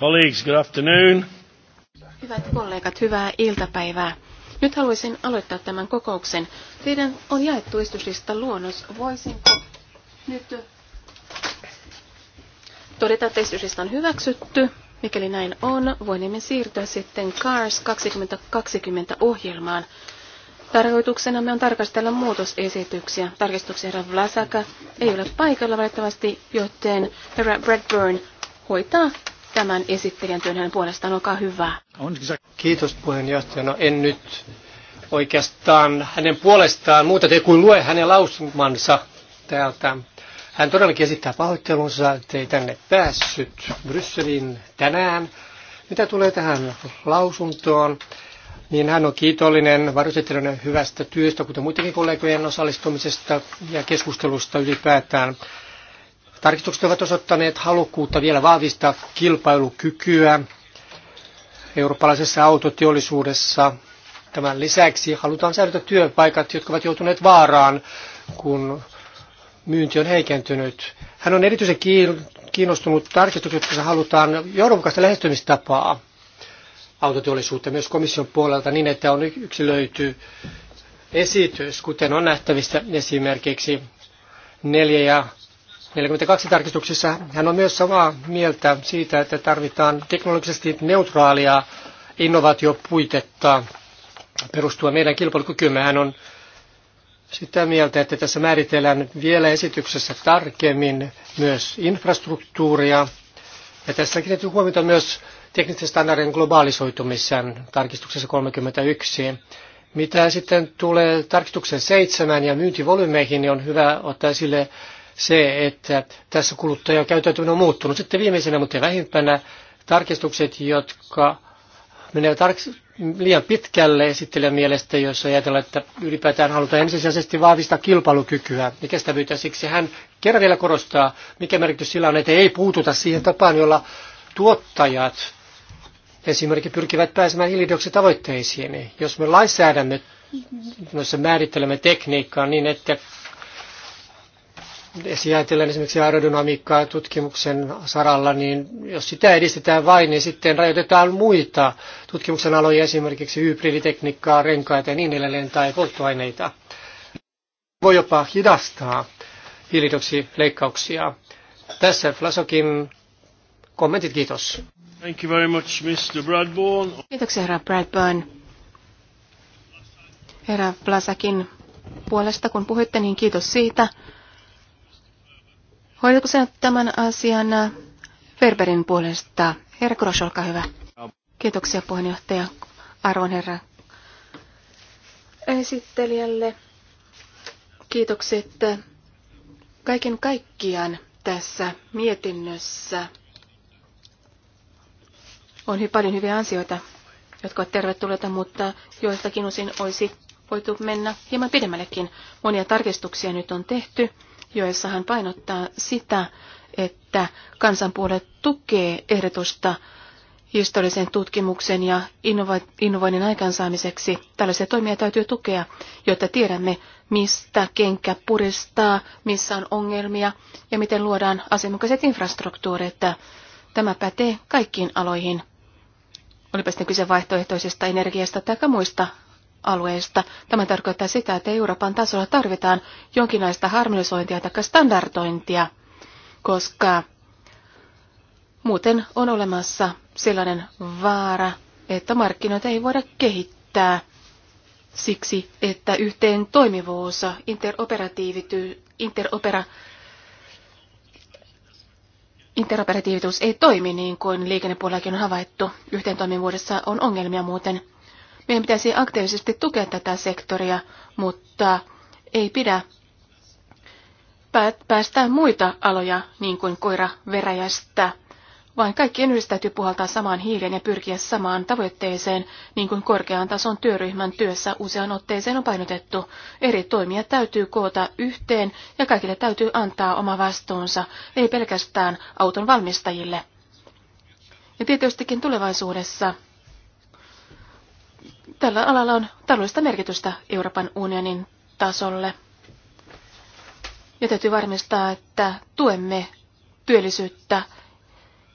Colleagues, good afternoon. Hyvät kollegat, hyvää iltapäivää. Nyt haluaisin aloittaa tämän kokouksen. Teidän on jaettu istuslista luonnos. Voisinko nyt todeta, että istuslista on hyväksytty? Mikäli näin on, voimme siirtyä sitten CARS 2020 ohjelmaan. Tarkoituksena me on tarkastella muutosesityksiä. Tarkistuksia herra Vlasaka ei ole paikalla valitettavasti, joten herra Bradburn hoitaa tämän esittelijän työn hänen puolestaan. Olkaa hyvä. Kiitos puheenjohtaja. No en nyt oikeastaan hänen puolestaan muuta tee kuin lue hänen lausumansa täältä. Hän todellakin esittää pahoittelunsa, ettei tänne päässyt Brysselin tänään. Mitä tulee tähän lausuntoon, niin hän on kiitollinen varustettelijoiden hyvästä työstä, kuten muidenkin kollegojen osallistumisesta ja keskustelusta ylipäätään. Tarkistukset ovat osoittaneet halukkuutta vielä vahvistaa kilpailukykyä eurooppalaisessa autoteollisuudessa. Tämän lisäksi halutaan säilyttää työpaikat, jotka ovat joutuneet vaaraan, kun myynti on heikentynyt. Hän on erityisen kiinnostunut tarkistukset, jossa halutaan johdonmukaista lähestymistapaa autoteollisuutta myös komission puolelta niin, että on yksi löyty esitys, kuten on nähtävissä esimerkiksi neljä ja 42 tarkistuksissa hän on myös samaa mieltä siitä, että tarvitaan teknologisesti neutraalia innovaatiopuitetta perustua meidän kilpailukykymme. Hän on sitä mieltä, että tässä määritellään vielä esityksessä tarkemmin myös infrastruktuuria. Ja tässä kiinnitetty huomiota myös teknisten standardien globaalisoitumisen tarkistuksessa 31. Mitä sitten tulee tarkistuksen 7 ja myyntivolyymeihin, niin on hyvä ottaa esille se, että tässä kuluttajakäyttäytyminen on muuttunut. Sitten viimeisenä, mutta vähimpänä, tarkistukset, jotka menevät tark- liian pitkälle esittelijän mielestä, jos ajatellaan, että ylipäätään halutaan ensisijaisesti vahvistaa kilpailukykyä ja kestävyyttä. Siksi hän kerran vielä korostaa, mikä merkitys sillä on, että ei puututa siihen tapaan, jolla tuottajat esimerkiksi pyrkivät pääsemään hiilidioksitavoitteisiin. Jos me lainsäädämme, noissa määrittelemme tekniikkaa niin, että esiajatellen esimerkiksi aerodynamiikkaa tutkimuksen saralla, niin jos sitä edistetään vain, niin sitten rajoitetaan muita tutkimuksen aloja, esimerkiksi hybriditekniikkaa, renkaita ja niin edelleen, tai polttoaineita. Voi jopa hidastaa hiilidioksileikkauksia. Tässä Flasokin kommentit, kiitos. Thank you very much, Mr. Bradbourne. Kiitoksia, herra Bradburn. Herra Blasakin puolesta, kun puhuitte, niin kiitos siitä. Hoidatko sinä tämän asian äh, Ferberin puolesta? Herra Grosch, olkaa hyvä. Kiitoksia puheenjohtaja, arvon herra esittelijälle. Kiitokset äh, kaiken kaikkiaan tässä mietinnössä. On hyvin paljon hyviä ansioita, jotka ovat tervetulleita, mutta joistakin osin olisi voitu mennä hieman pidemmällekin. Monia tarkistuksia nyt on tehty joissa hän painottaa sitä, että kansanpuolue tukee ehdotusta historiallisen tutkimuksen ja innovoinnin aikaansaamiseksi. Tällaisia toimia täytyy tukea, jotta tiedämme, mistä kenkä puristaa, missä on ongelmia ja miten luodaan asianmukaiset infrastruktuurit. Tämä pätee kaikkiin aloihin. Olipa sitten kyse vaihtoehtoisesta energiasta tai muista alueista. Tämä tarkoittaa sitä, että Euroopan tasolla tarvitaan jonkinlaista harmonisointia tai standardointia, koska muuten on olemassa sellainen vaara, että markkinoita ei voida kehittää siksi, että yhteen toimivuus, interoperatiivity, interopera, interoperatiivisuus ei toimi niin kuin liikennepuolellakin on havaittu. Yhteen toimivuudessa on ongelmia muuten. Meidän pitäisi aktiivisesti tukea tätä sektoria, mutta ei pidä päästää muita aloja niin kuin koira veräjästä, vaan kaikkien yhdessä täytyy puhaltaa samaan hiileen ja pyrkiä samaan tavoitteeseen, niin kuin korkean tason työryhmän työssä usean otteeseen on painotettu. Eri toimia täytyy koota yhteen ja kaikille täytyy antaa oma vastuunsa, ei pelkästään auton valmistajille. Ja tietystikin tulevaisuudessa Tällä alalla on taloudellista merkitystä Euroopan unionin tasolle. Ja täytyy varmistaa, että tuemme työllisyyttä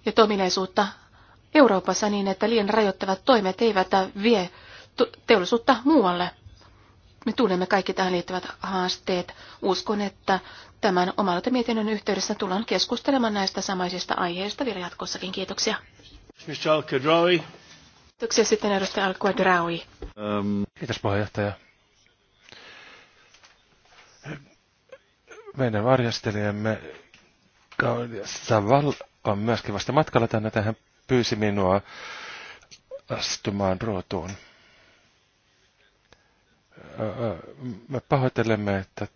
ja tomineisuutta Euroopassa niin, että liian rajoittavat toimet eivät vie teollisuutta muualle. Me tunnemme kaikki tähän liittyvät haasteet. Uskon, että tämän omalta mietinnön yhteydessä tullaan keskustelemaan näistä samaisista aiheista vielä jatkossakin. Kiitoksia. Mr. Kiitoksia sitten edustaja Alkua Draui. Ähm. Kiitos puheenjohtaja. Meidän varjastelijamme Saval on myöskin vasta matkalla tänne. Tähän pyysi minua astumaan ruotuun. Me pahoittelemme, että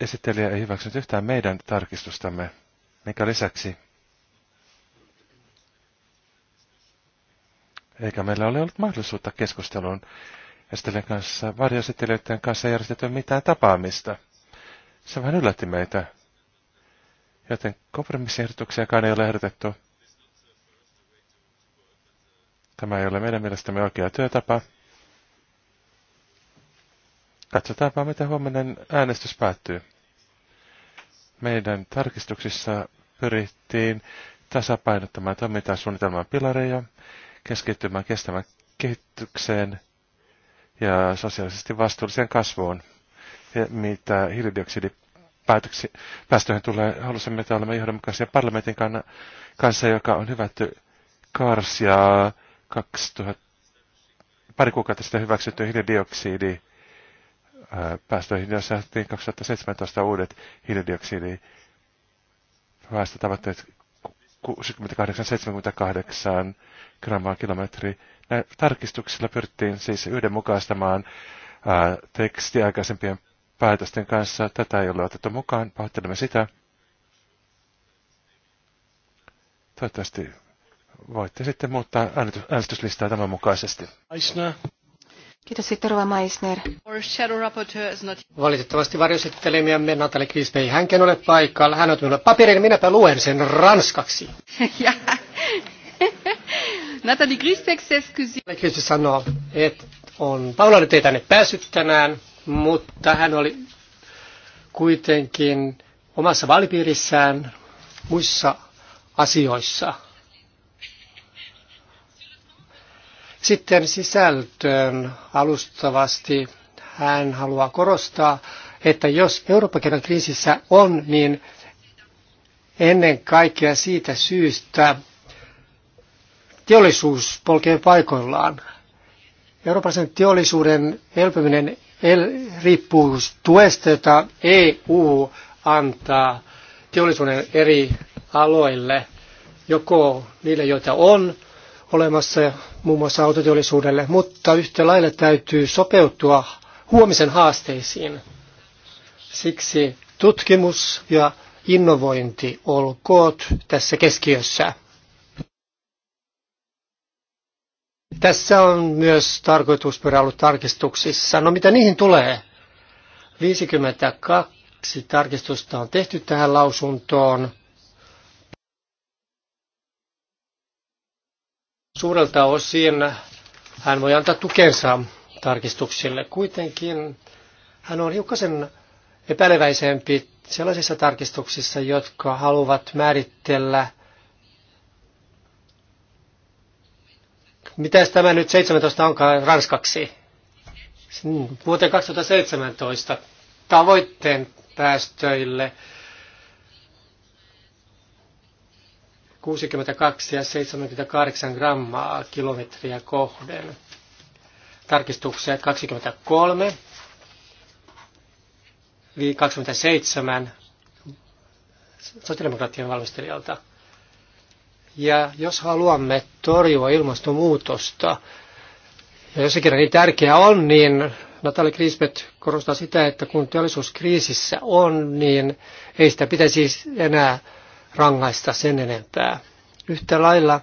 esittelijä ei hyväksynyt yhtään meidän tarkistustamme, mikä lisäksi eikä meillä ole ollut mahdollisuutta keskusteluun Estelen kanssa, varjoesittelijöiden kanssa järjestetty mitään tapaamista. Se vähän yllätti meitä. Joten kompromissiehdotuksiakaan ei ole ehdotettu. Tämä ei ole meidän mielestämme oikea työtapa. Katsotaanpa, miten huominen äänestys päättyy. Meidän tarkistuksissa pyrittiin tasapainottamaan toimintasuunnitelman pilareja keskittymään kestävän kehitykseen ja sosiaalisesti vastuulliseen kasvuun. Ja mitä päästöihin tulee, halusimme, että olemme johdonmukaisia parlamentin kanssa, joka on hyvätty karsia 2000, pari kuukautta sitten hyväksytty hiilidioksidi päästöihin, jossa 2017 uudet hiilidioksidipäästötavoitteet 68-78 grammaa kilometri. Näillä tarkistuksilla pyrittiin siis yhdenmukaistamaan ää, teksti aikaisempien päätösten kanssa. Tätä ei ole otettu mukaan, pahoittelemme sitä. Toivottavasti voitte sitten muuttaa äänestyslistaa tämän mukaisesti. Kiitos sitten Rova Meissner. Valitettavasti varjoesittelemiämme Natalie Kvispe ei hänkin ole paikalla. Hän on minulle paperin, minäpä luen sen ranskaksi. Natalie Grisbeck se sanoo, että on nyt ei tänne päässyt tänään, mutta hän oli kuitenkin omassa vaalipiirissään muissa asioissa – Sitten sisältöön alustavasti hän haluaa korostaa, että jos Euroopan kriisissä on, niin ennen kaikkea siitä syystä teollisuus polkee paikoillaan. Euroopan teollisuuden elpyminen el- riippuu tuesta, jota EU antaa teollisuuden eri aloille, joko niille, joita on, olemassa muun muassa autoteollisuudelle, mutta yhtä lailla täytyy sopeutua huomisen haasteisiin. Siksi tutkimus ja innovointi olkoot tässä keskiössä. Tässä on myös tarkoitusperä ollut tarkistuksissa. No mitä niihin tulee? 52 tarkistusta on tehty tähän lausuntoon. Suurelta osin hän voi antaa tukensa tarkistuksille. Kuitenkin hän on hiukkasen epäileväisempi sellaisissa tarkistuksissa, jotka haluavat määritellä, mitä tämä nyt 17 onkaan ranskaksi. Vuoteen 2017 tavoitteen päästöille 62 ja 78 grammaa kilometriä kohden. Tarkistukset 23, 27 sosiaalidemokraattien valmistelijalta. Ja jos haluamme torjua ilmastonmuutosta, ja jos se kerran niin tärkeää on, niin Natali Kriisbet korostaa sitä, että kun teollisuuskriisissä on, niin ei sitä pitäisi enää rangaista sen enempää. Yhtä lailla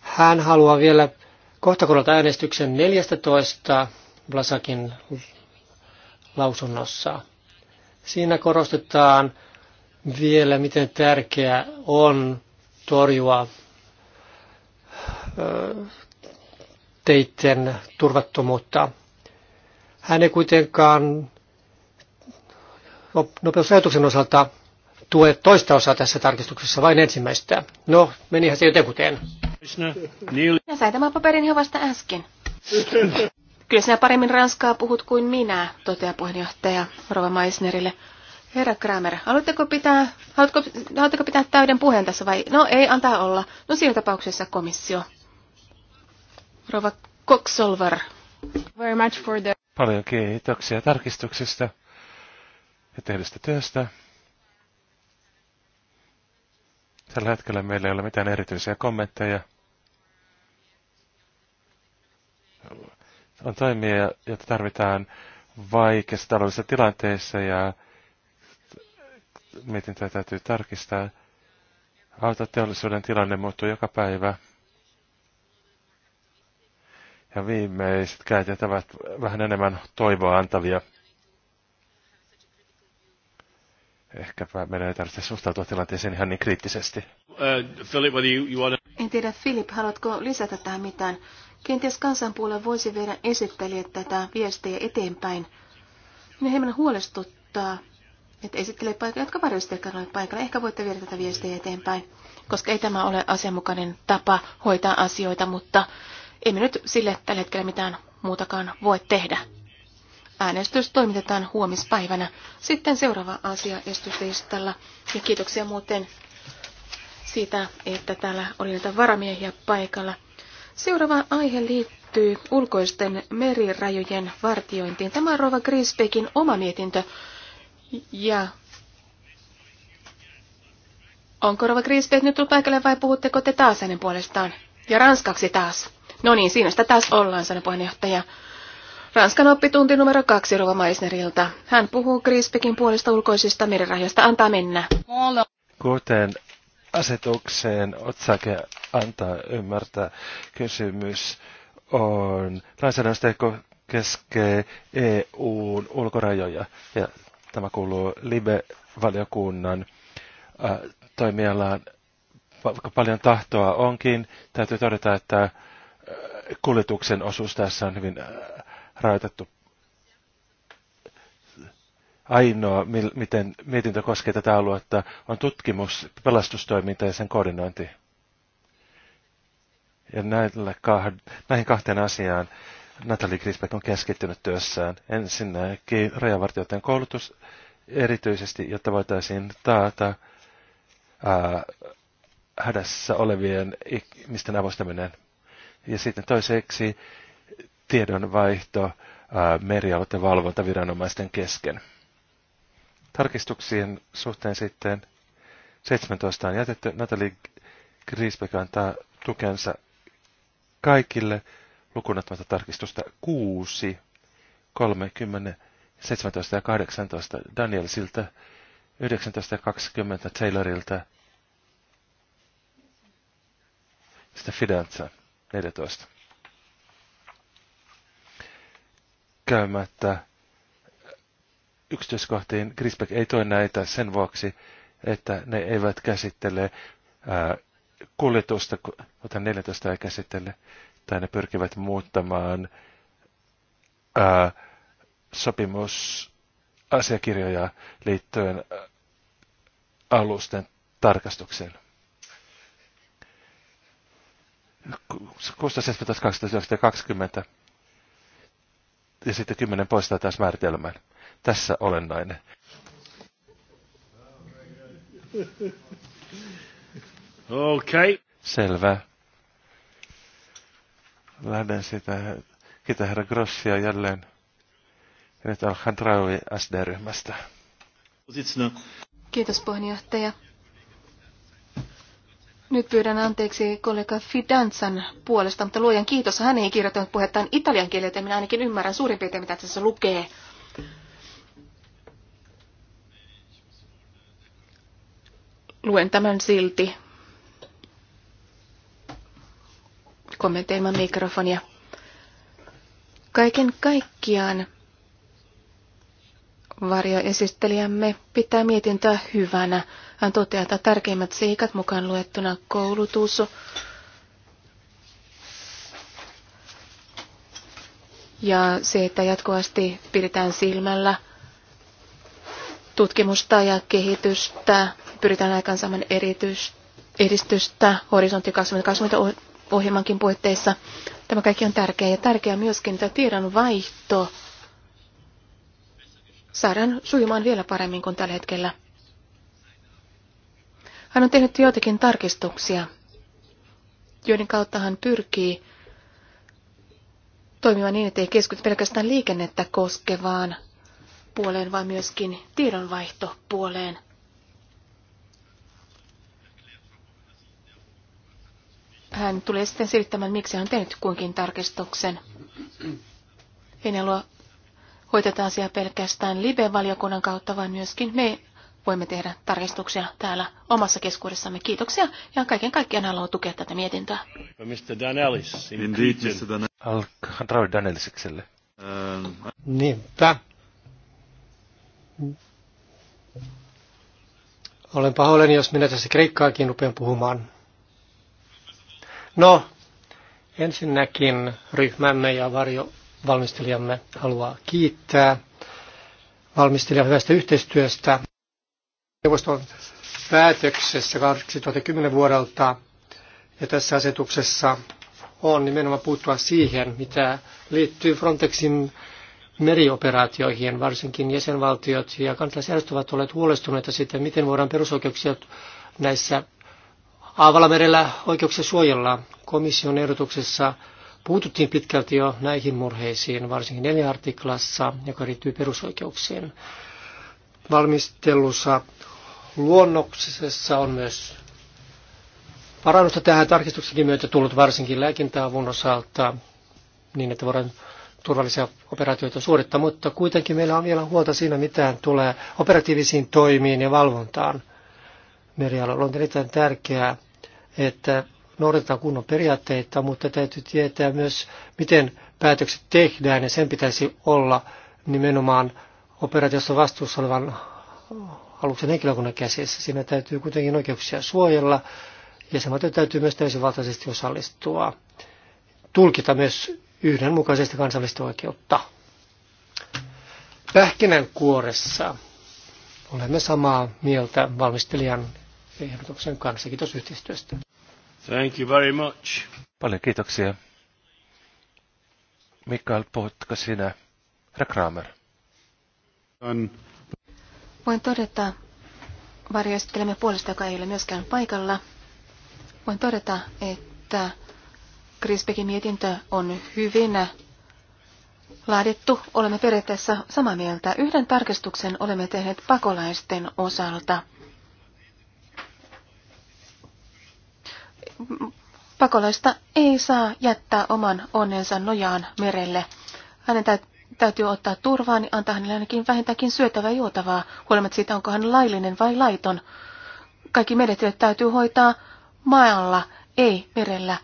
hän haluaa vielä kohta korota äänestyksen 14 Blasakin lausunnossa. Siinä korostetaan vielä, miten tärkeää on torjua teitten turvattomuutta. Hän ei kuitenkaan nopeusajatuksen osalta tue toista osaa tässä tarkistuksessa, vain ensimmäistä. No, menihän se jotenkuteen. Minä sai tämän paperin jo vasta äsken. Kyllä sinä paremmin ranskaa puhut kuin minä, toteaa puheenjohtaja Rova Meissnerille. Herra Kramer, haluatteko pitää, haluatko, haluatteko pitää täyden puheen tässä vai? No ei, antaa olla. No siinä tapauksessa komissio. Rova Koksolvar. Very much for the... Paljon kiitoksia tarkistuksesta ja tehdystä työstä. Tällä hetkellä meillä ei ole mitään erityisiä kommentteja. On toimia, joita tarvitaan vaikeissa taloudellisissa tilanteissa ja mietintöä täytyy tarkistaa. Autoteollisuuden tilanne muuttuu joka päivä. Ja viimeiset käytet ovat vähän enemmän toivoa antavia. Ehkä meidän ei tarvitse suhtautua tilanteeseen ihan niin kriittisesti. Uh, Philip, you, you wanna... En tiedä, Philip, haluatko lisätä tähän mitään? Kenties kansanpuolella voisi viedä esittelijät tätä viestiä eteenpäin. Minä hieman huolestuttaa, että esittelee paikalla, jotka varjostelkaan ole paikalla, ehkä voitte viedä tätä viestiä eteenpäin, koska ei tämä ole asianmukainen tapa hoitaa asioita, mutta emme nyt sille tällä hetkellä mitään muutakaan voi tehdä. Äänestys toimitetaan huomispäivänä. Sitten seuraava asia estyslistalla. Ja kiitoksia muuten siitä, että täällä oli näitä varamiehiä paikalla. Seuraava aihe liittyy ulkoisten merirajojen vartiointiin. Tämä on Rova Grisbeckin oma mietintö. Ja onko Rova Grisbeck nyt tullut paikalle vai puhutteko te taas hänen puolestaan? Ja ranskaksi taas. No niin, siinä sitä taas ollaan, sanoi puheenjohtaja. Ranskan oppitunti numero kaksi Rova Meisneriltä. Hän puhuu Griesbeckin puolesta ulkoisista merirahjoista. Antaa mennä. Kuten asetukseen otsake antaa ymmärtää, kysymys on lainsäädännöstä, joka keskee EUn ulkorajoja. Ja tämä kuuluu Libe-valiokunnan äh, toimialaan. Vaikka paljon tahtoa onkin, täytyy todeta, että kuljetuksen osuus tässä on hyvin rajoitettu ainoa, miten mietintö koskee tätä aluetta, on tutkimus, pelastustoiminta ja sen koordinointi. Ja näillä näihin kahteen asiaan Natalie Grisbeck on keskittynyt työssään. Ensinnäkin rajavartijoiden koulutus erityisesti, jotta voitaisiin taata ää, hädässä olevien ihmisten avustaminen. Ja sitten toiseksi tiedonvaihto merialueiden valvontaviranomaisten kesken. Tarkistuksien suhteen sitten 17 on jätetty. Natalie Griesbeck antaa tukensa kaikille lukunottamatta tarkistusta 6, 30, 17 ja 18 Danielsilta, 19 ja 20 Taylorilta, sitten Fidanza 14. käymättä yksityiskohtiin. Grisbeck ei toi näitä sen vuoksi, että ne eivät käsittele ää, kuljetusta, kuten 14 ei käsittele, tai ne pyrkivät muuttamaan ää, sopimusasiakirjoja liittyen ää, alusten tarkastukseen. 16, 17, 18, 19, 20 ja sitten kymmenen poistaa taas määritelmän. Tässä olennainen. Okei. Okay. Selvä. Lähden sitä ketä herra Grossia jälleen. Ja nyt Alhandraui SD-ryhmästä. Kiitos puheenjohtaja. Nyt pyydän anteeksi kollega Fidanzan puolesta, mutta luojan kiitos. Hän ei kirjoittanut puhettaan italian kielellä, joten minä ainakin ymmärrän suurin piirtein, mitä tässä lukee. Luen tämän silti. Kommenteilman mikrofonia. Kaiken kaikkiaan varjoesittelijämme pitää mietintöä hyvänä hän toteaa, että tärkeimmät seikat mukaan luettuna koulutus, ja se, että jatkuvasti pidetään silmällä tutkimusta ja kehitystä, pyritään aikaan aikaansaamaan edistystä horisontti 2020 ohjelmankin puitteissa. Tämä kaikki on tärkeää ja tärkeää myöskin, että vaihto saadaan sujumaan vielä paremmin kuin tällä hetkellä. Hän on tehnyt joitakin tarkistuksia, joiden kautta hän pyrkii toimimaan niin, ettei keskity pelkästään liikennettä koskevaan puoleen, vaan myöskin tiedonvaihtopuoleen. Hän tulee sitten selittämään, miksi hän on tehnyt kuinkin tarkistuksen. Heinelua hoitetaan asiaa pelkästään live-valiokunnan kautta, vaan myöskin me voimme tehdä tarkistuksia täällä omassa keskuudessamme. Kiitoksia ja kaiken kaikkiaan haluan tukea tätä mietintöä. Mr. Danelis. Indeed, Mr. Dan ähm. Niinpä. Olen pahoillani, jos minä tässä kreikkaakin rupean puhumaan. No, ensinnäkin ryhmämme ja varjovalmistelijamme haluaa kiittää valmistelijan hyvästä yhteistyöstä neuvoston päätöksessä 2010 vuodelta ja tässä asetuksessa on nimenomaan puuttua siihen, mitä liittyy Frontexin merioperaatioihin. Varsinkin jäsenvaltiot ja kansalaisjärjestöt ovat olleet huolestuneita siitä, miten voidaan perusoikeuksia näissä Aavalamerellä oikeuksia suojella. Komission ehdotuksessa puututtiin pitkälti jo näihin murheisiin, varsinkin neljä artiklassa, joka liittyy perusoikeuksiin. Valmistelussa luonnoksessa on myös parannusta tähän tarkistuksenkin myötä tullut varsinkin lääkintäavun osalta niin, että voidaan turvallisia operaatioita suorittaa, mutta kuitenkin meillä on vielä huolta siinä, mitä tulee operatiivisiin toimiin ja valvontaan merialalla. On erittäin tärkeää, että noudatetaan kunnon periaatteita, mutta täytyy tietää myös, miten päätökset tehdään, ja sen pitäisi olla nimenomaan operaatiossa vastuussa olevan aluksen henkilökunnan käsissä. Siinä täytyy kuitenkin oikeuksia suojella ja samaten täytyy myös täysivaltaisesti osallistua. Tulkita myös yhdenmukaisesti kansallista oikeutta. Pähkinänkuoressa olemme samaa mieltä valmistelijan ehdotuksen kanssa. Kiitos yhteistyöstä. Thank you very much. Paljon kiitoksia. Mikael, puhutko sinä? Herra Kramer. On. Voin todeta varjoesittelemme puolesta, joka ei ole myöskään paikalla. Voin todeta, että Grisbekin mietintö on hyvin laadittu. Olemme periaatteessa samaa mieltä. Yhden tarkistuksen olemme tehneet pakolaisten osalta. Pakolaista ei saa jättää oman onnensa nojaan merelle. Hänen täytyy täytyy ottaa turvaan, niin antaa hänelle ainakin vähintäänkin syötävää ja juotavaa, huolimatta siitä, onko hän laillinen vai laiton. Kaikki menettelyt täytyy hoitaa maalla, ei merellä.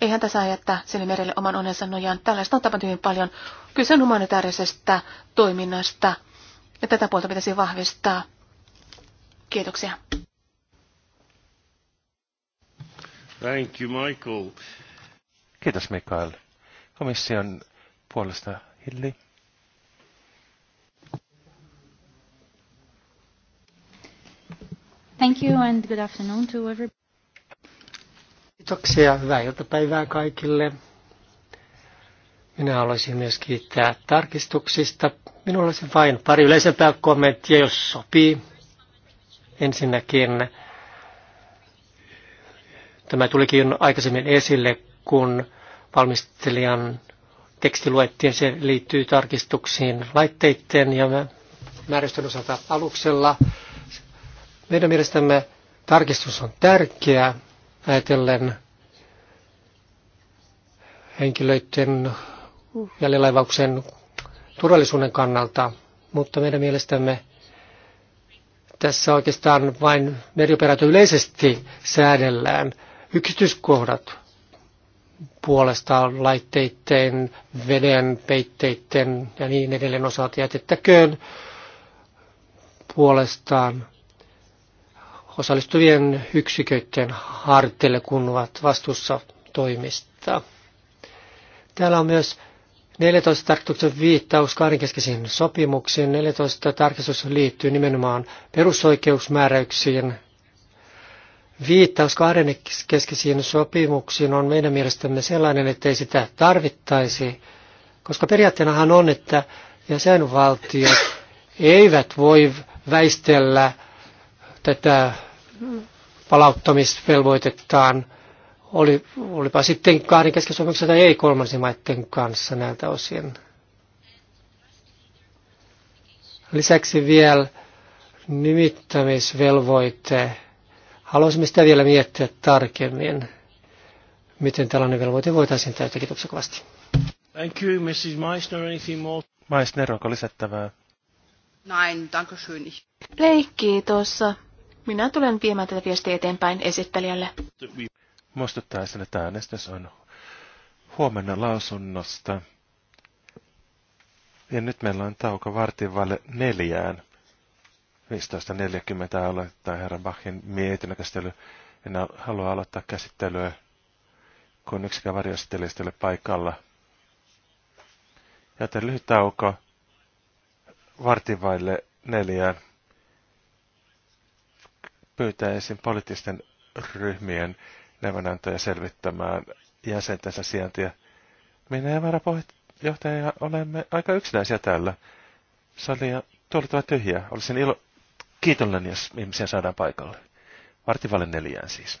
Eihän tässä jättää sinne merelle oman onnensa nojaan. Tällaista on tapahtunut hyvin paljon. Kyse on humanitaarisesta toiminnasta, ja tätä puolta pitäisi vahvistaa. Kiitoksia. Thank you, Michael. Kiitos, Mikael. Komission puolesta Hilli. Thank you and good afternoon to everybody. Kiitoksia. Hyvää iltapäivää kaikille. Minä haluaisin myös kiittää tarkistuksista. Minulla olisi vain pari yleisempää kommenttia, jos sopii. Ensinnäkin tämä tulikin aikaisemmin esille, kun valmistelijan teksti luettiin. Se liittyy tarkistuksiin laitteiden ja määrästön osalta aluksella. Meidän mielestämme tarkistus on tärkeä ajatellen henkilöiden jäljelaivauksen turvallisuuden kannalta, mutta meidän mielestämme tässä oikeastaan vain merioperaatio yleisesti säädellään. Yksityiskohdat puolestaan laitteiden, veden, peitteiden ja niin edelleen osalta jätettäköön puolestaan osallistuvien yksiköiden harteille, kun ovat vastuussa toimista. Täällä on myös 14 tarkoituksen viittaus kahdenkeskeisiin sopimuksiin. 14 tarkistus liittyy nimenomaan perusoikeusmääräyksiin. Viittaus kahdenkeskeisiin sopimuksiin on meidän mielestämme sellainen, ei sitä tarvittaisi, koska periaatteenahan on, että jäsenvaltiot eivät voi väistellä tätä palauttamisvelvoitettaan, oli, olipa sitten kahden keskisopimuksen tai ei kolmansien maiden kanssa näiltä osin. Lisäksi vielä nimittämisvelvoite. Haluaisimme sitä vielä miettiä tarkemmin, miten tällainen velvoite voitaisiin täyttää. Kiitoksia kovasti. Thank you, Mrs. Meissner. Anything more? Meissner, onko lisättävää? Nein, danke schön. Leikki tuossa. Minä tulen viemään tätä viestiä eteenpäin esittelijälle. Muistuttaisin, että äänestys on huomenna lausunnosta. Ja nyt meillä on tauko vartivalle neljään. 15.40 aloittaa herra Bachin mietinnön käsittely. En halua aloittaa käsittelyä, kun yksikään varjostelijasta ole paikalla. Joten lyhyt tauko vartivaille neljään pyytäisin poliittisten ryhmien neuvonantoja selvittämään jäsentensä sijaintia. Minä ja varapuheenjohtaja olemme aika yksinäisiä täällä. Sali ja tuolit ovat tyhjiä. Olisin ilo... kiitollinen, jos ihmisiä saadaan paikalle. Vartivalle neljään siis.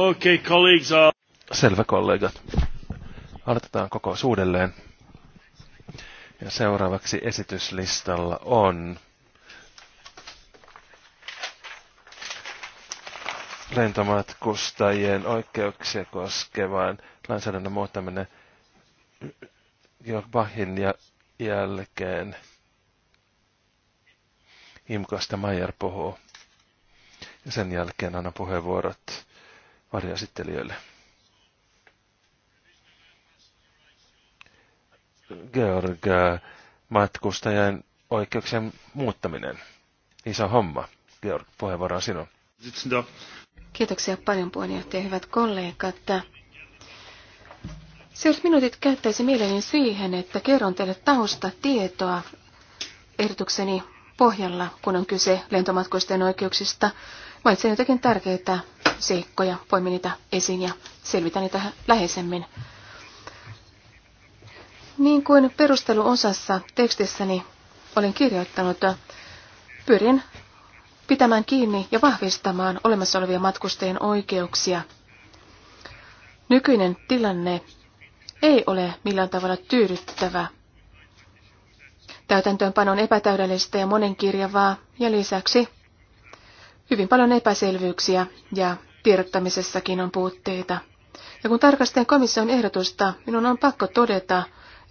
Okay, colleagues are... Uh, Selvä kollegat. Aloitetaan koko uudelleen. Ja seuraavaksi esityslistalla on lentomatkustajien oikeuksia koskevaan lainsäädännön muuttaminen Georg ja jälkeen. Imkosta Mayer puhuu. Ja sen jälkeen anna puheenvuorot varjoesittelijöille. Georg, äh, matkustajan oikeuksien muuttaminen. Iso homma. Georg, puheenvuoro on sinun. Kiitoksia paljon puheenjohtaja, hyvät kollegat. Seuraavat minuutit käyttäisin mieleni siihen, että kerron teille taustatietoa ehdotukseni pohjalla, kun on kyse lentomatkustajien oikeuksista. Mainitsen jotakin tärkeitä seikkoja, poimin niitä esiin ja selvitän niitä läheisemmin. Niin kuin perusteluosassa tekstissäni olen kirjoittanut, pyrin pitämään kiinni ja vahvistamaan olemassa olevia matkustajien oikeuksia. Nykyinen tilanne ei ole millään tavalla tyydyttävä. Täytäntöönpano on epätäydellistä ja monenkirjavaa, ja lisäksi hyvin paljon epäselvyyksiä ja tiedottamisessakin on puutteita. Ja kun tarkastelen komission ehdotusta, minun on pakko todeta,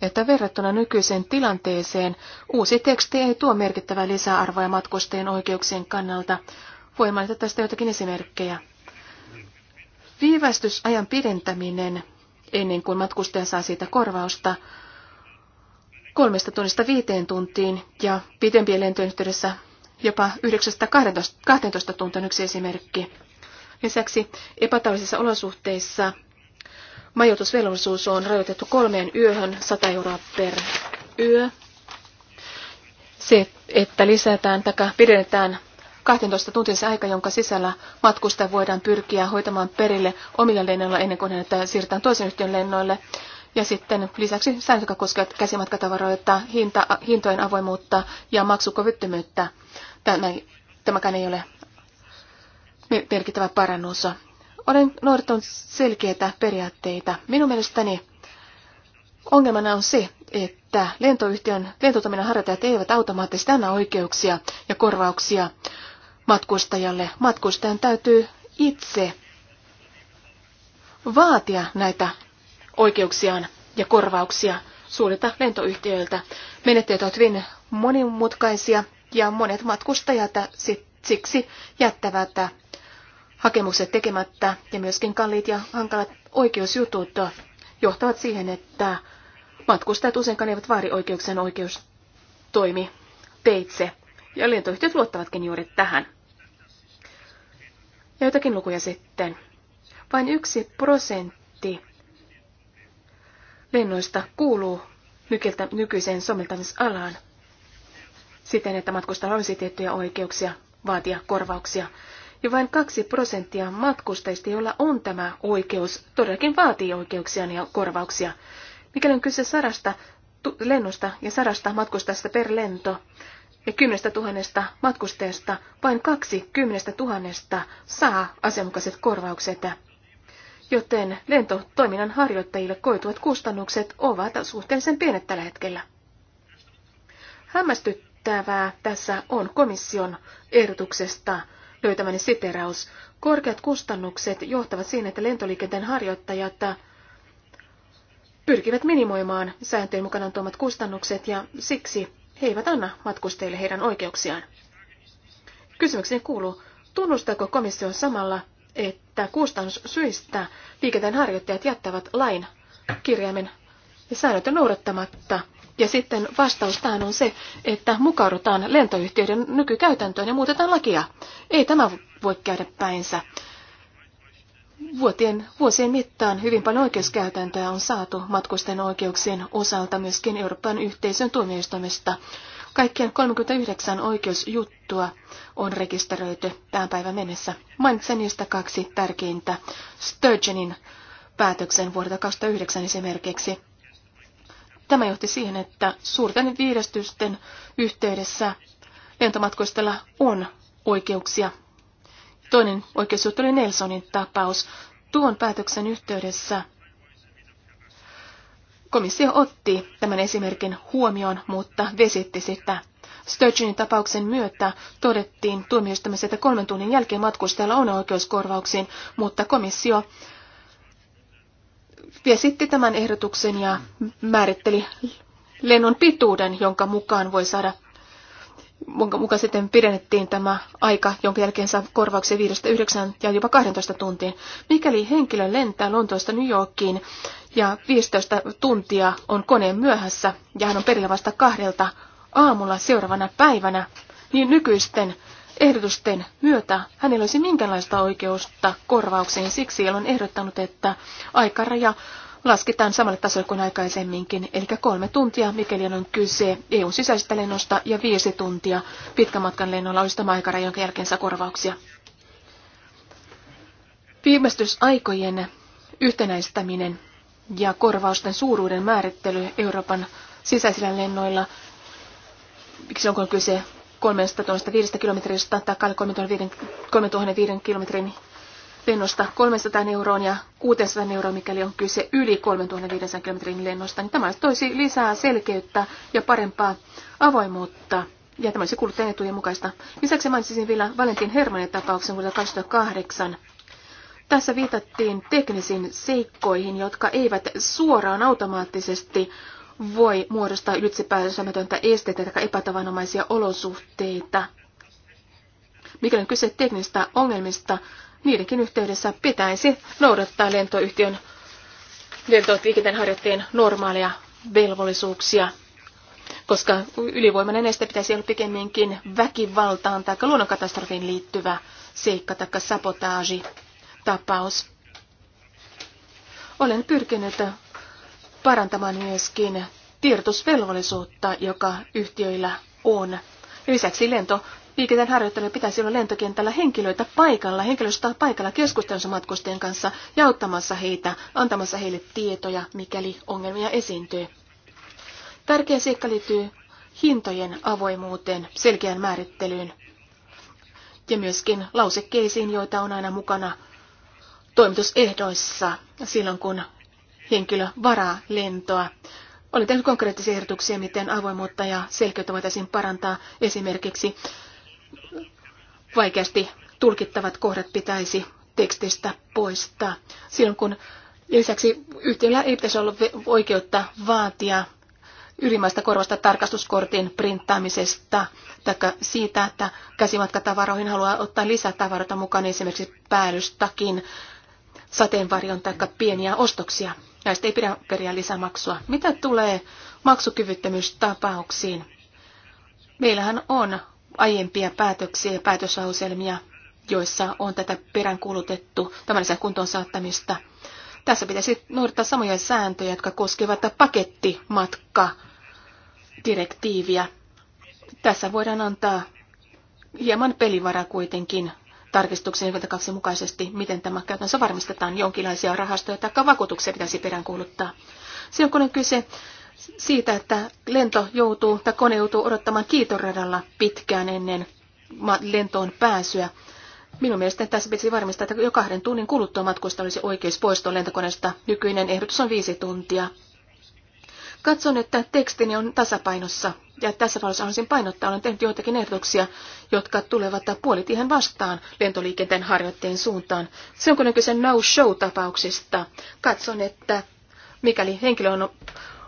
että verrattuna nykyiseen tilanteeseen uusi teksti ei tuo merkittävää lisäarvoa matkustajien oikeuksien kannalta. Voin mainita tästä jotakin esimerkkejä. Viivästysajan pidentäminen ennen kuin matkustaja saa siitä korvausta kolmesta tunnista viiteen tuntiin ja pitempien yhteydessä jopa 9-12 tuntia yksi esimerkki. Lisäksi epätavallisissa olosuhteissa majoitusvelvollisuus on rajoitettu kolmeen yöhön 100 euroa per yö. Se, että lisätään tai pidennetään 12 tuntia se aika, jonka sisällä matkusta voidaan pyrkiä hoitamaan perille omilla lennoilla ennen kuin että siirretään toisen yhtiön lennoille. Ja sitten lisäksi säännöt, jotka koskevat käsimatkatavaroita, hinta, hintojen avoimuutta ja maksukovittymyyttä. Tämä, tämäkään ei ole merkittävä parannus. Olen noudattanut selkeitä periaatteita. Minun mielestäni ongelmana on se, että lentoyhtiön lentotoiminnan harjoittajat eivät automaattisesti anna oikeuksia ja korvauksia matkustajalle. Matkustajan täytyy itse vaatia näitä oikeuksiaan ja korvauksia suurilta lentoyhtiöiltä. Menettelyt ovat hyvin monimutkaisia ja monet matkustajat siksi jättävät hakemukset tekemättä ja myöskin kalliit ja hankalat oikeusjutut johtavat siihen, että matkustajat useinkaan eivät vaari oikeuksien oikeustoimi teitse. Ja lentoyhtiöt luottavatkin juuri tähän. Ja jotakin lukuja sitten. Vain yksi prosentti lennoista kuuluu nykiltä, nykyiseen soveltamisalaan siten, että matkustajalla olisi tiettyjä oikeuksia vaatia korvauksia ja vain kaksi prosenttia matkustajista, joilla on tämä oikeus, todellakin vaatii oikeuksia ja korvauksia. Mikäli on kyse sadasta lennosta ja sadasta matkustajasta per lento, ja kymmenestä tuhannesta matkustajasta vain kaksi kymmenestä tuhannesta saa asianmukaiset korvaukset, joten lentotoiminnan harjoittajille koituvat kustannukset ovat suhteellisen pienet tällä hetkellä. Hämmästyttävää tässä on komission ehdotuksesta löytämäni siteraus. Korkeat kustannukset johtavat siihen, että lentoliikenteen harjoittajat pyrkivät minimoimaan sääntöjen mukana tuomat kustannukset ja siksi he eivät anna matkustajille heidän oikeuksiaan. Kysymykseni kuuluu, tunnustaako komissio samalla, että kustannussyistä liikenteen harjoittajat jättävät lain kirjaimen ja säännöt noudattamatta ja sitten vastaus tähän on se, että mukaudutaan lentoyhtiöiden nykykäytäntöön ja muutetaan lakia. Ei tämä voi käydä päinsä. Vuotien, vuosien mittaan hyvin paljon oikeuskäytäntöä on saatu matkusten oikeuksien osalta myöskin Euroopan yhteisön tuomioistuimesta. Kaikkien 39 oikeusjuttua on rekisteröity tämän päivän mennessä. Mainitsen niistä kaksi tärkeintä. Sturgeonin päätöksen vuodelta 2009 esimerkiksi. Tämä johti siihen, että suurten viidestysten yhteydessä lentomatkoistella on oikeuksia. Toinen oikeusjuttu oli Nelsonin tapaus. Tuon päätöksen yhteydessä komissio otti tämän esimerkin huomioon, mutta vesitti sitä. Sturgeonin tapauksen myötä todettiin tuomioistumassa, että kolmen tunnin jälkeen matkustajalla on oikeuskorvauksiin, mutta komissio esitti tämän ehdotuksen ja määritteli lennon pituuden, jonka mukaan voi saada jonka mukaan sitten pidennettiin tämä aika, jonka jälkeen saa korvauksia 5-9 ja jopa 12 tuntiin. Mikäli henkilö lentää Lontoosta New Yorkiin ja 15 tuntia on koneen myöhässä ja hän on perillä vasta kahdelta aamulla seuraavana päivänä, niin nykyisten ehdotusten myötä hänellä olisi minkälaista oikeutta korvauksiin. Siksi on ehdottanut, että aikaraja lasketaan samalle tasolle kuin aikaisemminkin, eli kolme tuntia, mikäli on kyse EUn sisäisestä lennosta, ja viisi tuntia pitkän matkan lennolla olisi tämä aikaraja, jonka jälkeen saa korvauksia. Viimeistysaikojen yhtenäistäminen ja korvausten suuruuden määrittely Euroopan sisäisillä lennoilla, miksi onko kyse 305 kilometristä tai 35 kilometrin lennosta 300 euroon ja 600 euroa, mikäli on kyse yli 3500 kilometrin lennosta, niin tämä toisi lisää selkeyttä ja parempaa avoimuutta. Ja tämä olisi kuluttajan etujen mukaista. Lisäksi mainitsisin vielä Valentin Hermanin tapauksen vuodelta 2008. Tässä viitattiin teknisiin seikkoihin, jotka eivät suoraan automaattisesti voi muodostaa ylitsepääsemätöntä esteitä tai epätavanomaisia olosuhteita. Mikäli on kyse teknistä ongelmista, niidenkin yhteydessä pitäisi noudattaa lentoyhtiön lentoliikenteen harjoittajien normaaleja velvollisuuksia, koska ylivoimainen este pitäisi olla pikemminkin väkivaltaan tai luonnonkatastrofiin liittyvä seikka tai sabotaasi tapaus. Olen pyrkinyt parantamaan myöskin tiedotusvelvollisuutta, joka yhtiöillä on. Lisäksi lento Liikenteen harjoittelu pitäisi olla lentokentällä henkilöitä paikalla, henkilöstöä paikalla keskustelussa matkustajien kanssa ja auttamassa heitä, antamassa heille tietoja, mikäli ongelmia esiintyy. Tärkeä seikka liittyy hintojen avoimuuteen, selkeään määrittelyyn ja myöskin lausekkeisiin, joita on aina mukana toimitusehdoissa silloin, kun henkilö varaa lentoa. Oli tehnyt konkreettisia ehdotuksia, miten avoimuutta ja selkeyttä voitaisiin parantaa. Esimerkiksi vaikeasti tulkittavat kohdat pitäisi tekstistä poistaa. Silloin kun lisäksi yhtiöllä ei pitäisi olla oikeutta vaatia ylimmäistä korvasta tarkastuskortin printtaamisesta tai siitä, että käsimatkatavaroihin haluaa ottaa lisätavaroita mukaan esimerkiksi päällystakin, sateenvarjon tai pieniä ostoksia. Näistä ei pidä periä lisämaksua. Mitä tulee maksukyvyttömyystapauksiin? Meillähän on aiempia päätöksiä ja päätöslauselmia, joissa on tätä peräänkuulutettu tämän lisän kuntoon saattamista. Tässä pitäisi noudattaa samoja sääntöjä, jotka koskevat pakettimatka direktiiviä. Tässä voidaan antaa hieman pelivaraa kuitenkin tarkistuksen 42 mukaisesti, miten tämä käytännössä varmistetaan jonkinlaisia rahastoja tai vakuutuksia pitäisi peräänkuuluttaa. Silloin kun on kyse siitä, että lento joutuu tai kone joutuu odottamaan kiitoradalla pitkään ennen lentoon pääsyä, Minun mielestäni tässä pitäisi varmistaa, että jo kahden tunnin kuluttua matkusta olisi oikeus poistua lentokoneesta. Nykyinen ehdotus on viisi tuntia. Katson, että tekstini on tasapainossa ja tässä valossa haluaisin painottaa, olen tehnyt joitakin ehdotuksia, jotka tulevat puolitiehen vastaan lentoliikenteen harjoitteen suuntaan. Se on kuitenkin kyse no-show-tapauksista. Katson, että mikäli henkilö on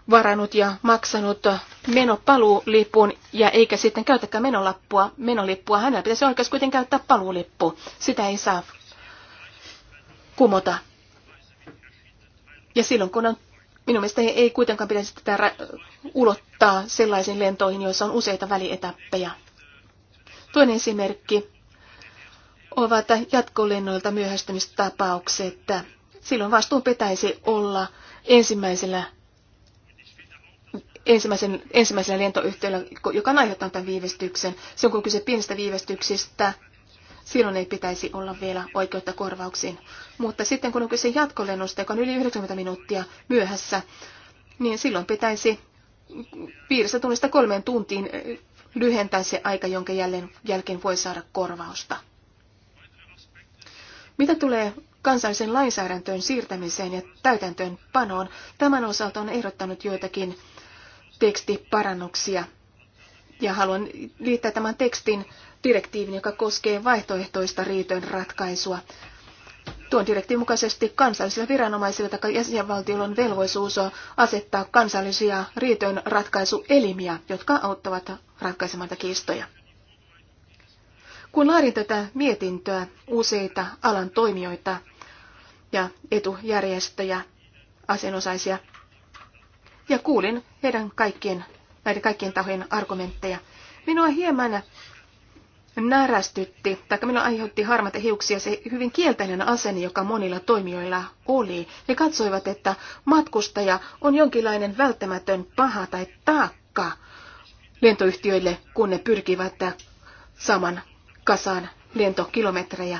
varannut ja maksanut menopaluulipun ja eikä sitten käytäkään menolappua, menolippua, hänellä pitäisi oikeus kuitenkin käyttää paluulippu. Sitä ei saa kumota. Ja silloin kun on Minun mielestäni ei kuitenkaan pitäisi tätä ulottaa sellaisiin lentoihin, joissa on useita välietäppejä. Toinen esimerkki ovat jatkolennoilta myöhästymistapaukset. Silloin vastuun pitäisi olla ensimmäisellä, ensimmäisen, ensimmäisellä lentoyhtiöllä, joka on aiheuttanut tämän viivästyksen. Se on kyse pienistä viivästyksistä, silloin ei pitäisi olla vielä oikeutta korvauksiin. Mutta sitten kun on kyse jatkolennosta, joka on yli 90 minuuttia myöhässä, niin silloin pitäisi viidestä tunnista kolmeen tuntiin eh, lyhentää se aika, jonka jälleen, jälkeen voi saada korvausta. Mitä tulee kansallisen lainsäädäntöön siirtämiseen ja täytäntöön panoon, tämän osalta on ehdottanut joitakin tekstiparannuksia. Ja haluan liittää tämän tekstin direktiivin, joka koskee vaihtoehtoista riitojen ratkaisua. Tuon direktiivin mukaisesti kansallisilla viranomaisilla tai jäsenvaltioilla on velvollisuus asettaa kansallisia riitojen ratkaisuelimiä, jotka auttavat ratkaisemaan kiistoja. Kun laadin tätä mietintöä useita alan toimijoita ja etujärjestöjä, asianosaisia, ja kuulin heidän kaikkien, näiden kaikkien tahojen argumentteja, minua hieman närästytti, tai minulla aiheutti harmata hiuksia se hyvin kielteinen asenne, joka monilla toimijoilla oli. He katsoivat, että matkustaja on jonkinlainen välttämätön paha tai taakka lentoyhtiöille, kun ne pyrkivät saman kasaan lentokilometrejä.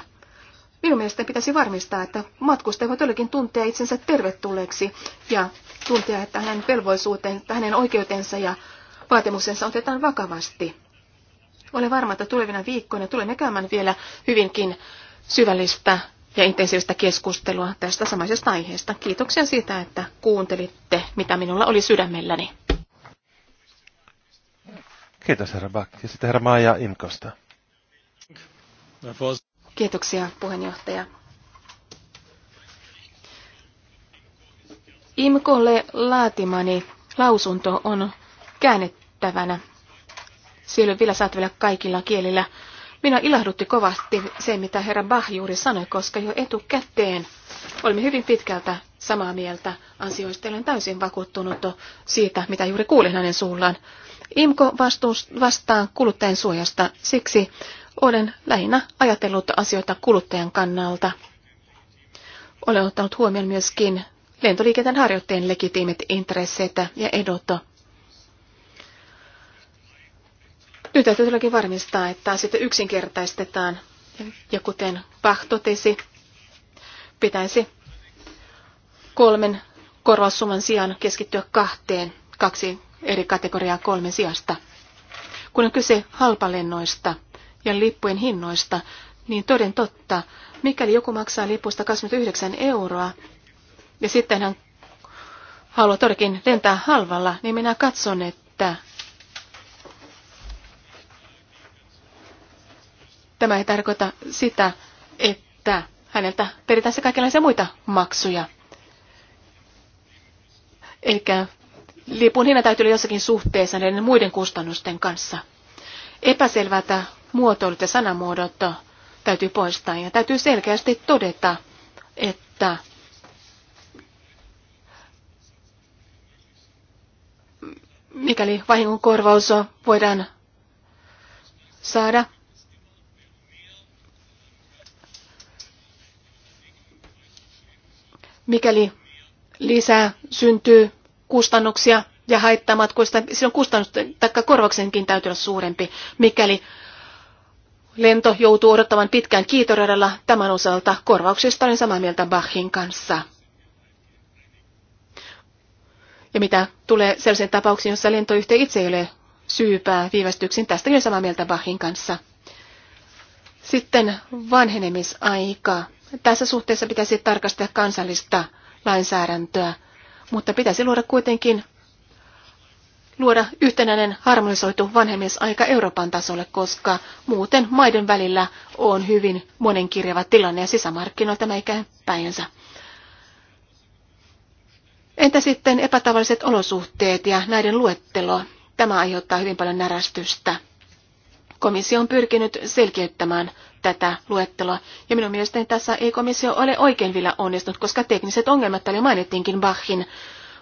Minun mielestäni pitäisi varmistaa, että matkustaja voi todellakin tuntea itsensä tervetulleeksi ja tuntea, että hänen velvollisuutensa, hänen oikeutensa ja vaatimuksensa otetaan vakavasti. Olen varma, että tulevina viikkoina tulemme käymään vielä hyvinkin syvällistä ja intensiivistä keskustelua tästä samaisesta aiheesta. Kiitoksia siitä, että kuuntelitte, mitä minulla oli sydämelläni. Kiitos herra Back ja sitten herra Maija Imkosta. Kiitoksia puheenjohtaja. Imkolle laatimani lausunto on käännettävänä siellä vielä saatavilla kaikilla kielillä. Minä ilahdutti kovasti se, mitä herra Bach juuri sanoi, koska jo etukäteen olimme hyvin pitkältä samaa mieltä asioista. Olen täysin vakuuttunut siitä, mitä juuri kuulin hänen suullaan. IMKO vastaa kuluttajan suojasta, siksi olen lähinnä ajatellut asioita kuluttajan kannalta. Olen ottanut huomioon myöskin lentoliikenteen harjoitteen legitiimit intresseitä ja edot. Nyt täytyy todellakin varmistaa, että sitten yksinkertaistetaan. Ja kuten Bach totesi, pitäisi kolmen korvaussumman sijaan keskittyä kahteen, kaksi eri kategoriaa kolmen sijasta. Kun on kyse halpalennoista ja lippujen hinnoista, niin toden totta, mikäli joku maksaa lipusta 29 euroa, ja sitten hän haluaa todellakin lentää halvalla, niin minä katson, että Tämä ei tarkoita sitä, että häneltä peritään se kaikenlaisia muita maksuja. Eikä lipun hinta täytyy olla jossakin suhteessa näiden muiden kustannusten kanssa. Epäselvät muotoilut ja sanamuodot täytyy poistaa ja täytyy selkeästi todeta, että mikäli vahingon korvaus voidaan saada, mikäli lisää syntyy kustannuksia ja haittamatkoista, silloin kustannus tai korvauksenkin täytyy olla suurempi, mikäli lento joutuu odottamaan pitkään kiitoradalla tämän osalta korvauksista olen samaa mieltä Bachin kanssa. Ja mitä tulee sellaisiin tapauksiin, jossa lentoyhtiö itse ei ole syypää viivästyksiin, tästä olen samaa mieltä Bachin kanssa. Sitten vanhenemisaika. Tässä suhteessa pitäisi tarkastaa kansallista lainsäädäntöä, mutta pitäisi luoda kuitenkin luoda yhtenäinen harmonisoitu vanhemmisaika Euroopan tasolle, koska muuten maiden välillä on hyvin monenkirjava tilanne ja sisämarkkinoita meikään päinsä. Entä sitten epätavalliset olosuhteet ja näiden luettelo? Tämä aiheuttaa hyvin paljon närästystä. Komissio on pyrkinyt selkeyttämään tätä luetteloa, ja minun mielestäni tässä ei komissio ole oikein vielä onnistunut, koska tekniset ongelmat täällä mainittiinkin Bachin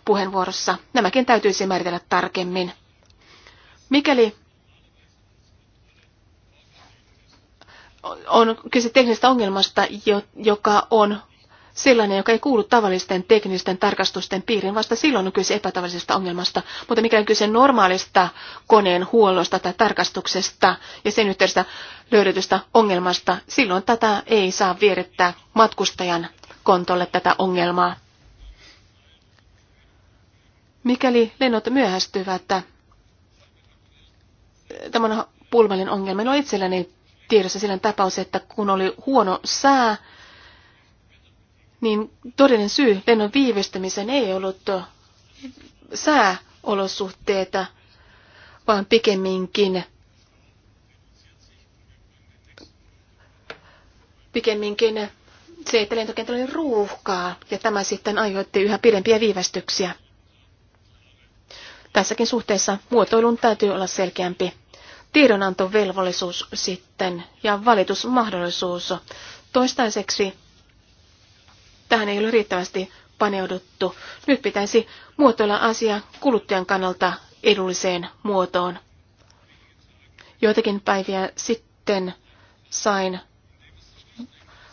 puheenvuorossa. Nämäkin täytyisi määritellä tarkemmin. Mikäli on kyse teknisestä ongelmasta, joka on sellainen, joka ei kuulu tavallisten teknisten tarkastusten piiriin, vasta silloin on kyse epätavallisesta ongelmasta, mutta mikä on kyse normaalista koneen huollosta tai tarkastuksesta ja sen yhteydessä löydetystä ongelmasta, silloin tätä ei saa vierittää matkustajan kontolle tätä ongelmaa. Mikäli lennot myöhästyvät, tämä on pulmallinen ongelma. No itselläni tiedossa sillä tapaus, että kun oli huono sää, niin todellinen syy lennon viivästymiseen ei ollut sääolosuhteita, vaan pikemminkin pikemminkin se, että lentokentällä oli ruuhkaa, ja tämä sitten aiheutti yhä pidempiä viivästyksiä. Tässäkin suhteessa muotoilun täytyy olla selkeämpi. Tiedonantovelvollisuus sitten ja valitusmahdollisuus. Toistaiseksi Tähän ei ole riittävästi paneuduttu. Nyt pitäisi muotoilla asia kuluttajan kannalta edulliseen muotoon. Joitakin päiviä sitten sain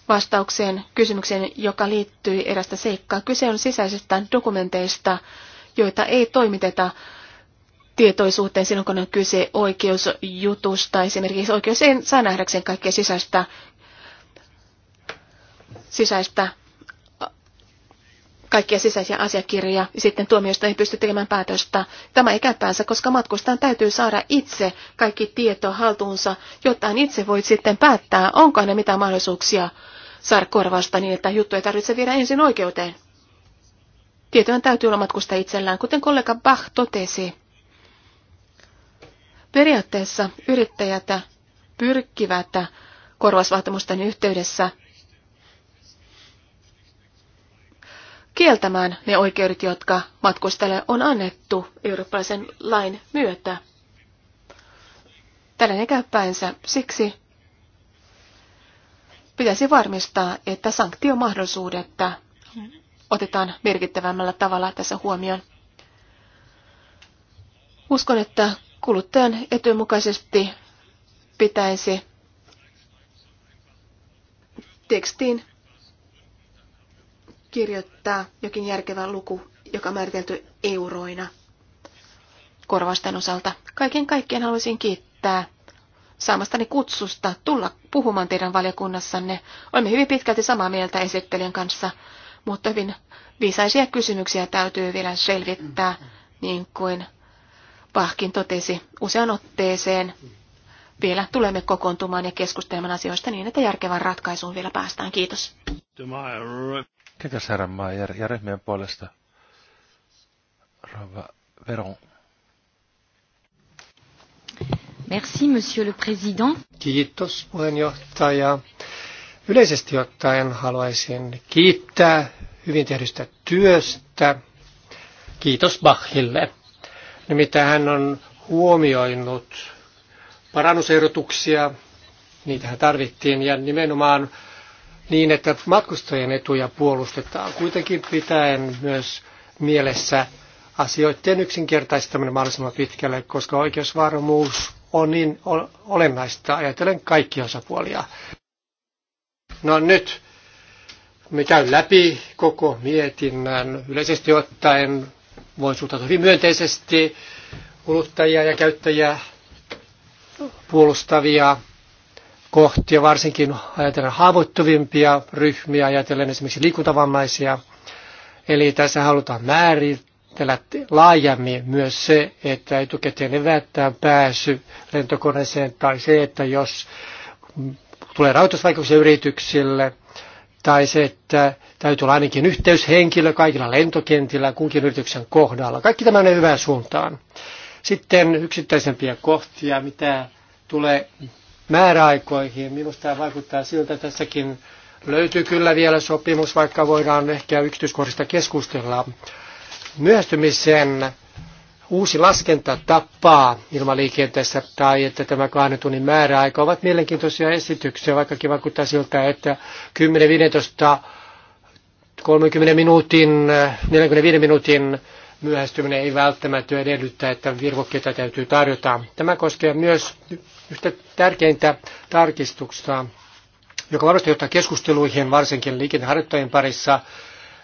vastaukseen kysymykseen, joka liittyy erästä seikkaa. Kyse on sisäisistä dokumenteista, joita ei toimiteta tietoisuuteen silloin, kun on kyse oikeusjutusta. Esimerkiksi oikeus ei saa nähdäkseen kaikkea sisäistä, sisäistä kaikkia sisäisiä asiakirjoja ja sitten tuomioista ei pysty tekemään päätöstä. Tämä ei käy päänsä, koska matkustajan täytyy saada itse kaikki tieto haltuunsa, jotta hän itse voi sitten päättää, onko ne mitään mahdollisuuksia saada korvasta niin, että juttu ei tarvitse viedä ensin oikeuteen. Tietojen täytyy olla matkusta itsellään, kuten kollega Bach totesi. Periaatteessa yrittäjät pyrkivät korvausvaatimusten yhteydessä kieltämään ne oikeudet, jotka matkustajalle on annettu eurooppalaisen lain myötä. ei käy päänsä. Siksi pitäisi varmistaa, että sanktiomahdollisuudet otetaan merkittävämmällä tavalla tässä huomioon. Uskon, että kuluttajan etujen mukaisesti pitäisi tekstiin kirjoittaa jokin järkevä luku, joka on määritelty euroina korvausten osalta. Kaiken kaikkien haluaisin kiittää saamastani kutsusta tulla puhumaan teidän valiokunnassanne. Olemme hyvin pitkälti samaa mieltä esittelijän kanssa, mutta hyvin viisaisia kysymyksiä täytyy vielä selvittää, niin kuin Pahkin totesi usean otteeseen. Vielä tulemme kokoontumaan ja keskustelemaan asioista niin, että järkevän ratkaisuun vielä päästään. Kiitos. Kiitos herran ja, ja ryhmien puolesta. Rova Veron. Merci, monsieur le président. Kiitos puheenjohtaja. Yleisesti ottaen haluaisin kiittää hyvin tehdystä työstä. Kiitos Bachille. Nimittäin hän on huomioinut parannusehdotuksia, hän tarvittiin, ja nimenomaan niin, että matkustajien etuja puolustetaan, kuitenkin pitäen myös mielessä asioiden yksinkertaistaminen mahdollisimman pitkälle, koska oikeusvarmuus on niin olennaista ajatellen kaikki osapuolia. No nyt me käyn läpi koko mietinnän. Yleisesti ottaen voin suhtautua hyvin myönteisesti kuluttajia ja käyttäjiä puolustavia kohtia, varsinkin ajatellen haavoittuvimpia ryhmiä, ajatellen esimerkiksi liikuntavammaisia. Eli tässä halutaan määritellä laajemmin myös se, että etukäteen evättää pääsy lentokoneeseen tai se, että jos tulee rahoitusvaikutuksia yrityksille, tai se, että täytyy olla ainakin yhteyshenkilö kaikilla lentokentillä kunkin yrityksen kohdalla. Kaikki tämä on hyvään suuntaan. Sitten yksittäisempiä kohtia, mitä tulee määräaikoihin. Minusta vaikuttaa siltä tässäkin löytyy kyllä vielä sopimus, vaikka voidaan ehkä yksityiskohdista keskustella. Myöhästymisen uusi laskentatapa ilmaliikenteessä tai että tämä kahden tunnin määräaika ovat mielenkiintoisia esityksiä, vaikkakin vaikuttaa siltä, että 10, 15, 30 minuutin, 45 minuutin myöhästyminen ei välttämättä edellyttää, että virkokkeita täytyy tarjota. Tämä koskee myös yhtä tärkeintä tarkistusta, joka varmasti johtaa keskusteluihin varsinkin liikenneharjoittajien parissa,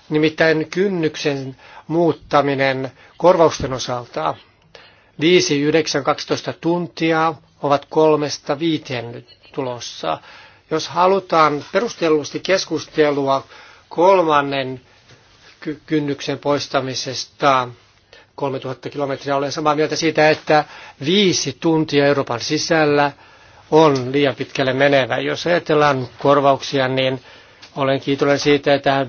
nimittäin kynnyksen muuttaminen korvausten osalta. 5, 9, 12 tuntia ovat kolmesta viiteen nyt tulossa. Jos halutaan perustellusti keskustelua kolmannen kynnyksen poistamisesta 3000 kilometriä. Olen samaa mieltä siitä, että viisi tuntia Euroopan sisällä on liian pitkälle menevä. Jos ajatellaan korvauksia, niin olen kiitollinen siitä, että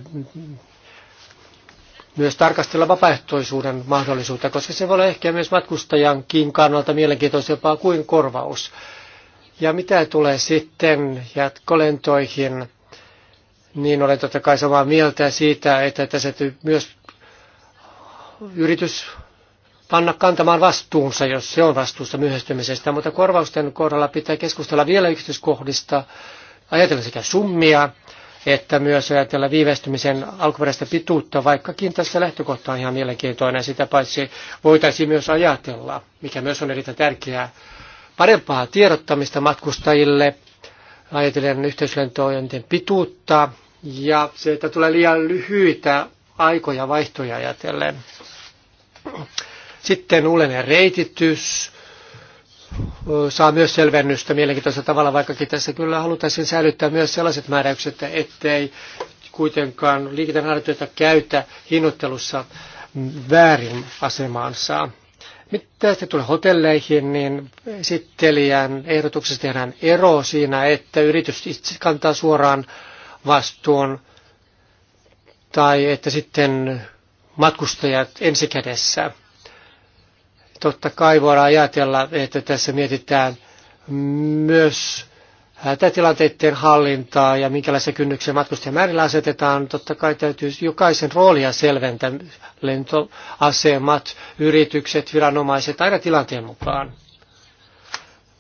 myös tarkastella vapaaehtoisuuden mahdollisuutta, koska se voi olla ehkä myös matkustajankin kannalta mielenkiintoisempaa kuin korvaus. Ja mitä tulee sitten jatkolentoihin, niin olen totta kai samaa mieltä siitä, että tässä myös yritys panna kantamaan vastuunsa, jos se on vastuussa myöhästymisestä, mutta korvausten kohdalla pitää keskustella vielä yksityiskohdista, ajatella sekä summia, että myös ajatella viivästymisen alkuperäistä pituutta, vaikkakin tässä lähtökohta on ihan mielenkiintoinen. Sitä paitsi voitaisiin myös ajatella, mikä myös on erittäin tärkeää, parempaa tiedottamista matkustajille, ajatellen yhteislentojen pituutta ja se, että tulee liian lyhyitä aikoja vaihtoja ajatellen. Sitten uudelleen reititys saa myös selvennystä mielenkiintoisella tavalla, vaikkakin tässä kyllä halutaan säilyttää myös sellaiset määräykset, ettei kuitenkaan liikenteenharjoittajia käytä hinnoittelussa väärin asemaansa. Mitä sitten tulee hotelleihin, niin esittelijän ehdotuksessa tehdään ero siinä, että yritys itse kantaa suoraan vastuun tai että sitten matkustajat ensikädessä. Totta kai voidaan ajatella, että tässä mietitään myös hätätilanteiden hallintaa ja minkälaisia kynnyksiä matkustajamäärillä asetetaan. Totta kai täytyy jokaisen roolia selventää lentoasemat, yritykset, viranomaiset aina tilanteen mukaan.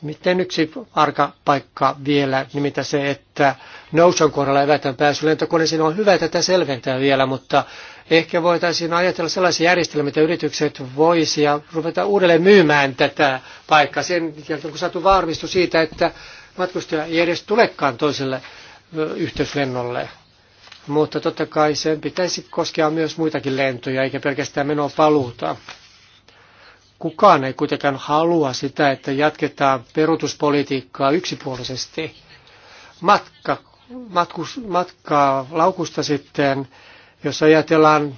Miten yksi arka paikka vielä, nimittäin se, että nousun kohdalla evätään pääsy lentokoneeseen, on hyvä tätä selventää vielä, mutta ehkä voitaisiin ajatella sellaisia järjestelmiä, mitä yritykset voisi ja ruveta uudelleen myymään tätä paikkaa sen jälkeen, kun saatu varmistu siitä, että matkustaja ei edes tulekaan toiselle yhteyslennolle. Mutta totta kai sen pitäisi koskea myös muitakin lentoja, eikä pelkästään menoa paluuta. Kukaan ei kuitenkaan halua sitä, että jatketaan perutuspolitiikkaa yksipuolisesti. Matka, matkus, matkaa laukusta sitten, jos ajatellaan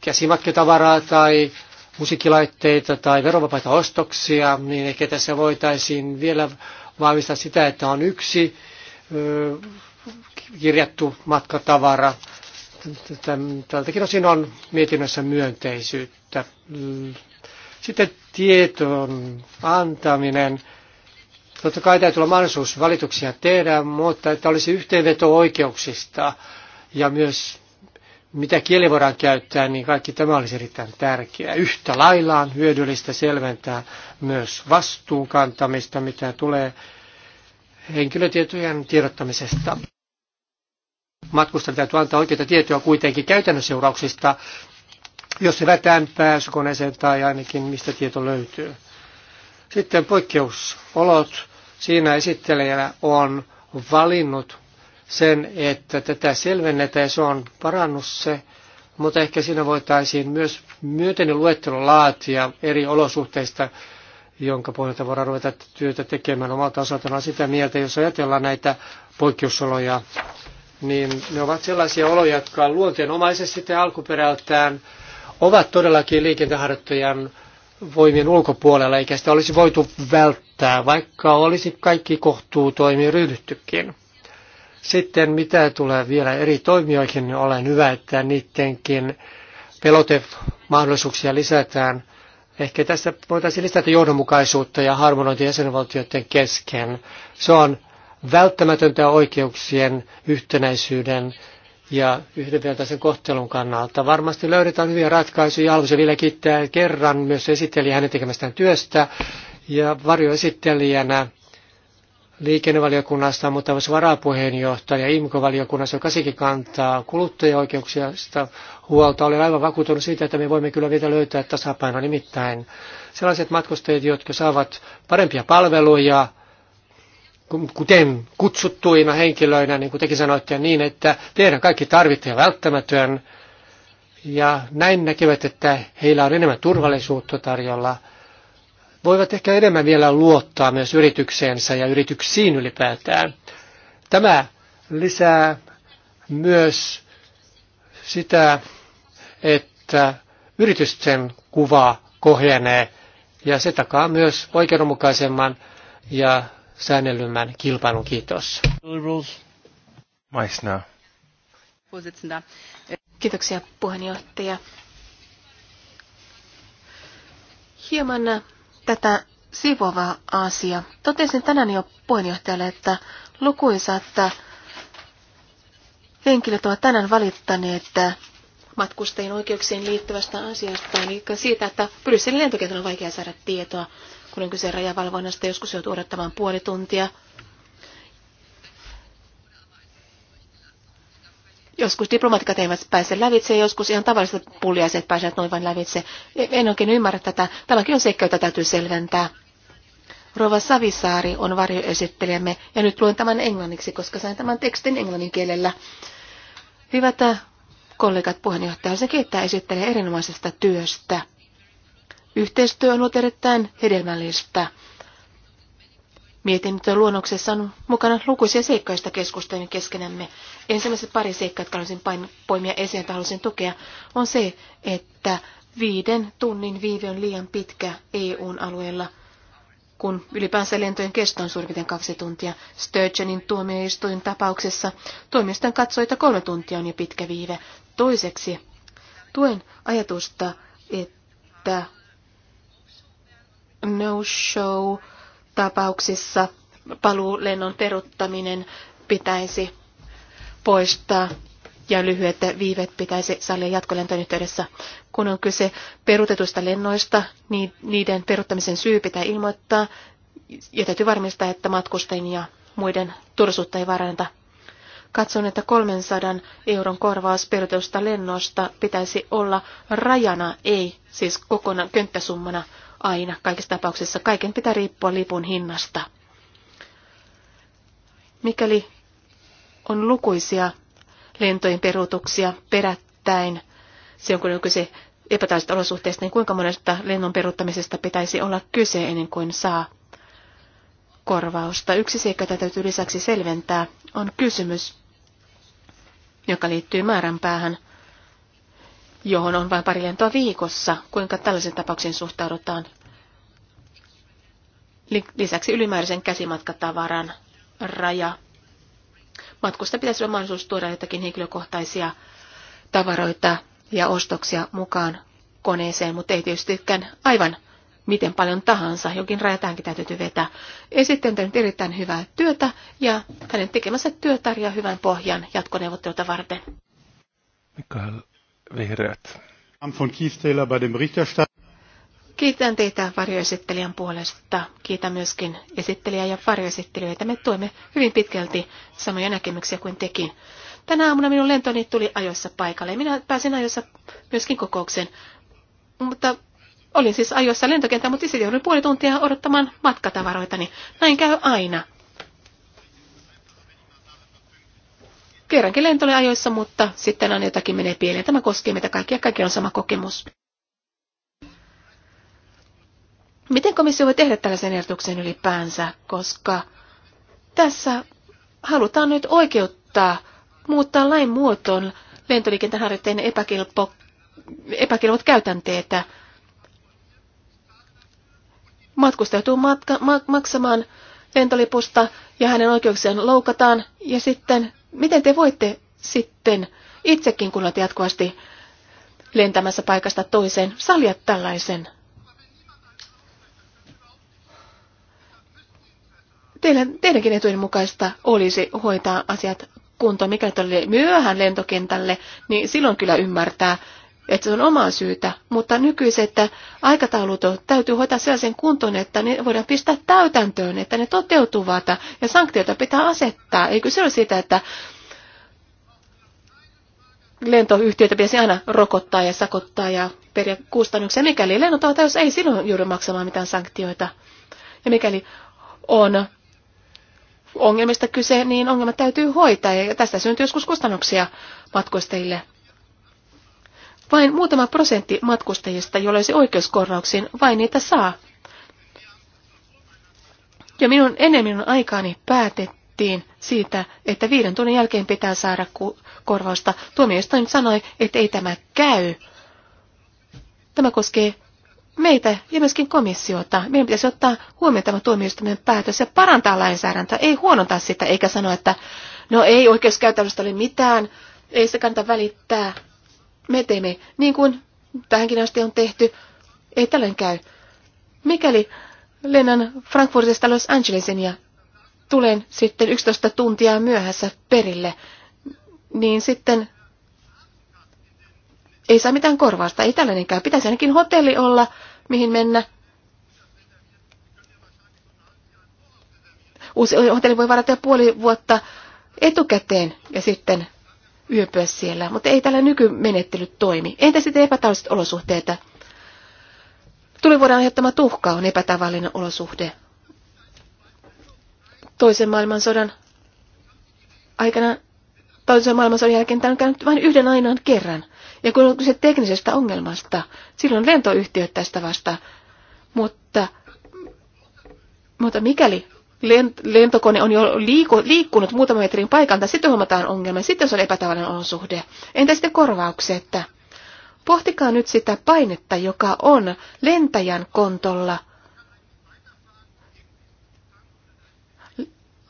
käsimatketavaraa tai musiikkilaitteita tai verovapaita ostoksia, niin ehkä tässä voitaisiin vielä vahvistaa sitä, että on yksi ö, kirjattu matkatavara. Tältäkin osin on mietinnössä myönteisyyttä. Mm. Sitten tieton antaminen. Totta kai täytyy olla mahdollisuus valituksia tehdä, mutta että olisi yhteenveto oikeuksista ja myös mitä kieli voidaan käyttää, niin kaikki tämä olisi erittäin tärkeää. Yhtä lailla on hyödyllistä selventää myös vastuun kantamista, mitä tulee henkilötietojen tiedottamisesta. Matkustajan täytyy antaa oikeita tietoja, kuitenkin käytännön seurauksista, jos evätään pääsykoneeseen tai ainakin mistä tieto löytyy. Sitten poikkeusolot. Siinä esittelijä on valinnut sen, että tätä selvennetään ja se on parannus se, mutta ehkä siinä voitaisiin myös myöten luettelo laatia eri olosuhteista, jonka pohjalta voidaan ruveta työtä tekemään omalta osaltaan sitä mieltä, jos ajatellaan näitä poikkeusoloja, niin ne ovat sellaisia oloja, jotka on luonteenomaisesti ja alkuperältään ovat todellakin liikenteenharjoittajan voimien ulkopuolella, eikä sitä olisi voitu välttää, vaikka olisi kaikki kohtuu ryhdyttykin. Sitten mitä tulee vielä eri toimijoihin, niin olen hyvä, että niidenkin pelotemahdollisuuksia lisätään. Ehkä tässä voitaisiin lisätä johdonmukaisuutta ja harmonointia jäsenvaltioiden kesken. Se on välttämätöntä oikeuksien yhtenäisyyden ja yhdenvertaisen kohtelun kannalta. Varmasti löydetään hyviä ratkaisuja. Haluaisin vielä kiittää kerran myös esittelijä hänen tekemästään työstä ja varjoesittelijänä liikennevaliokunnasta, mutta myös varapuheenjohtaja IMKO-valiokunnassa, joka sekin kantaa kuluttajaoikeuksista huolta. Olen aivan vakuutunut siitä, että me voimme kyllä vielä löytää tasapainoa nimittäin sellaiset matkustajat, jotka saavat parempia palveluja, kuten kutsuttuina henkilöinä, niin kuin tekin sanoitte, niin, että tehdään kaikki tarvittava välttämätön. Ja näin näkevät, että heillä on enemmän turvallisuutta tarjolla. Voivat ehkä enemmän vielä luottaa myös yritykseensä ja yrityksiin ylipäätään. Tämä lisää myös sitä, että yritysten kuva kohenee ja se takaa myös oikeudenmukaisemman ja säännellymmän kilpailun. Kiitos. Kiitoksia puheenjohtaja. Hieman tätä sivova asia. Totesin tänään jo puheenjohtajalle, että lukuisat henkilöt ovat tänään valittaneet matkustajien oikeuksiin liittyvästä asiasta, eli siitä, että Brysselin lentokentällä on vaikea saada tietoa kun on kyse rajavalvonnasta, joskus joutuu odottamaan puoli tuntia. Joskus diplomatikat eivät pääse lävitse ja joskus ihan tavalliset puljaiset pääsevät noin vain lävitse. En oikein ymmärrä tätä. Tämäkin on seikka, jota täytyy selventää. Rova Savisaari on varjoesittelijämme ja nyt luen tämän englanniksi, koska sain tämän tekstin englannin kielellä. Hyvät äh, kollegat, puheenjohtaja, se kiittää esittelijä erinomaisesta työstä. Yhteistyö on ollut erittäin hedelmällistä. Mietintöön luonnoksessa on mukana lukuisia seikkaista keskustelun keskenämme. Ensimmäiset pari seikkaa, jotka haluaisin poimia esiin, että haluaisin tukea, on se, että viiden tunnin viive on liian pitkä EUn alueella, kun ylipäänsä lentojen kesto on suurin kaksi tuntia. Sturgeonin tuomioistuin tapauksessa tuomioistuin katsoi, että kolme tuntia on jo pitkä viive. Toiseksi tuen ajatusta, että no-show-tapauksissa paluulennon peruttaminen pitäisi poistaa ja lyhyet viivet pitäisi sallia jatkolentojen yhteydessä. Kun on kyse perutetuista lennoista, niin niiden peruttamisen syy pitää ilmoittaa ja täytyy varmistaa, että matkustajien ja muiden turvallisuutta ei varanneta. Katson, että 300 euron korvaus perutetusta lennosta pitäisi olla rajana, ei siis kokonaan könttäsummana aina, kaikissa tapauksissa. Kaiken pitää riippua lipun hinnasta. Mikäli on lukuisia lentojen peruutuksia perättäin, silloin kun on kyse epätaisista olosuhteista, niin kuinka monesta lennon peruuttamisesta pitäisi olla kyse ennen kuin saa korvausta. Yksi seikka, jota täytyy lisäksi selventää, on kysymys, joka liittyy määränpäähän, johon on vain pari lentoa viikossa. Kuinka tällaisen tapauksen suhtaudutaan? Lisäksi ylimääräisen käsimatkatavaran raja. Matkusta pitäisi olla mahdollisuus tuoda jotakin henkilökohtaisia tavaroita ja ostoksia mukaan koneeseen, mutta ei tietystikään aivan miten paljon tahansa. Jokin raja tähänkin täytyy vetää. Esittely on tehnyt erittäin hyvää työtä ja hänen tekemänsä työ tarjoaa hyvän pohjan jatkoneuvotteluita varten. Mikael Vihreät. Am von Kiestela bei dem Berichterstatter. Kiitän teitä varjoesittelijän puolesta. Kiitän myöskin esittelijää ja varjoesittelijöitä. Me tuemme hyvin pitkälti samoja näkemyksiä kuin tekin. Tänä aamuna minun lentoni tuli ajoissa paikalle. Minä pääsin ajoissa myöskin kokoukseen. Mutta olin siis ajoissa lentokentän, mutta sitten joudun puoli tuntia odottamaan matkatavaroitani. Näin käy aina. Kerrankin lento oli ajoissa, mutta sitten aina jotakin menee pieleen. Tämä koskee meitä kaikkia. Kaikki on sama kokemus. Miten komissio voi tehdä tällaisen ehdotuksen ylipäänsä, koska tässä halutaan nyt oikeuttaa, muuttaa lain muotoon lentoliikenteen harjoittajien epäkilpo, epäkilvot käytänteet. Matkustaja joutuu matka, ma, maksamaan lentolipusta ja hänen oikeuksiaan loukataan. Ja sitten, miten te voitte sitten itsekin, kun olette jatkuvasti lentämässä paikasta toiseen, salia tällaisen teidän, teidänkin etujen mukaista olisi hoitaa asiat kuntoon. mikä tulee myöhään lentokentälle, niin silloin kyllä ymmärtää, että se on omaa syytä. Mutta nykyiset aikataulut täytyy hoitaa sellaisen kuntoon, että ne voidaan pistää täytäntöön, että ne toteutuvat ja sanktioita pitää asettaa. Eikö se ole sitä, että lentoyhtiöitä pitäisi aina rokottaa ja sakottaa ja periä kustannuksia. Mikäli lennot jos ei silloin joudu maksamaan mitään sanktioita. Ja mikäli on ongelmista kyse, niin ongelmat täytyy hoitaa ja tästä syntyy joskus kustannuksia matkustajille. Vain muutama prosentti matkustajista, joilla olisi oikeus korvauksiin, vain niitä saa. Ja minun ennen minun aikaani päätettiin siitä, että viiden tunnin jälkeen pitää saada korvausta. Tuomioistuin sanoi, että ei tämä käy. Tämä koskee meitä ja myöskin komissiota. Meidän pitäisi ottaa huomioon tämä tuomioistuimen päätös ja parantaa lainsäädäntöä, ei huonontaa sitä, eikä sanoa, että no ei oikeuskäytännöstä ole mitään, ei se kannata välittää. Me teemme niin kuin tähänkin asti on tehty, ei tällöin käy. Mikäli lennän Frankfurtista Los Angelesin ja tulen sitten 11 tuntia myöhässä perille, niin sitten ei saa mitään korvausta, ei tällainenkään. Pitäisi ainakin hotelli olla, mihin mennä. Uusi hotelli voi varata puoli vuotta etukäteen ja sitten yöpyä siellä, mutta ei tällä nykymenettely toimi. Entä sitten epätavalliset olosuhteet? Tulivuoden aiheuttama tuhka on epätavallinen olosuhde. Toisen maailmansodan aikana, toisen maailmansodan jälkeen tämä on käynyt vain yhden ainoan kerran – ja kun on kyse teknisestä ongelmasta, silloin lentoyhtiöt tästä vasta. Mutta, mutta mikäli lentokone on jo liiku, liikkunut muutaman metrin paikalta, sitten huomataan ongelma, sitten se on epätavallinen olosuhde. Entä sitten korvaukset? Pohtikaa nyt sitä painetta, joka on lentäjän kontolla.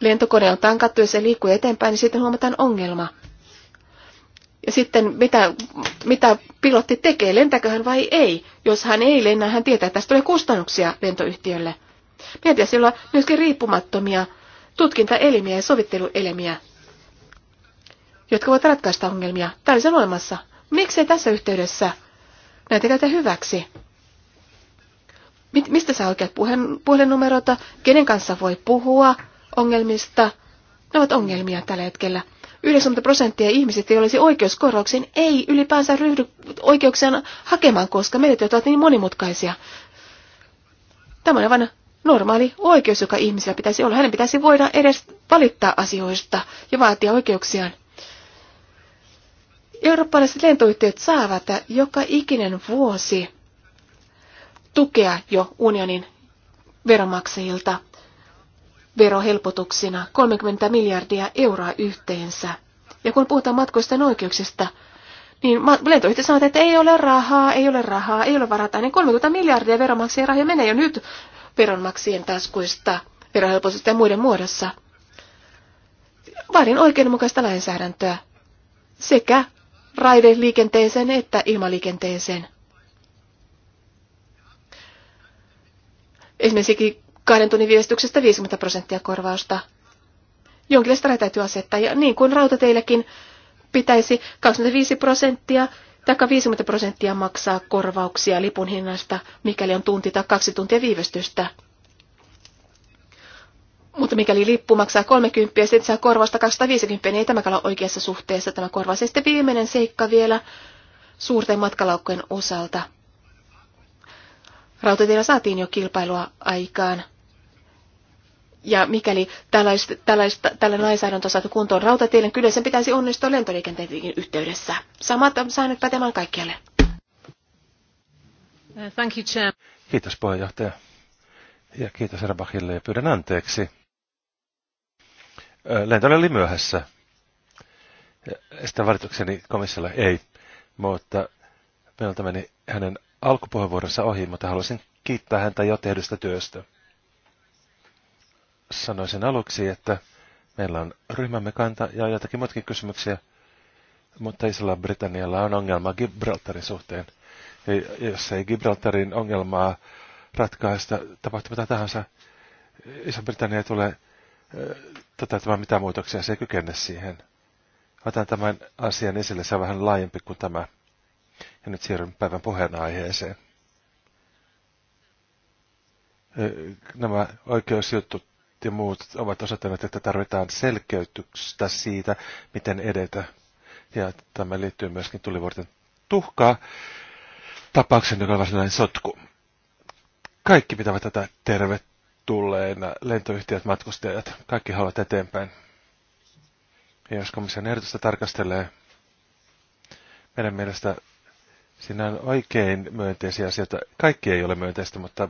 Lentokone on tankattu ja se liikkuu eteenpäin, niin sitten huomataan ongelma. Ja sitten mitä, mitä pilotti tekee, lentäkö hän vai ei. Jos hän ei lennä, hän tietää, että tästä tulee kustannuksia lentoyhtiölle. Meidän pitäisi olla myöskin riippumattomia tutkintaelimiä ja sovitteluelimiä, jotka voivat ratkaista ongelmia. se on olemassa. Miksei tässä yhteydessä näitä käytä hyväksi? Mistä saa oikeat puheen, puhelinnumerot? Kenen kanssa voi puhua ongelmista? Ne ovat ongelmia tällä hetkellä. 90 prosenttia ihmisistä, joilla olisi oikeus korvauksiin, ei ylipäänsä ryhdy oikeuksia hakemaan, koska menetelmät ovat niin monimutkaisia. Tämä on aivan normaali oikeus, joka ihmisillä pitäisi olla. Hänen pitäisi voida edes valittaa asioista ja vaatia oikeuksiaan. Eurooppalaiset lentoyhtiöt saavat joka ikinen vuosi tukea jo unionin veronmaksajilta verohelpotuksina 30 miljardia euroa yhteensä. Ja kun puhutaan matkoisten oikeuksista, niin lentoyhtiö sanoo, että ei ole rahaa, ei ole rahaa, ei ole varata, niin 30 miljardia veronmaksajien rahaa menee jo nyt veronmaksien taskuista, verohelpotusta ja muiden muodossa. Vaadin oikeudenmukaista lainsäädäntöä sekä raideliikenteeseen että ilmaliikenteeseen. Esimerkiksi kahden tunnin viestyksestä 50 prosenttia korvausta. Jonkinlaista raja täytyy asettaa, ja niin kuin rautateillekin pitäisi 25 prosenttia tai 50 prosenttia maksaa korvauksia lipun hinnasta, mikäli on tunti tai kaksi tuntia viivästystä. Mutta mikäli lippu maksaa 30 ja sitten saa korvausta 250, niin ei tämäkään ole oikeassa suhteessa tämä korvaus. Ja sitten viimeinen seikka vielä suurten matkalaukkojen osalta. Rautatiellä saatiin jo kilpailua aikaan. Ja mikäli tällaista, tällaista, tällainen lainsäädäntö on saatu kuntoon rautatielle, kyllä sen pitäisi onnistua lentoliikenteen yhteydessä. Samat säännöt pätemään kaikkialle. Uh, thank you, Chair. Kiitos puheenjohtaja. Ja kiitos Erbachille ja pyydän anteeksi. Lentoni oli myöhässä. Sitä valitukseni komissiolle ei, mutta meiltä meni hänen alkupuheenvuoronsa ohi, mutta haluaisin kiittää häntä jo tehdystä työstä sanoisin aluksi, että meillä on ryhmämme kanta ja jotakin muutkin kysymyksiä, mutta Isolla Britannialla on ongelma Gibraltarin suhteen. Ja jos ei Gibraltarin ongelmaa ratkaista, tapahtuu mitä tahansa, Iso-Britannia ei tule toteuttamaan mitään muutoksia, se ei kykene siihen. Otan tämän asian esille, se on vähän laajempi kuin tämä. Ja nyt siirryn päivän puheenaiheeseen. Nämä oikeusjutut ja muut ovat osoittaneet, että tarvitaan selkeytystä siitä, miten edetä. Ja tämä liittyy myöskin tulivuorten tuhkaa tapauksen, joka on varsinainen sotku. Kaikki pitävät tätä tervetulleena, lentoyhtiöt, matkustajat, kaikki haluavat eteenpäin. Ja jos komission ehdotusta tarkastelee, meidän mielestä siinä on oikein myönteisiä asioita. Kaikki ei ole myönteistä, mutta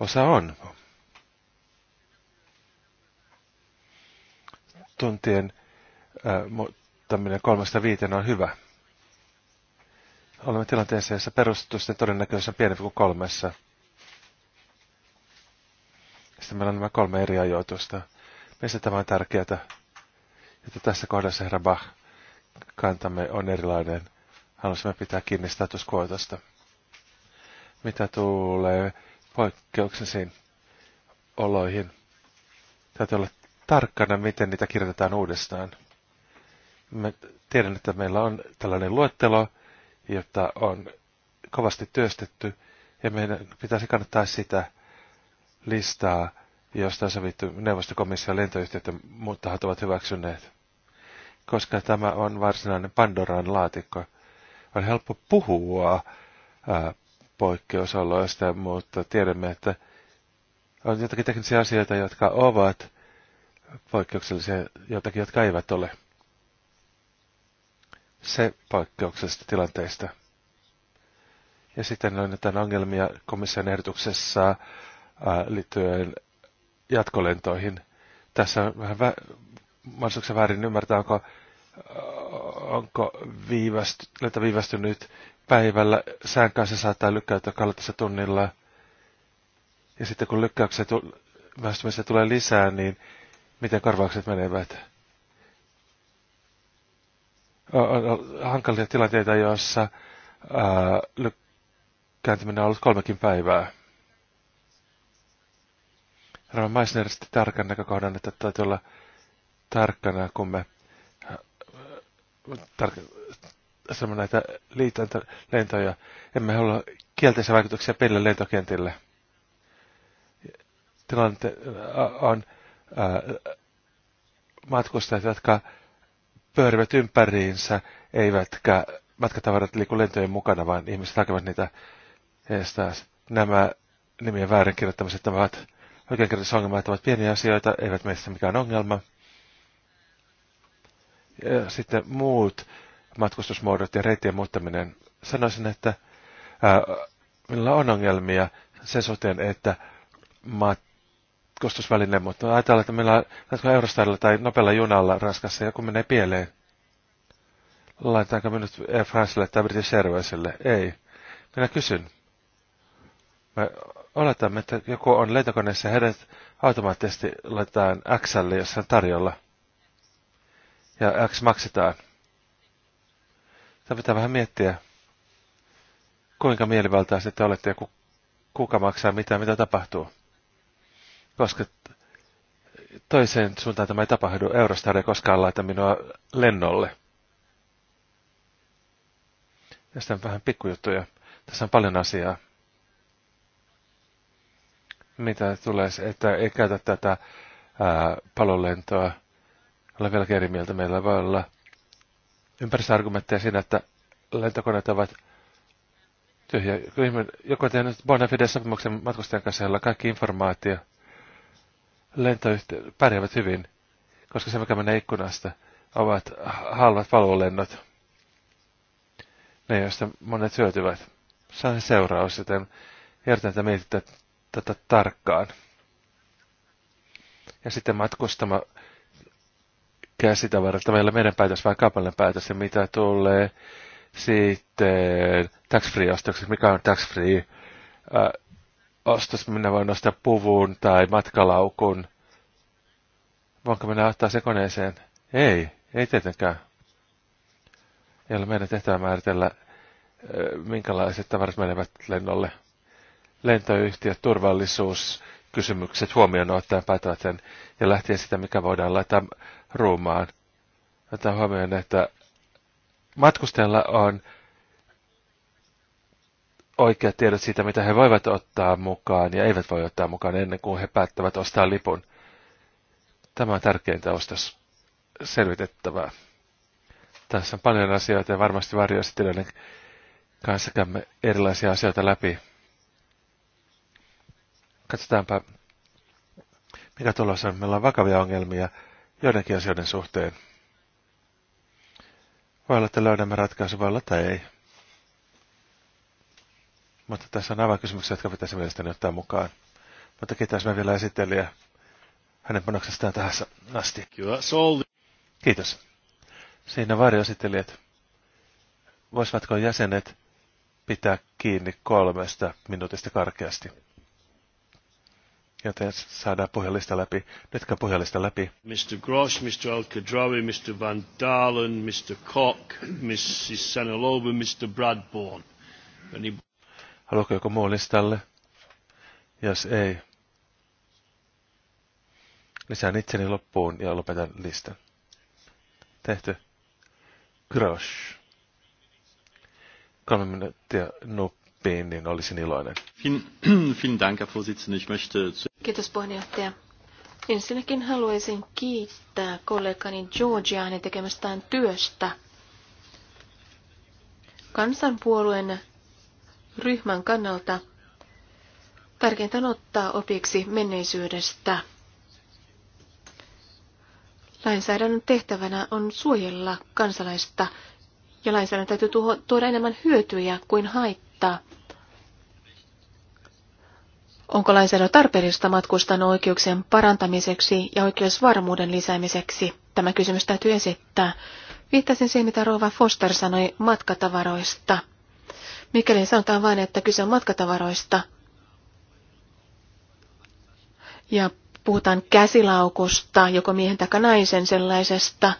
osa on. tuntien tämmöinen kolmesta viiteen on hyvä. Olemme tilanteessa, jossa perustusten todennäköisyys on pienempi kuin kolmessa. Sitten meillä on nämä kolme eri ajoitusta. Meistä tämä on tärkeää, että tässä kohdassa herra Bach kantamme on erilainen. Haluaisimme pitää kiinni status Mitä tulee poikkeuksellisiin oloihin, täytyy olla tarkkana, miten niitä kirjoitetaan uudestaan. Mä tiedän, että meillä on tällainen luettelo, jota on kovasti työstetty, ja meidän pitäisi kannattaa sitä listaa, josta on sovittu neuvostokomission lentoyhtiöt ja muut tahot ovat hyväksyneet. Koska tämä on varsinainen Pandoran laatikko, on helppo puhua ää, poikkeusoloista, mutta tiedämme, että on jotakin teknisiä asioita, jotka ovat poikkeuksellisia joitakin, jotka eivät ole. Se poikkeuksellisesta tilanteista. Ja sitten jotain ongelmia komission ehdotuksessa äh, liittyen jatkolentoihin. Tässä on vähän vä- mahdollisuuksia väärin ymmärtää, onko, äh, onko viivästy, lentä viivästynyt päivällä. Sään kanssa saattaa lykkäytyä kalatessa tunnilla. Ja sitten kun lykkäyksiä tu- tulee lisää, niin miten karvaukset menevät. On hankalia tilanteita, joissa lykkääntyminen on ollut kolmekin päivää. Rauha Meissner tarkan näkökohdan, että täytyy olla tarkkana, kun me tarkastamme näitä lentoja. Emme halua kielteisiä vaikutuksia pelle lentokentille. Tilanne on matkustajat, jotka pyörivät ympäriinsä, eivätkä matkatavarat liiku lentojen mukana, vaan ihmiset hakevat niitä estää. Nämä nimien väärinkirjoittamiset ovat että ovat pieniä asioita, eivät meistä mikään ongelma. Ja sitten muut matkustusmuodot ja reittien muuttaminen. Sanoisin, että ää, on ongelmia sen suhteen, että mat matkustusväline, mutta ajatellaan, että meillä on Eurostarilla tai nopealla junalla Ranskassa joku menee pieleen. Laitetaanko minut Air Francelle tai British Airwaysille? Ei. Minä kysyn. Me oletamme, että joku on lentokoneessa ja heidät automaattisesti laitetaan Xlle, jos on tarjolla. Ja X maksetaan. Tämä pitää vähän miettiä, kuinka mielivaltaisesti olette ja kuka maksaa mitä, mitä tapahtuu koska toiseen suuntaan tämä ei tapahdu. Eurostar ei koskaan laita minua lennolle. Ja sitten vähän pikkujuttuja. Tässä on paljon asiaa. Mitä tulee, että ei käytä tätä ää, palolentoa. Olen vielä eri mieltä. Meillä voi olla ympäristöargumentteja siinä, että lentokoneet ovat tyhjä. Joku on tehnyt bonafide sopimuksen matkustajan kanssa, jolla kaikki informaatio – lentoyhtiöt pärjäävät hyvin, koska se, mikä menee ikkunasta, ovat halvat palvelulennot. Ne, joista monet syötyvät. Se on seuraus, joten järjestän, että mietitte tätä tarkkaan. Ja sitten matkustama käsitavarasta meillä meidän päätös vai kaupallinen päätös ja mitä tulee sitten tax-free ostokset, mikä on tax-free äh, ostos minä voin ostaa puvun tai matkalaukun. Voinko minä ottaa se koneeseen? Ei, ei tietenkään. Ei ole meidän tehtävä määritellä, minkälaiset tavarat menevät lennolle. Lentoyhtiöt, turvallisuus, kysymykset huomioon ottaen päätävät sen ja lähtien sitä, mikä voidaan laittaa ruumaan. Otetaan huomioon, että matkustajalla on oikeat tiedot siitä, mitä he voivat ottaa mukaan ja eivät voi ottaa mukaan ennen kuin he päättävät ostaa lipun. Tämä on tärkeintä ostas selvitettävää. Tässä on paljon asioita ja varmasti varjoesittelijöiden kanssa käymme erilaisia asioita läpi. Katsotaanpa, mikä tulos on. Meillä on vakavia ongelmia joidenkin asioiden suhteen. Voi olla, että löydämme ratkaisu, voi olla, että ei. Mutta tässä on kysymyksiä, jotka pitäisi mielestäni ottaa mukaan. Mutta me vielä esittelijä hänen panoksestaan tähän asti. Kiitos. Siinä varjoesittelijät. Voisivatko jäsenet pitää kiinni kolmesta minuutista karkeasti? Joten saadaan puhelista läpi. Nytkään puhelista läpi. Mr. Gross, Mr. al Mr. Van Dalen, Mr. Koch, Mrs. Sanalova, Mr. Bradbourne. Any... Haluatko joku muu listalle? Jos ei, lisään itseni loppuun ja lopetan listan. Tehty. Grosh. Kolme minuuttia nuppiin, niin olisin iloinen. Vielen Dank, Herr Ich möchte... Kiitos, puheenjohtaja. Ensinnäkin haluaisin kiittää kollegani Georgiaani tekemästään työstä. Kansanpuolueen ryhmän kannalta tärkeintä on ottaa opiksi menneisyydestä. Lainsäädännön tehtävänä on suojella kansalaista ja lainsäädännön täytyy tuoda enemmän hyötyjä kuin haittaa. Onko lainsäädäntö tarpeellista matkustan oikeuksien parantamiseksi ja oikeusvarmuuden lisäämiseksi? Tämä kysymys täytyy esittää. Viittasin siihen, mitä Rova Foster sanoi matkatavaroista – Mikäli sanotaan vain, että kyse on matkatavaroista ja puhutaan käsilaukusta, joko miehen tai naisen sellaisesta,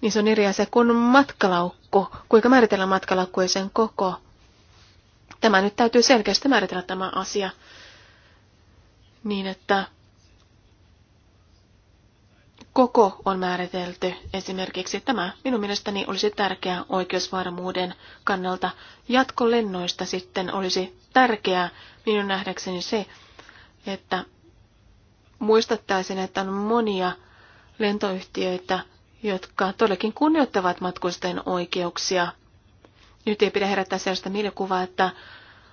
niin se on eri asia kuin matkalaukku. Kuinka määritellä matkalaukku ja sen koko? Tämä nyt täytyy selkeästi määritellä tämä asia niin, että koko on määritelty esimerkiksi. Tämä minun mielestäni olisi tärkeää oikeusvarmuuden kannalta. Jatkolennoista sitten olisi tärkeää minun nähdäkseni se, että muistattaisin, että on monia lentoyhtiöitä, jotka todellakin kunnioittavat matkustajien oikeuksia. Nyt ei pidä herättää sellaista mielikuvaa, että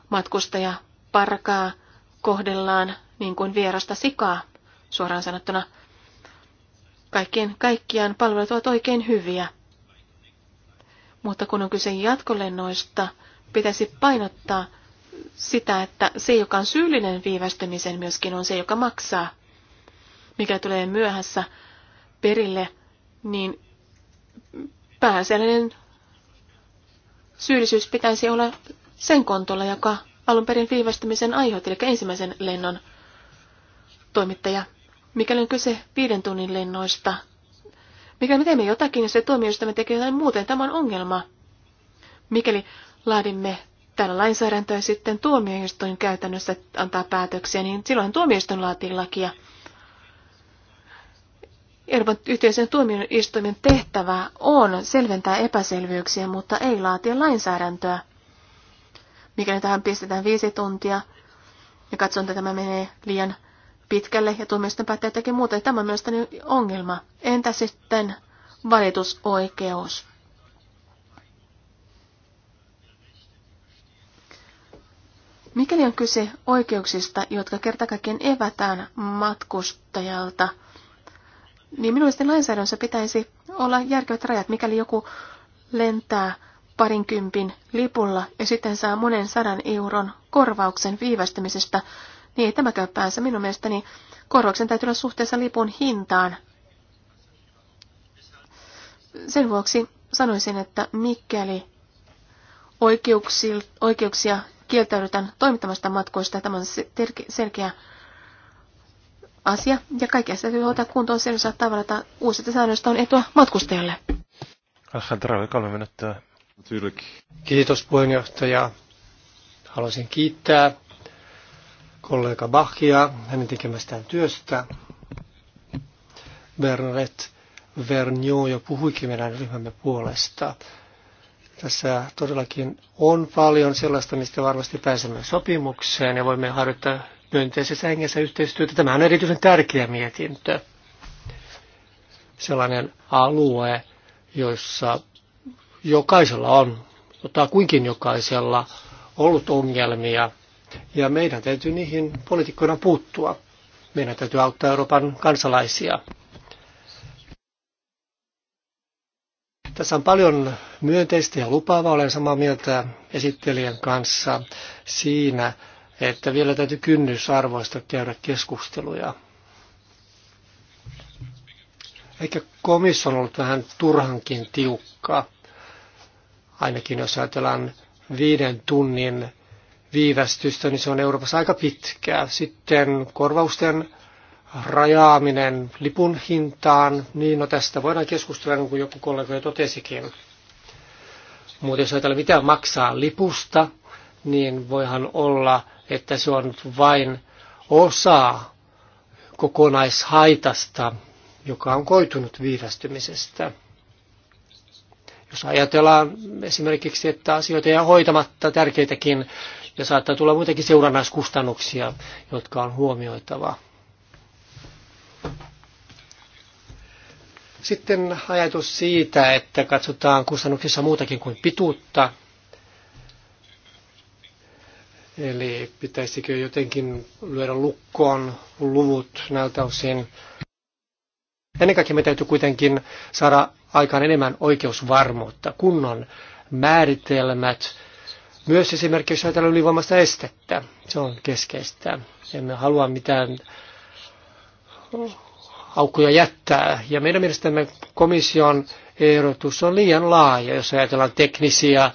matkustaja parkaa kohdellaan niin kuin vierasta sikaa, suoraan sanottuna – Kaikkien kaikkiaan palvelut ovat oikein hyviä. Mutta kun on kyse jatkolennoista, pitäisi painottaa sitä, että se, joka on syyllinen viivästymisen, myöskin on se, joka maksaa. Mikä tulee myöhässä perille, niin pääasiallinen syyllisyys pitäisi olla sen kontolla, joka alun perin viivästymisen aiheutti, eli ensimmäisen lennon toimittaja. Mikäli on kyse viiden tunnin lennoista, mikäli me teemme jotakin ja se tuomioistuimen tekee jotain muuten, tämä on ongelma. Mikäli laadimme täällä lainsäädäntöä ja sitten tuomioistuin käytännössä antaa päätöksiä, niin silloin tuomioistuin laatii lakia. Euroopan yhteisön tuomioistuimen tehtävä on selventää epäselvyyksiä, mutta ei laatia lainsäädäntöä. Mikäli tähän pistetään viisi tuntia ja katson, että tämä menee liian pitkälle ja tuomioisten päättäjä teki muuta. Ja tämä on mielestäni ongelma. Entä sitten valitusoikeus? Mikäli on kyse oikeuksista, jotka kertakaikkiaan evätään matkustajalta, niin minun mielestäni lainsäädännössä pitäisi olla järkevät rajat, mikäli joku lentää parinkympin lipulla ja sitten saa monen sadan euron korvauksen viivästymisestä, niin ei tämä käy päänsä. Minun mielestäni korvauksen täytyy olla suhteessa lipun hintaan. Sen vuoksi sanoisin, että mikäli oikeuksia kieltäydytään toimittamasta matkoista, tämä on selkeä asia, ja kaikkea sitä täytyy hoitaa kuntoon sellaisella tavalla, että uusista säännöistä on etua matkustajalle. kolme minuuttia. Kiitos puheenjohtaja. Haluaisin kiittää kollega Bachia hänen tekemästään työstä. Bernet Vernio jo puhuikin meidän ryhmämme puolesta. Tässä todellakin on paljon sellaista, mistä varmasti pääsemme sopimukseen ja voimme harjoittaa myönteisessä hengessä yhteistyötä. Tämä on erityisen tärkeä mietintö. Sellainen alue, jossa jokaisella on, kuinkin jokaisella, ollut ongelmia ja meidän täytyy niihin poliitikkoina puuttua. Meidän täytyy auttaa Euroopan kansalaisia. Tässä on paljon myönteistä ja lupaavaa. Olen samaa mieltä esittelijän kanssa siinä, että vielä täytyy kynnysarvoista käydä keskusteluja. Ehkä komissio on ollut vähän turhankin tiukka, ainakin jos ajatellaan viiden tunnin viivästystä, niin se on Euroopassa aika pitkää. Sitten korvausten rajaaminen lipun hintaan, niin no tästä voidaan keskustella, niin kuin joku kollega jo totesikin. Mutta jos ajatellaan, mitä maksaa lipusta, niin voihan olla, että se on vain osa kokonaishaitasta, joka on koitunut viivästymisestä. Jos ajatellaan esimerkiksi, että asioita ole hoitamatta tärkeitäkin ja saattaa tulla muitakin seurannaiskustannuksia, jotka on huomioitava. Sitten ajatus siitä, että katsotaan kustannuksissa muutakin kuin pituutta. Eli pitäisikö jotenkin lyödä lukkoon luvut näiltä osin. Ennen kaikkea me täytyy kuitenkin saada aikaan enemmän oikeusvarmuutta, kunnon määritelmät, myös esimerkiksi jos ajatellaan ylivoimasta estettä, se on keskeistä. Emme halua mitään aukkoja jättää. Ja meidän mielestämme komission ehdotus on liian laaja, jos ajatellaan teknisiä,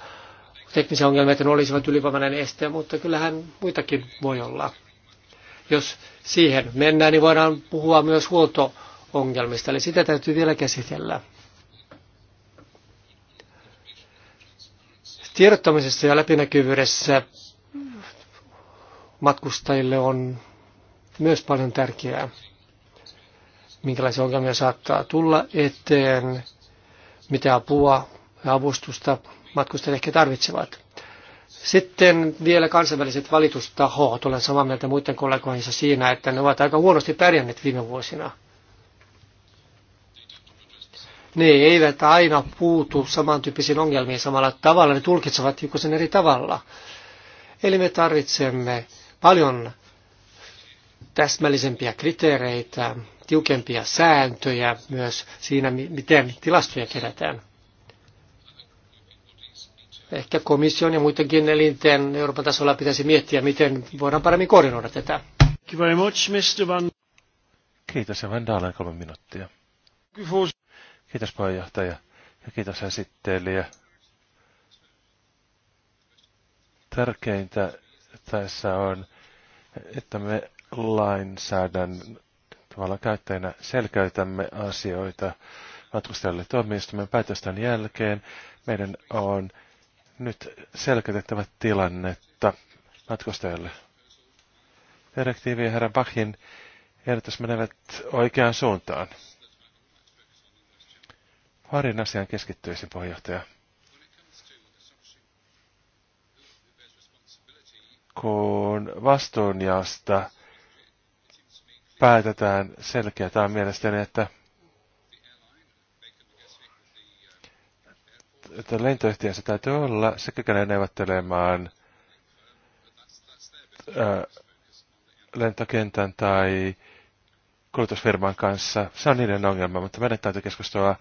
teknisiä ongelmia, että ne olisivat ylivoimainen este, mutta kyllähän muitakin voi olla. Jos siihen mennään, niin voidaan puhua myös huolto-ongelmista, eli sitä täytyy vielä käsitellä. Tiedottamisessa ja läpinäkyvyydessä matkustajille on myös paljon tärkeää, minkälaisia ongelmia saattaa tulla eteen, mitä apua ja avustusta matkustajat ehkä tarvitsevat. Sitten vielä kansainväliset valitustahot. Olen samaa mieltä muiden kollegoihinsa siinä, että ne ovat aika huonosti pärjänneet viime vuosina – ne eivät aina puutu samantyyppisiin ongelmiin samalla tavalla, ne tulkitsevat sen eri tavalla. Eli me tarvitsemme paljon täsmällisempiä kriteereitä, tiukempia sääntöjä myös siinä, miten tilastoja kerätään. Ehkä komission ja muidenkin elinten Euroopan tasolla pitäisi miettiä, miten voidaan paremmin koordinoida tätä. Kiitos, Van Dalen kolme minuuttia. Kiitos puheenjohtaja ja kiitos esittelijä. Tärkeintä tässä on, että me lainsäädännön käyttäjänä selkeytämme asioita matkustajalle tuomioistuimen päätösten jälkeen. Meidän on nyt selkeytettävä tilannetta matkustajalle. Direktiivi ja herra Bachin ehdotus menevät oikeaan suuntaan. Parin asiaan keskittyisin, puheenjohtaja. Kun vastuunjaosta päätetään selkeä, tämä on mielestäni, että, että lentoyhtiössä täytyy olla, se kykenee neuvottelemaan lentokentän tai kulutusfirman kanssa. Se on niiden ongelma, mutta meidän täytyy keskustella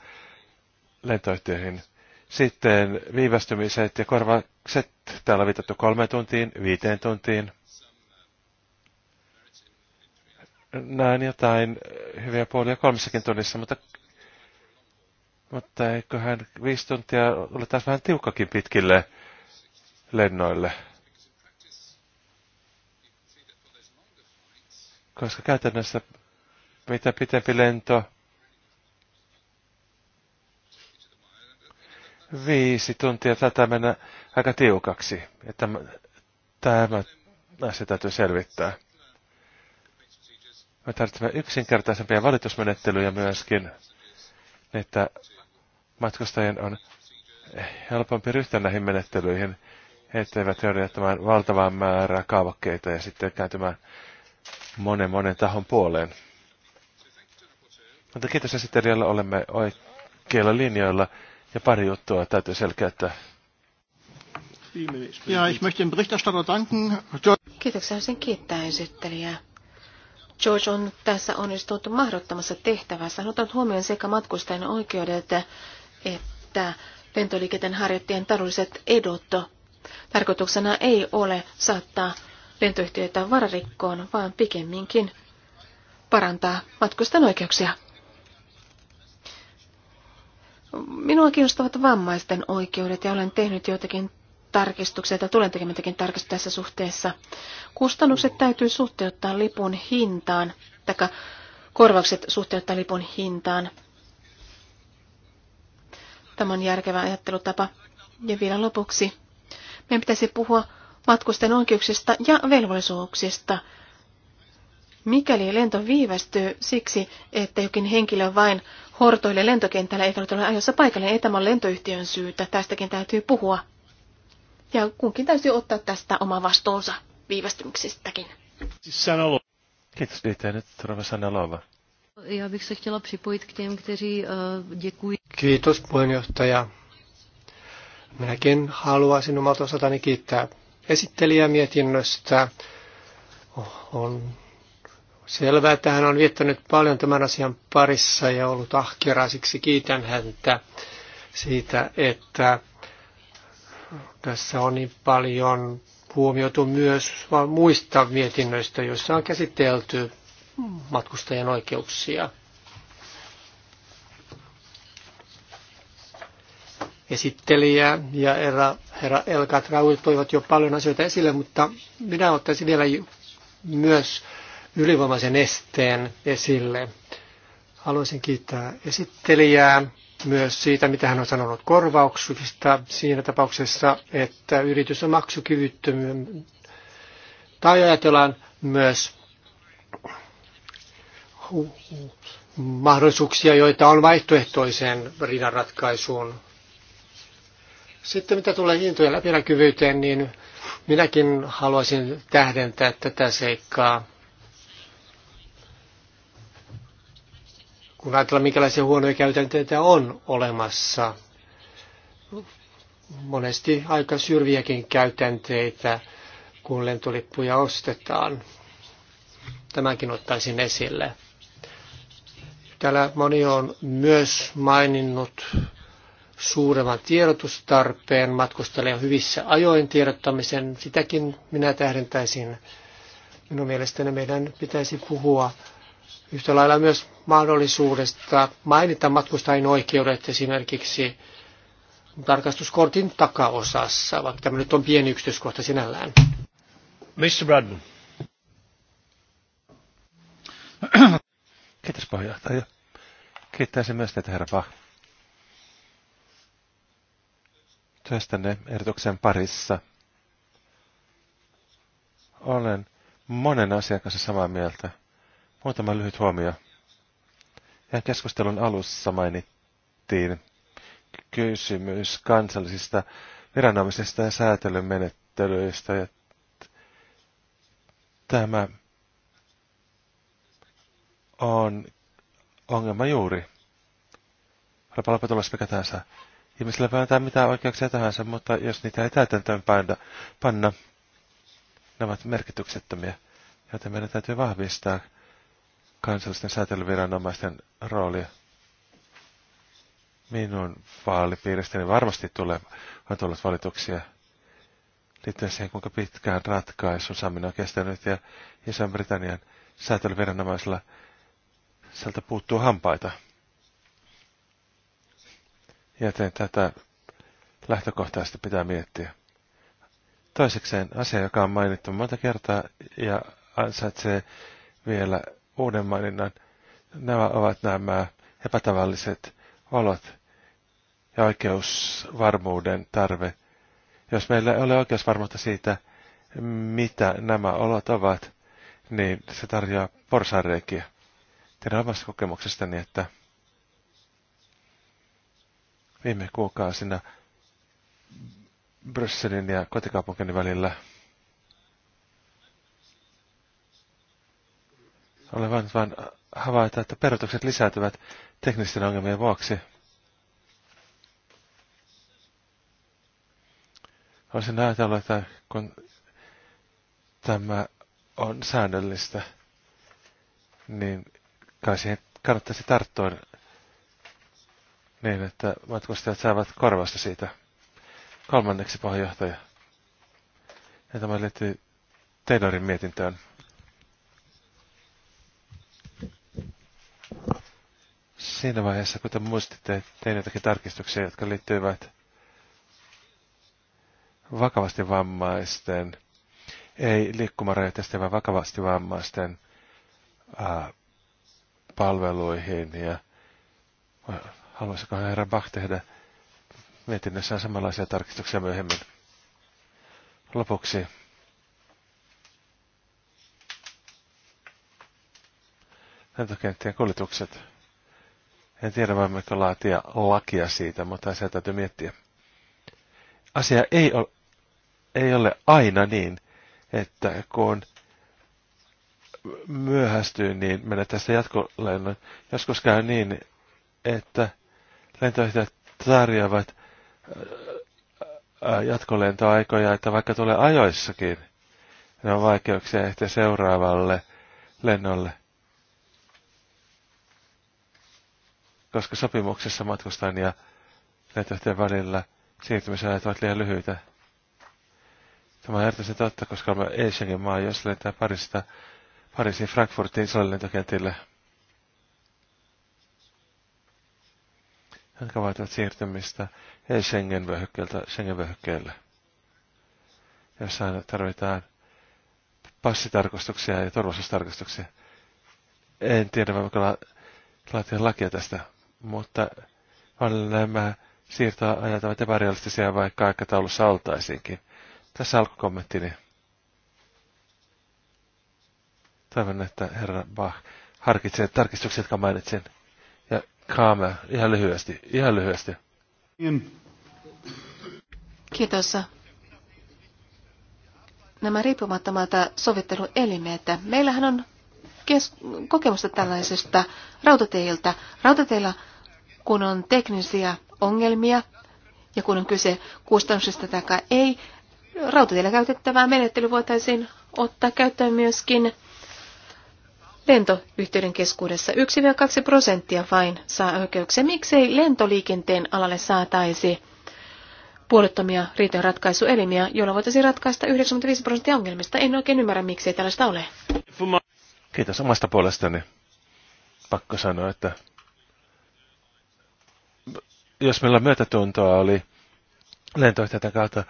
lentoyhtiöihin. Sitten viivästymiset ja korvaukset. Täällä on viitattu kolme tuntiin, viiteen tuntiin. Näin jotain hyviä puolia kolmessakin tunnissa, mutta, mutta eiköhän viisi tuntia ole taas vähän tiukkakin pitkille lennoille. Koska käytännössä mitä pitempi lento, viisi tuntia tätä mennä aika tiukaksi, että tämä asia täytyy selvittää. Me tarvitsemme yksinkertaisempia valitusmenettelyjä myöskin, että matkustajien on helpompi ryhtyä näihin menettelyihin, etteivät joudu tämän valtavaa määrää kaavakkeita ja sitten kääntymään monen monen tahon puoleen. Mutta kiitos esittelijällä, olemme oikeilla linjoilla ja pari juttua täytyy selkeyttää. Ja ich möchte dem Berichterstatter danken. Kiitoksia sen kiittää esittelijää. George on tässä onnistunut mahdottomassa tehtävässä. Hän ottanut huomioon sekä matkustajien oikeudet että lentoliikenteen harjoittajien taloudelliset edut. Tarkoituksena ei ole saattaa lentoyhtiöitä vararikkoon, vaan pikemminkin parantaa matkustajien oikeuksia. Minua kiinnostavat vammaisten oikeudet ja olen tehnyt joitakin tarkistuksia tai tulen tekemättäkin tarkistuksia tässä suhteessa. Kustannukset täytyy suhteuttaa lipun hintaan, tai korvaukset suhteuttaa lipun hintaan. Tämä on järkevä ajattelutapa. Ja vielä lopuksi. Meidän pitäisi puhua matkusten oikeuksista ja velvollisuuksista Mikäli lento viivästyy siksi, että jokin henkilö vain hortoille lentokentällä eikä ole ajoissa paikalle, niin ei tämä lentoyhtiön syytä. Tästäkin täytyy puhua. Ja kunkin täytyy ottaa tästä oma vastuunsa viivästymiksistäkin. Kiitos Dieter. Nyt Rova Sanalova. Eh, Kiitos puheenjohtaja. Minäkin haluaisin omalta osaltani kiittää esittelijä mietinnöstä. Oh, on Selvä, että hän on viettänyt paljon tämän asian parissa ja ollut ahkera, siksi kiitän häntä siitä, että tässä on niin paljon huomioitu myös muista mietinnöistä, joissa on käsitelty matkustajan oikeuksia. Esittelijä ja herra, herra Elkat Raul toivat jo paljon asioita esille, mutta minä ottaisin vielä myös ylivoimaisen esteen esille. Haluaisin kiittää esittelijää myös siitä, mitä hän on sanonut korvauksista siinä tapauksessa, että yritys on maksukyvyttömyyden. Tai ajatellaan myös mahdollisuuksia, joita on vaihtoehtoiseen rinnanratkaisuun. Sitten mitä tulee hintojen läpinäkyvyyteen, niin minäkin haluaisin tähdentää tätä seikkaa. kun ajatellaan, minkälaisia huonoja käytänteitä on olemassa, monesti aika syrviäkin käytänteitä, kun lentolippuja ostetaan. Tämänkin ottaisin esille. Täällä moni on myös maininnut suuremman tiedotustarpeen matkustajan hyvissä ajoin tiedottamisen. Sitäkin minä tähdentäisin. Minun mielestäni meidän pitäisi puhua yhtä lailla myös mahdollisuudesta mainita matkustajien oikeudet esimerkiksi tarkastuskortin takaosassa, vaikka tämä nyt on pieni yksityiskohta sinällään. Mr. Bradman. Kiitos puheenjohtaja. Kiittäisin myös teitä, herra Pah. Työstänne ehdotuksen parissa. Olen monen asian kanssa samaa mieltä. Muutama lyhyt huomio. Ihan keskustelun alussa mainittiin kysymys kansallisista viranomaisista ja säätelymenettelyistä. Ja tämä on ongelma juuri. Olipa lopputulos mikä tahansa. Ihmisillä voi antaa mitään oikeuksia tahansa, mutta jos niitä ei täytäntöön panna, panna ne ovat merkityksettömiä, joten meidän täytyy vahvistaa kansallisten säätelyviranomaisten rooli minun vaalipiiristäni varmasti tulee, on tullut valituksia liittyen siihen, kuinka pitkään ratkaisun saaminen on kestänyt ja Iso-Britannian säätelyviranomaisella sieltä puuttuu hampaita. Joten tätä lähtökohtaisesti pitää miettiä. Toisekseen asia, joka on mainittu monta kertaa ja ansaitsee vielä uuden maininnan. Nämä ovat nämä epätavalliset olot ja oikeusvarmuuden tarve. Jos meillä ei ole oikeusvarmuutta siitä, mitä nämä olot ovat, niin se tarjoaa porsareikiä. Tiedän omasta kokemuksestani, että viime kuukausina Brysselin ja kotikaupunkini välillä – Olen vain, vain havaita, että perutukset lisääntyvät teknisten ongelmien vuoksi. Olisin ajatellut, että kun tämä on säännöllistä, niin kai siihen kannattaisi tarttua niin, että matkustajat saavat korvasta siitä. Kolmanneksi pohjohtaja. Ja tämä liittyy Taylorin mietintöön. siinä vaiheessa, kun te muistitte, tein jotakin tarkistuksia, jotka liittyivät vakavasti vammaisten, ei liikkumarajoitteisten, vaan vakavasti vammaisten ää, palveluihin. Ja äh, haluaisiko herra Bach tehdä mietinnössään samanlaisia tarkistuksia myöhemmin? Lopuksi. lentokenttien kuljetukset. En tiedä, voimmeko laatia lakia siitä, mutta asiaa täytyy miettiä. Asia ei ole, ei ole aina niin, että kun myöhästyy, niin menet tästä jatkolennon. Joskus käy niin, että lentoyhtiöt tarjoavat äh, äh, jatkolentoaikoja, että vaikka tulee ajoissakin, ne on vaikeuksia ehtiä seuraavalle lennolle. koska sopimuksessa matkustajan ja lentoyhtiön välillä siirtymisajat ovat liian lyhyitä. Tämä on erityisen totta, koska olemme Eishengen maa, jos lentää Pariisista Pariisiin Frankfurtin isolle Hän Jotka vaativat siirtymistä ei Schengen-vyöhykkeeltä Schengen-vyöhykkeelle. Jossain tarvitaan passitarkastuksia ja turvallisuustarkastuksia. En tiedä, voiko la- laatia lakia tästä, mutta on nämä siirtoa ajatavat epärealistisia, vaikka aikataulussa oltaisiinkin. Tässä alkukommenttini. Toivon, että herra Bach harkitsee tarkistukset, jotka mainitsin. Ja Kaame, ihan lyhyesti, ihan lyhyesti. Kiitos. Nämä riippumattomalta sovitteluelimet. Meillähän on kes- kokemusta tällaisesta rautateiltä. Rautateilla kun on teknisiä ongelmia ja kun on kyse kustannuksista tai ei, rautatiellä käytettävää menettely voitaisiin ottaa käyttöön myöskin lentoyhtiöiden keskuudessa 1-2 prosenttia vain saa oikeuksia. Miksei lentoliikenteen alalle saataisi puolettomia riitojenratkaisuelimiä, joilla voitaisiin ratkaista 95 prosenttia ongelmista? En oikein ymmärrä, miksei tällaista ole. Kiitos omasta puolestani. Pakko sanoa, että jos meillä myötätuntoa oli lentoyhtiöiden kautta,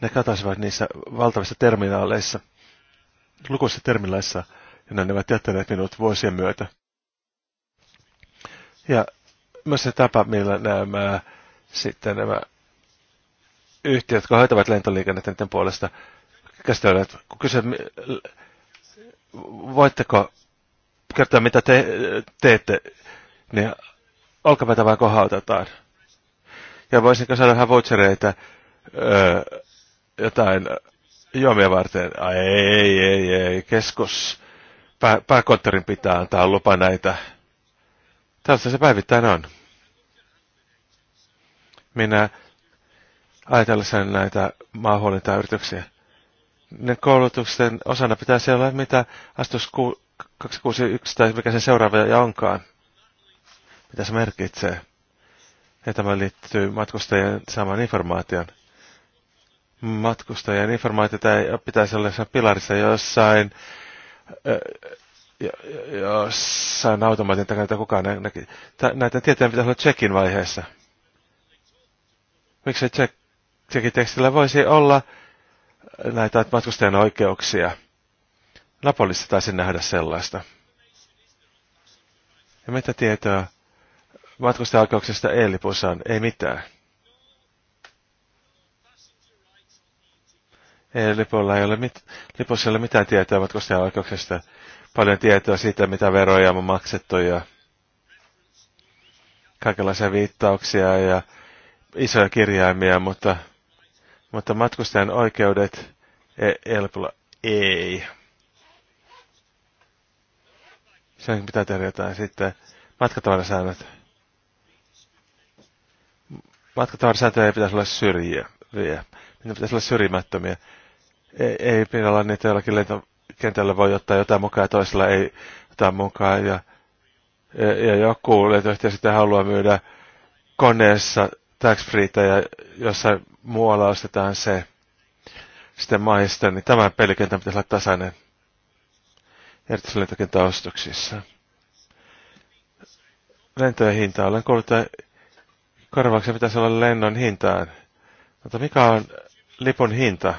ne katosivat niissä valtavissa terminaaleissa, lukuisissa terminaaleissa, ja ne ovat jättäneet minut vuosien myötä. Ja myös se tapa, millä nämä sitten nämä yhtiöt, jotka hoitavat lentoliikennettä niiden puolesta, käsitellään, kun kysyt, voitteko kertoa, mitä te teette, niin olkapäätä vaan kohautetaan. Ja voisinko saada vähän vouchereita öö, jotain juomia varten? Ai ei, ei, ei, keskus. Pää, pääkonttorin pitää antaa lupa näitä. Tällaista se päivittäin on. Minä ajatellessani näitä maahuolintayrityksiä. Ne koulutuksen osana pitäisi olla, mitä astus 261 tai mikä se seuraava ja onkaan. Mitä se merkitsee? Ja tämä liittyy matkustajien saamaan informaation. Matkustajien tai pitäisi olla jossain pilarissa jossain, jossain automaatin takana, että kukaan nä näki. Näitä tietoja pitäisi olla checkin vaiheessa. Miksi check, checkin tekstillä voisi olla näitä matkustajan oikeuksia? Napolissa taisin nähdä sellaista. Ja mitä tietoa matkustajaoikeuksista Eeli Posan, ei mitään. E-lipulla ei ole, mit, lipussa ei ole mitään tietoa matkustajaoikeuksista. Paljon tietoa siitä, mitä veroja on maksettu ja kaikenlaisia viittauksia ja isoja kirjaimia, mutta, mutta matkustajan oikeudet ei lipulla ei. Sen pitää tehdä jotain sitten. Matkatavarasäännöt matkatavarasääntöjä ei pitäisi olla syrjiä. Niitä pitäisi olla syrjimättömiä. Ei, ei pidä olla niitä jollakin lentokentällä voi ottaa jotain mukaan ja toisella ei jotain mukaan. Ja, ja, ja joku lentoyhtiö sitten haluaa myydä koneessa tax freeitä ja jossain muualla ostetaan se sitten maista, niin tämän pelikentän pitäisi olla tasainen ostoksissa. Lentojen hinta olen kuullut, että korvauksen pitäisi olla lennon hintaan. Mutta mikä on lipun hinta?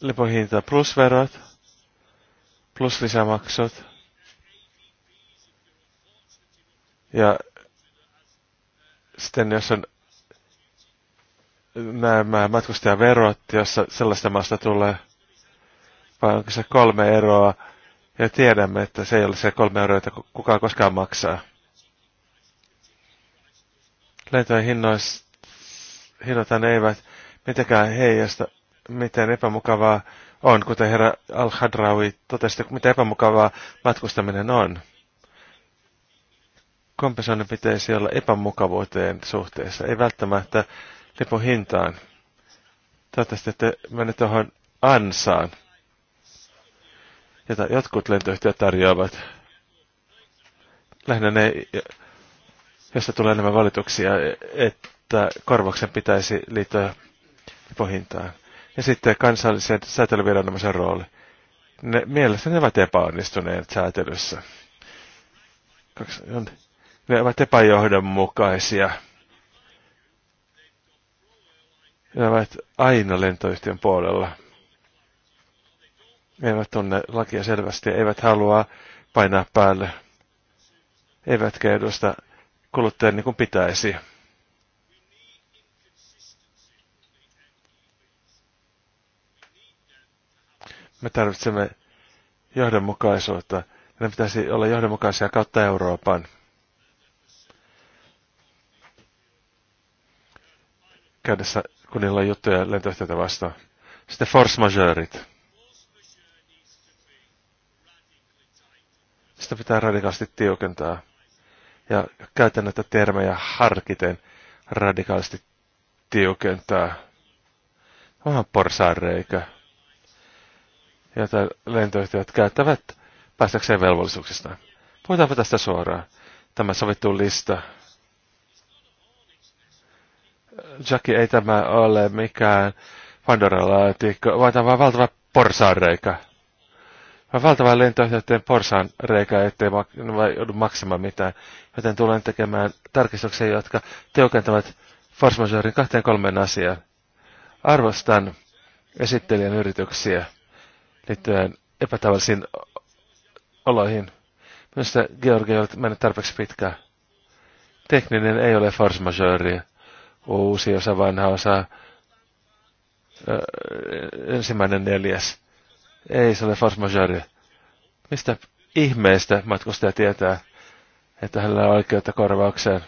Lipun hinta plus verot, plus lisämaksut. Ja sitten jos on nämä matkustajaverot, jossa sellaista maasta tulee, vai onko se kolme eroa, ja tiedämme, että se ei ole se kolme euroa, jota kukaan koskaan maksaa lentojen ne eivät mitenkään heijasta, miten epämukavaa on, kuten herra Al-Hadrawi totesi, miten epämukavaa matkustaminen on. Kompensoinnin pitäisi olla epämukavuuteen suhteessa, ei välttämättä lipun hintaan. Toivottavasti että mene tuohon ansaan, jota jotkut lentoyhtiöt tarjoavat. Lähinnä ne, josta tulee enemmän valituksia, että korvauksen pitäisi liittyä pohintaan. Ja sitten kansallisen säätelyviranomaisen rooli. Ne, mielestäni ne ovat epäonnistuneet säätelyssä. Ne ovat epäjohdonmukaisia. Ne ovat aina lentoyhtiön puolella. Ne eivät tunne lakia selvästi, eivät halua painaa päälle. Eivätkä edusta kuluttajan niin kuin pitäisi. Me tarvitsemme johdonmukaisuutta. Ne pitäisi olla johdonmukaisia kautta Euroopan. Käydessä, kun niillä on juttuja lentoyhtiötä vastaan. Sitten force majeurit. Sitä pitää radikaalisti tiukentaa ja käytän näitä termejä harkiten radikaalisti tiukentaa. Vähän Ja jota lentoyhtiöt käyttävät päästäkseen velvollisuuksistaan. Puhutaanpa tästä suoraan. Tämä sovittu lista. Jackie, ei tämä ole mikään Pandora-laatikko, vaan tämä on valtava porsaanreikä on valtava lentoyhtiöiden porsaan reikä, ettei mak no, joudu maksamaan mitään. Joten tulen tekemään tarkistuksia, jotka teokentavat force majeurin kahteen kolmeen asiaan. Arvostan esittelijän yrityksiä liittyen epätavallisiin oloihin. Minusta Georgi on mennyt tarpeeksi pitkään. Tekninen ei ole force majeure. Uusi osa, vanha osa, öö, ensimmäinen neljäs ei se ole force majeure. Mistä ihmeestä matkustaja tietää, että hänellä on oikeutta korvaukseen?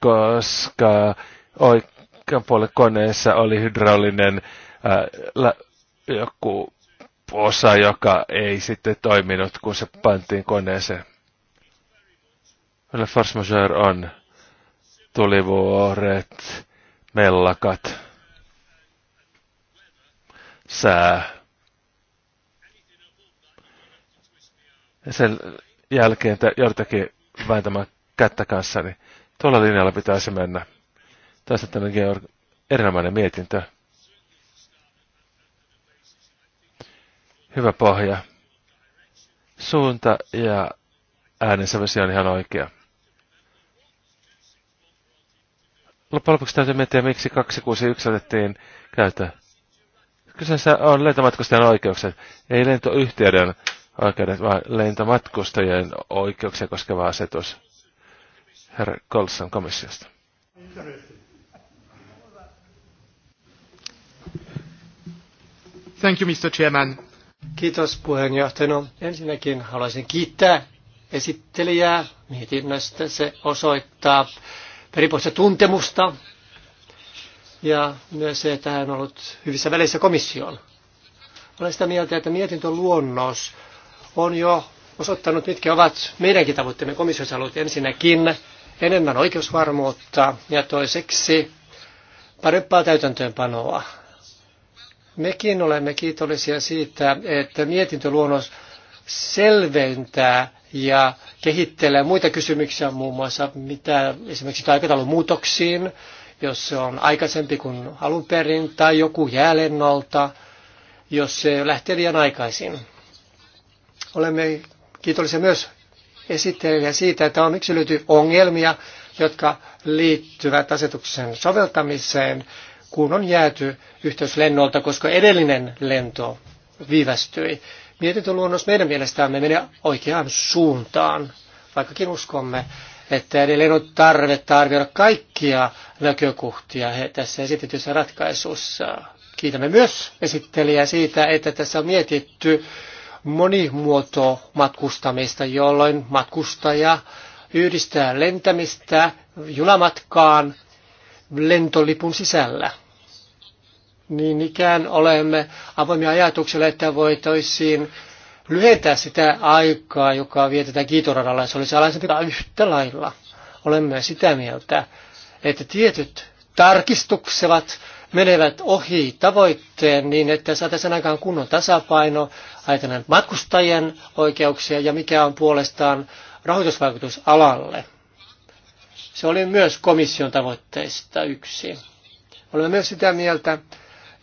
Koska oikean puolen koneessa oli hydraulinen ää, äh, lä, joku osa, joka ei sitten toiminut, kun se pantiin koneeseen. Le force majeure on tulivuoret, mellakat sää. Ja sen jälkeen joudutakin vääntämään kättä niin Tuolla linjalla pitäisi mennä. Tässä tämä Georg, erinomainen mietintö. Hyvä pohja. Suunta ja äänensävysi on ihan oikea. Loppujen lopuksi täytyy miettiä, miksi 261 otettiin käyttöön. Kyseessä on lentomatkustajan oikeukset, ei lentoyhtiöiden oikeudet, vaan lentomatkustajien oikeuksia koskeva asetus. Herra Colson komissiosta. Thank you, Mr. Chairman. Kiitos puheenjohtajana. No, ensinnäkin haluaisin kiittää esittelijää mietinnöstä. Se osoittaa perinpohjaista tuntemusta ja myös se, että hän on ollut hyvissä väleissä komission. Olen sitä mieltä, että mietintöluonnos on jo osoittanut, mitkä ovat meidänkin tavoitteemme komissiossa ollut ensinnäkin enemmän oikeusvarmuutta ja toiseksi parempaa täytäntöönpanoa. Mekin olemme kiitollisia siitä, että mietintöluonnos selventää ja kehittelee muita kysymyksiä, muun muassa mitä esimerkiksi aikataulun muutoksiin, jos se on aikaisempi kuin alun perin, tai joku jäälennolta, jos se lähtee liian aikaisin. Olemme kiitollisia myös esittelijä siitä, että on yksilöity ongelmia, jotka liittyvät asetuksen soveltamiseen, kun on jääty yhteys lennolta, koska edellinen lento viivästyi. Mietintöluonnos meidän mielestämme menee oikeaan suuntaan, vaikkakin uskomme, että edelleen on tarvetta arvioida kaikkia näkökohtia tässä esitetyssä ratkaisussa. Kiitämme myös esittelijää siitä, että tässä on mietitty monimuoto matkustamista, jolloin matkustaja yhdistää lentämistä junamatkaan lentolipun sisällä. Niin ikään olemme avoimia ajatukselle, että voitaisiin lyhentää sitä aikaa, joka vietetään kiitoradalla, se olisi alaisempi yhtä lailla. Olemme sitä mieltä, että tietyt tarkistukset menevät ohi tavoitteen niin, että saataisiin aikaan kunnon tasapaino, ajatellaan matkustajien oikeuksia ja mikä on puolestaan rahoitusvaikutus alalle. Se oli myös komission tavoitteista yksi. Olemme myös sitä mieltä,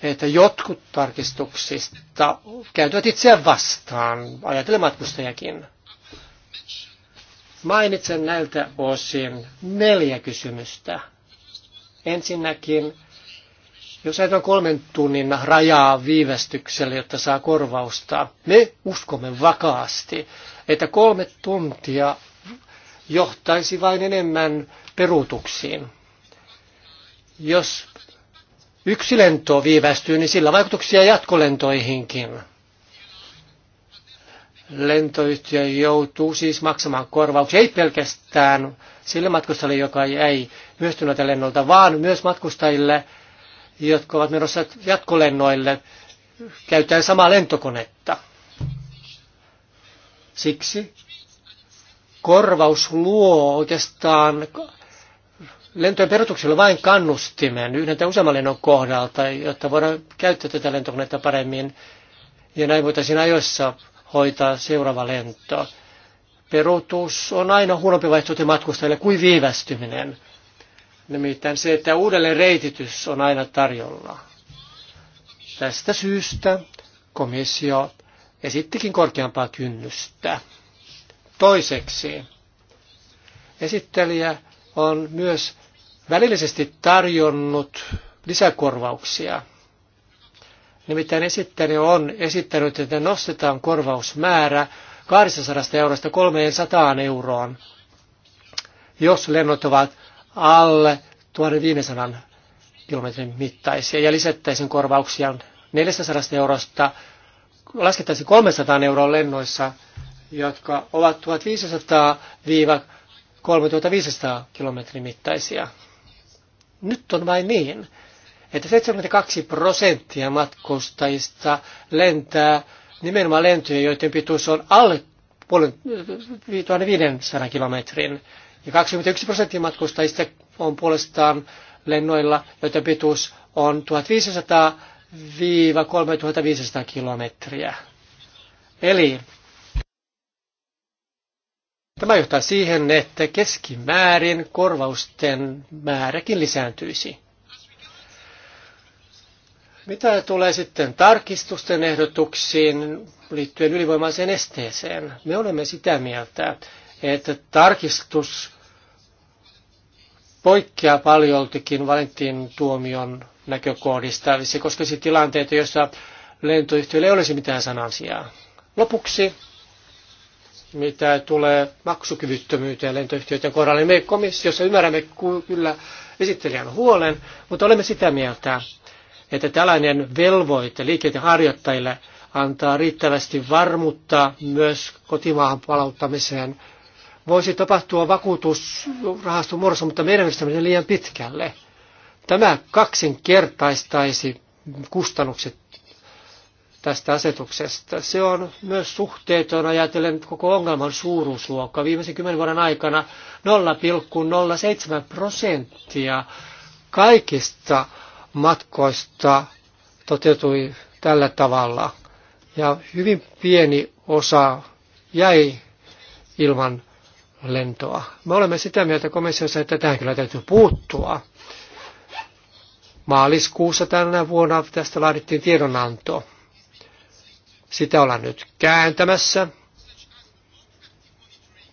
että jotkut tarkistuksista käytyvät itseään vastaan, ajatellen matkustajakin. Mainitsen näiltä osin neljä kysymystä. Ensinnäkin, jos ajatellaan kolmen tunnin rajaa viivästykselle, jotta saa korvausta, me uskomme vakaasti, että kolme tuntia johtaisi vain enemmän peruutuksiin. Jos yksi lento viivästyy, niin sillä vaikutuksia jatkolentoihinkin. Lentoyhtiö joutuu siis maksamaan korvauksia, ei pelkästään sille matkustajalle, joka ei myöstynyt lennolta, vaan myös matkustajille, jotka ovat menossa jatkolennoille käyttäen samaa lentokonetta. Siksi korvaus luo oikeastaan lentojen perutuksella vain kannustimen yhden tai useamman lennon kohdalta, jotta voidaan käyttää tätä lentokonetta paremmin ja näin voitaisiin ajoissa hoitaa seuraava lento. Peruutus on aina huonompi vaihtoehto matkustajille kuin viivästyminen. Nimittäin se, että uudelleen reititys on aina tarjolla. Tästä syystä komissio esittikin korkeampaa kynnystä. Toiseksi esittelijä on myös välillisesti tarjonnut lisäkorvauksia. Nimittäin esittänyt on esittänyt, että nostetaan korvausmäärä 200 eurosta 300 euroon, jos lennot ovat alle 1500 kilometrin mittaisia ja lisättäisiin korvauksia 400 eurosta, laskettaisiin 300 euroa lennoissa, jotka ovat 1500-3500 kilometrin mittaisia. Nyt on vain niin, että 72 prosenttia matkustajista lentää nimenomaan lentoja, joiden pituus on alle 1500 kilometrin. Ja 21 prosenttia matkustajista on puolestaan lennoilla, joiden pituus on 1500-3500 kilometriä. Eli Tämä johtaa siihen, että keskimäärin korvausten määräkin lisääntyisi. Mitä tulee sitten tarkistusten ehdotuksiin liittyen ylivoimaiseen esteeseen? Me olemme sitä mieltä, että tarkistus poikkeaa paljoltikin Valentin tuomion näkökohdista. Se koskisi tilanteita, joissa lentoyhtiöillä ei olisi mitään sanansijaa. Lopuksi mitä tulee maksukyvyttömyyteen lentoyhtiöiden kohdalla, niin me komissiossa ymmärrämme kyllä esittelijän huolen, mutta olemme sitä mieltä, että tällainen velvoite liikenteen harjoittajille antaa riittävästi varmuutta myös kotimaahan palauttamiseen. Voisi tapahtua vakuutusrahaston muodossa, mutta meidän mielestämme liian pitkälle. Tämä kaksinkertaistaisi kustannukset tästä asetuksesta. Se on myös suhteeton ajatellen koko ongelman suuruusluokka. Viimeisen kymmenen vuoden aikana 0,07 prosenttia kaikista matkoista toteutui tällä tavalla. Ja hyvin pieni osa jäi ilman lentoa. Me olemme sitä mieltä komissiossa, että tähän kyllä täytyy puuttua. Maaliskuussa tänä vuonna tästä laadittiin tiedonanto. Sitä ollaan nyt kääntämässä.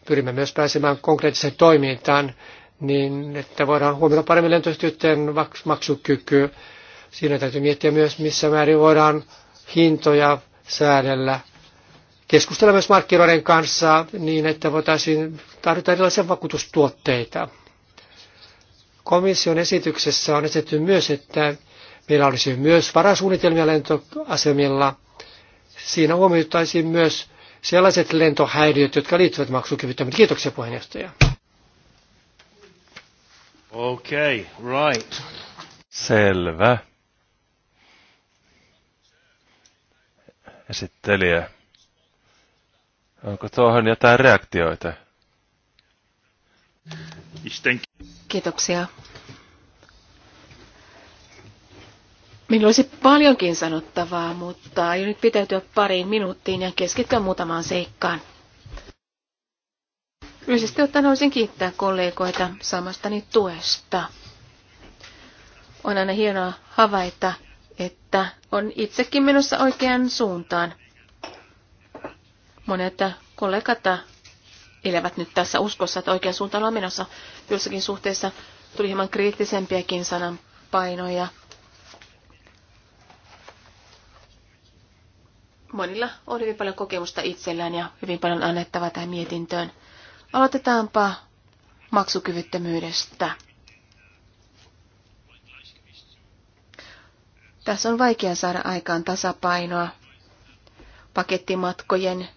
Pyrimme myös pääsemään konkreettiseen toimintaan niin, että voidaan huomioida paremmin lentoyhtiöiden maksukyky. Siinä täytyy miettiä myös, missä määrin voidaan hintoja säädellä. Keskustella myös markkinoiden kanssa niin, että voitaisiin tarjota erilaisia vakuutustuotteita. Komission esityksessä on esitetty myös, että meillä olisi myös varasuunnitelmia lentoasemilla – siinä huomioitaisiin myös sellaiset lentohäiriöt, jotka liittyvät maksukyvyttömyyteen. Kiitoksia puheenjohtaja. Okay, right. Selvä. Esittelijä. Onko tuohon jotain reaktioita? Kiitoksia Minulla olisi paljonkin sanottavaa, mutta aion nyt pitäytyä pariin minuuttiin ja keskittyä muutamaan seikkaan. Yleisesti ottaen haluaisin kiittää kollegoita samastani tuesta. On aina hienoa havaita, että on itsekin menossa oikeaan suuntaan. Monet kollegat elävät nyt tässä uskossa, että oikean suuntaan on menossa. Jossakin suhteessa tuli hieman kriittisempiäkin sanan painoja monilla on hyvin paljon kokemusta itsellään ja hyvin paljon annettavaa tähän mietintöön. Aloitetaanpa maksukyvyttömyydestä. Tässä on vaikea saada aikaan tasapainoa pakettimatkojen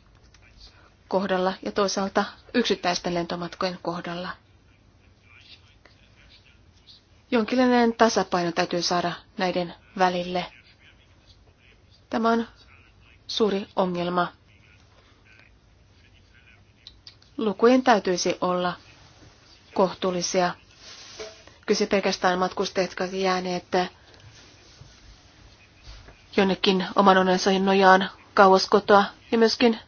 kohdalla ja toisaalta yksittäisten lentomatkojen kohdalla. Jonkinlainen tasapaino täytyy saada näiden välille. Tämä on suuri ongelma. Lukujen täytyisi olla kohtuullisia. Kyse pelkästään matkustajat, jotka jääneet eh, jonnekin oman onnensa nojaan kauas kotoa ja myöskin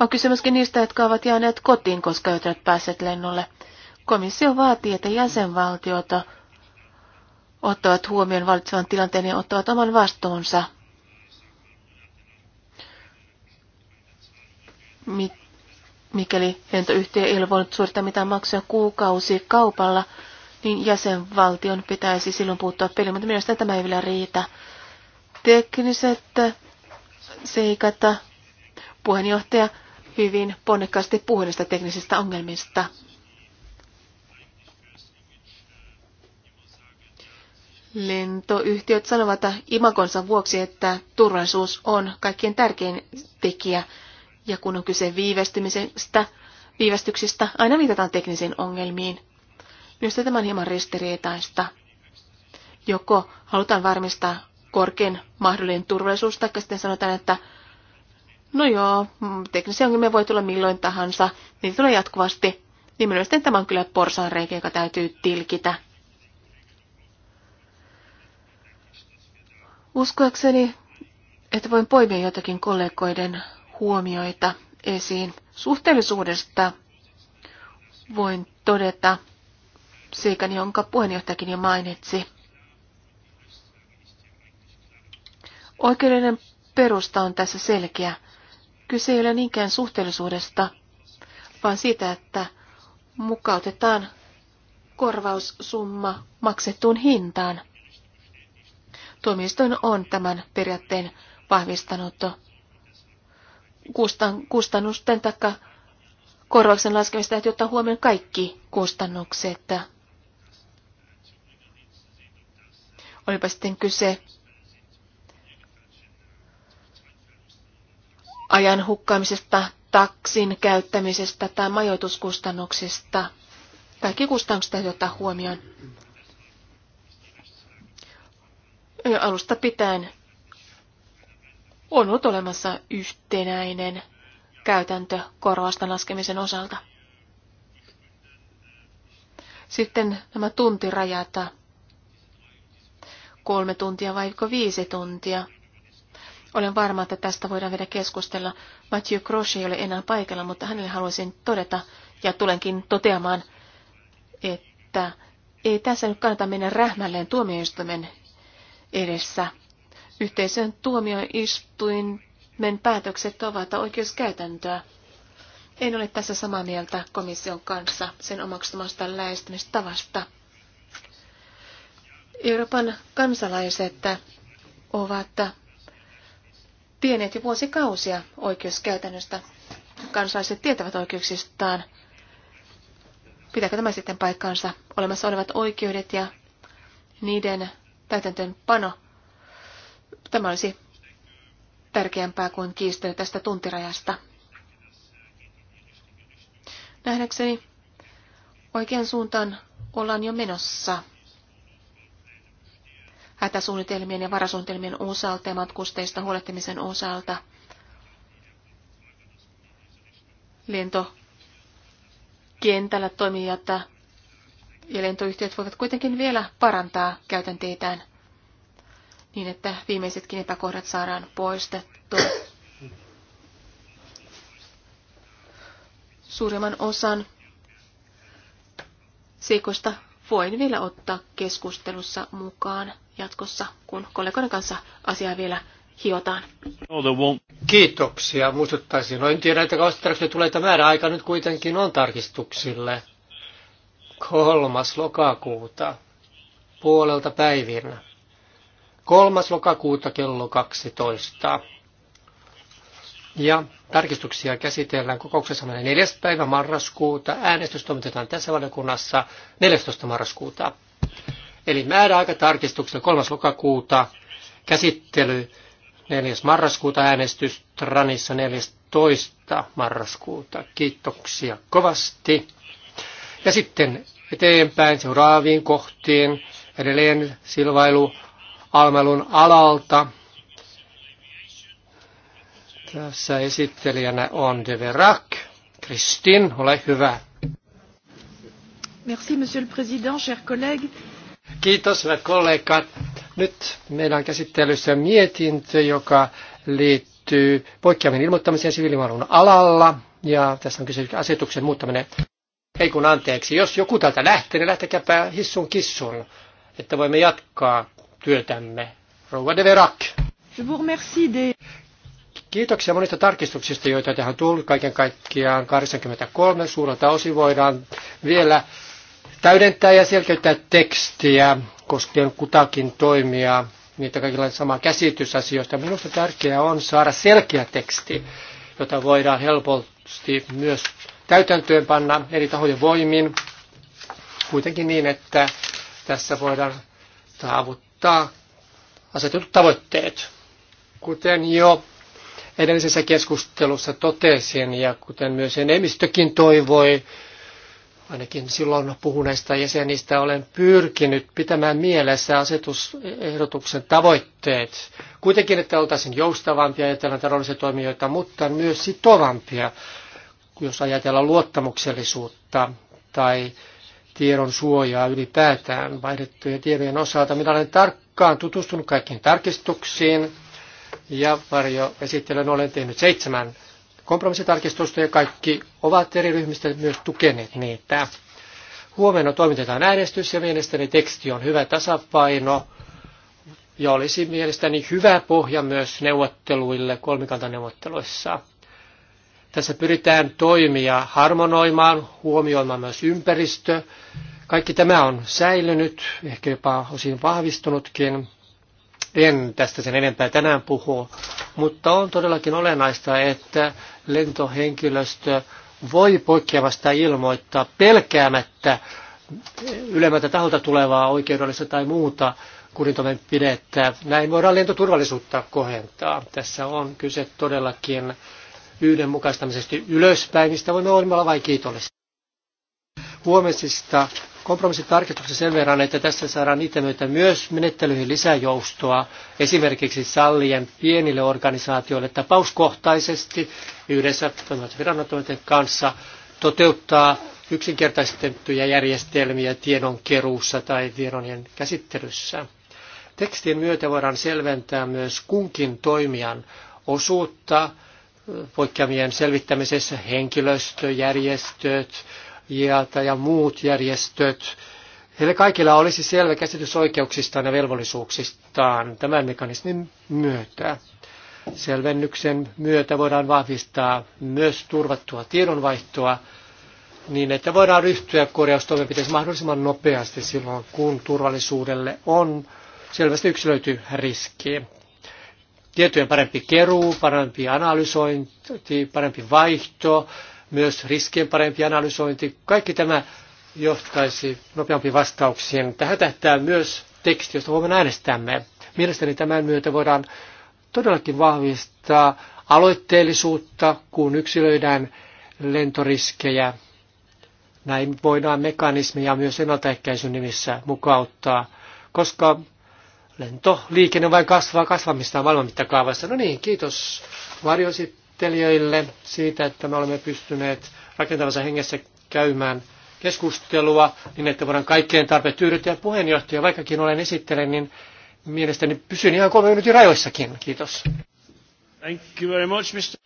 on kyse myöskin niistä, jotka ovat jääneet kotiin, koska eivät päässeet lennolle. Komissio vaatii, että jäsenvaltiota ottavat huomioon valitsevan tilanteen ja ottavat oman vastuunsa mikäli lentoyhtiö ei ole voinut suorittaa mitään maksuja kuukausi kaupalla, niin jäsenvaltion pitäisi silloin puuttua peliin, mutta mielestäni tämä ei vielä riitä. Tekniset seikat, puheenjohtaja hyvin ponnekkaasti puhui teknisistä ongelmista. Lentoyhtiöt sanovat imakonsa vuoksi, että turvallisuus on kaikkien tärkein tekijä ja kun on kyse viivästymisestä, viivästyksistä, aina viitataan teknisiin ongelmiin. myös tämä on hieman ristiriitaista. Joko halutaan varmistaa korkein mahdollinen turvallisuus, tai sitten sanotaan, että no joo, teknisiä ongelmia voi tulla milloin tahansa, niitä tulee jatkuvasti. Niin minusta tämä on kyllä porsaanreikä, joka täytyy tilkitä. Uskoakseni, että voin poimia jotakin kollegoiden huomioita esiin. Suhteellisuudesta voin todeta seikan, jonka puheenjohtajakin jo mainitsi. Oikeudellinen perusta on tässä selkeä. Kyse ei ole niinkään suhteellisuudesta, vaan siitä, että mukautetaan korvaussumma maksettuun hintaan. Tuomioistuin on tämän periaatteen vahvistanut kustannusten taikka korvauksen laskemista täytyy ottaa huomioon kaikki kustannukset. Olipa sitten kyse ajan hukkaamisesta, taksin käyttämisestä tai majoituskustannuksista. Kaikki kustannukset täytyy ottaa huomioon. alusta pitäen on ollut olemassa yhtenäinen käytäntö korvausten laskemisen osalta. Sitten nämä tuntirajat, kolme tuntia vai viisi tuntia. Olen varma, että tästä voidaan vielä keskustella. Matthew Crosh ei ole enää paikalla, mutta hänelle haluaisin todeta ja tulenkin toteamaan, että ei tässä nyt kannata mennä rähmälleen tuomioistuimen edessä. Yhteisön tuomioistuimen päätökset ovat oikeuskäytäntöä. En ole tässä samaa mieltä komission kanssa sen omaksumasta lähestymistavasta. Euroopan kansalaiset ovat tienneet jo vuosikausia oikeuskäytännöstä. Kansalaiset tietävät oikeuksistaan. Pitääkö tämä sitten paikkaansa? Olemassa olevat oikeudet ja niiden täytäntöönpano pano Tämä olisi tärkeämpää kuin kiistely tästä tuntirajasta. Nähdäkseni oikean suuntaan ollaan jo menossa hätäsuunnitelmien ja varasuunnitelmien osalta ja matkusteista huolehtimisen osalta. Lentokentällä toimijat ja lentoyhtiöt voivat kuitenkin vielä parantaa käytänteitään niin että viimeisetkin epäkohdat saadaan poistettua. Suurimman osan seikoista voin vielä ottaa keskustelussa mukaan jatkossa, kun kollegoiden kanssa asiaa vielä hiotaan. Kiitoksia. Muistuttaisin. No en tiedä, että kausittaraksi tulee tämä määräaika nyt kuitenkin on tarkistuksille. Kolmas lokakuuta puolelta päivinä. 3. lokakuuta kello 12. Ja tarkistuksia käsitellään kokouksessa 4. päivä marraskuuta. Äänestys toimitetaan tässä valiokunnassa 14. marraskuuta. Eli määräaika tarkistuksella 3. lokakuuta, käsittely 4. marraskuuta, äänestys Tranissa 14. marraskuuta. Kiitoksia kovasti. Ja sitten eteenpäin seuraaviin kohtiin. Edelleen silvailu almelun alalta. Tässä esittelijänä on Deverak. Kristin, ole hyvä. Merci, monsieur le président, chers collègues. Kiitos, hyvät kollegat. Nyt meillä on käsittelyssä mietintö, joka liittyy poikkeamien ilmoittamiseen siviilimailun alalla. Ja tässä on kyse asetuksen muuttaminen. Ei kun anteeksi, jos joku täältä lähtee, niin lähtekääpä hissun kissun, että voimme jatkaa työtämme. Rouva de Verac. Je vous remercie de... Kiitoksia monista tarkistuksista, joita tähän tullut kaiken kaikkiaan 83. Suurelta osin voidaan vielä täydentää ja selkeyttää tekstiä koskien kutakin toimia. Niitä kaikilla on sama käsitys asioista. Minusta tärkeää on saada selkeä teksti, jota voidaan helposti myös täytäntöön panna eri tahojen voimin. Kuitenkin niin, että tässä voidaan saavuttaa saavuttaa asetetut tavoitteet. Kuten jo edellisessä keskustelussa totesin ja kuten myös enemmistökin toivoi, ainakin silloin puhuneista jäsenistä olen pyrkinyt pitämään mielessä asetusehdotuksen tavoitteet. Kuitenkin, että oltaisiin joustavampia ajatellaan taloudellisia toimijoita, mutta myös sitovampia, jos ajatellaan luottamuksellisuutta tai tiedon suojaa ylipäätään vaihdettujen tietojen osalta. Minä olen tarkkaan tutustunut kaikkiin tarkistuksiin ja varjo esittelyn olen tehnyt seitsemän kompromissitarkistusta ja kaikki ovat eri ryhmistä myös tukeneet niitä. Huomenna toimitetaan äänestys ja mielestäni teksti on hyvä tasapaino ja olisi mielestäni hyvä pohja myös neuvotteluille kolmikantaneuvotteluissa. Tässä pyritään toimia harmonoimaan, huomioimaan myös ympäristö. Kaikki tämä on säilynyt, ehkä jopa osin vahvistunutkin. En tästä sen enempää tänään puhu, mutta on todellakin olennaista, että lentohenkilöstö voi poikkeavasta ilmoittaa pelkäämättä ylemmältä taholta tulevaa oikeudellista tai muuta kurintoimenpidettä. Näin voidaan lentoturvallisuutta kohentaa. Tässä on kyse todellakin yhdenmukaistamisesta ylöspäin, niin sitä voimme olla vain kiitollisia. Huomisista kompromissitarkistuksen sen verran, että tässä saadaan itse myötä myös menettelyihin lisäjoustoa, esimerkiksi sallien pienille organisaatioille tapauskohtaisesti yhdessä viranomaisten kanssa toteuttaa yksinkertaistettuja järjestelmiä tiedonkeruussa tai tiedonien käsittelyssä. Tekstin myötä voidaan selventää myös kunkin toimijan osuutta poikkeamien selvittämisessä henkilöstöjärjestöt IATA ja muut järjestöt. Heillä kaikilla olisi selvä käsitys oikeuksistaan ja velvollisuuksistaan tämän mekanismin myötä. Selvennyksen myötä voidaan vahvistaa myös turvattua tiedonvaihtoa niin, että voidaan ryhtyä korjaustoimenpiteisiin mahdollisimman nopeasti silloin, kun turvallisuudelle on selvästi yksilöity riski tietojen parempi keruu, parempi analysointi, parempi vaihto, myös riskien parempi analysointi. Kaikki tämä johtaisi nopeampiin vastauksiin. Tähän tähtää myös teksti, josta huomenna äänestämme. Mielestäni tämän myötä voidaan todellakin vahvistaa aloitteellisuutta, kun yksilöidään lentoriskejä. Näin voidaan mekanismeja myös ennaltaehkäisyn nimissä mukauttaa, koska lentoliikenne vain kasvaa kasvamistaan maailman mittakaavassa. No niin, kiitos varjosittelijöille siitä, että me olemme pystyneet rakentavassa hengessä käymään keskustelua, niin että voidaan kaikkeen tarpeet tyydyttää puheenjohtaja, vaikkakin olen esittelen, niin mielestäni pysyn ihan kolme minuutin rajoissakin. Kiitos. Thank you very much, Mr.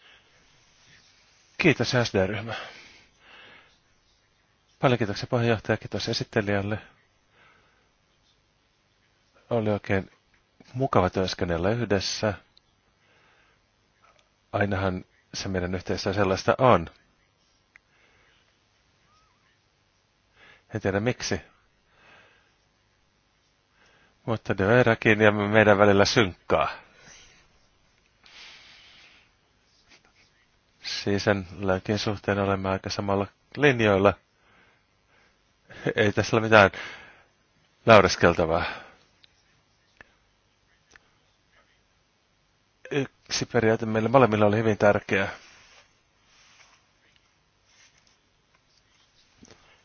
Kiitos SD-ryhmä. Paljon kiitoksia puheenjohtaja, kiitos esittelijälle. Oli oikein mukava työskennellä yhdessä. Ainahan se meidän yhteisössä sellaista on. En tiedä miksi. Mutta De Verakin ja meidän välillä synkkaa. sen lääkin suhteen olemme aika samalla linjoilla. Ei tässä ole mitään laureskeltavaa. Siksi periaate meille molemmille oli hyvin tärkeä.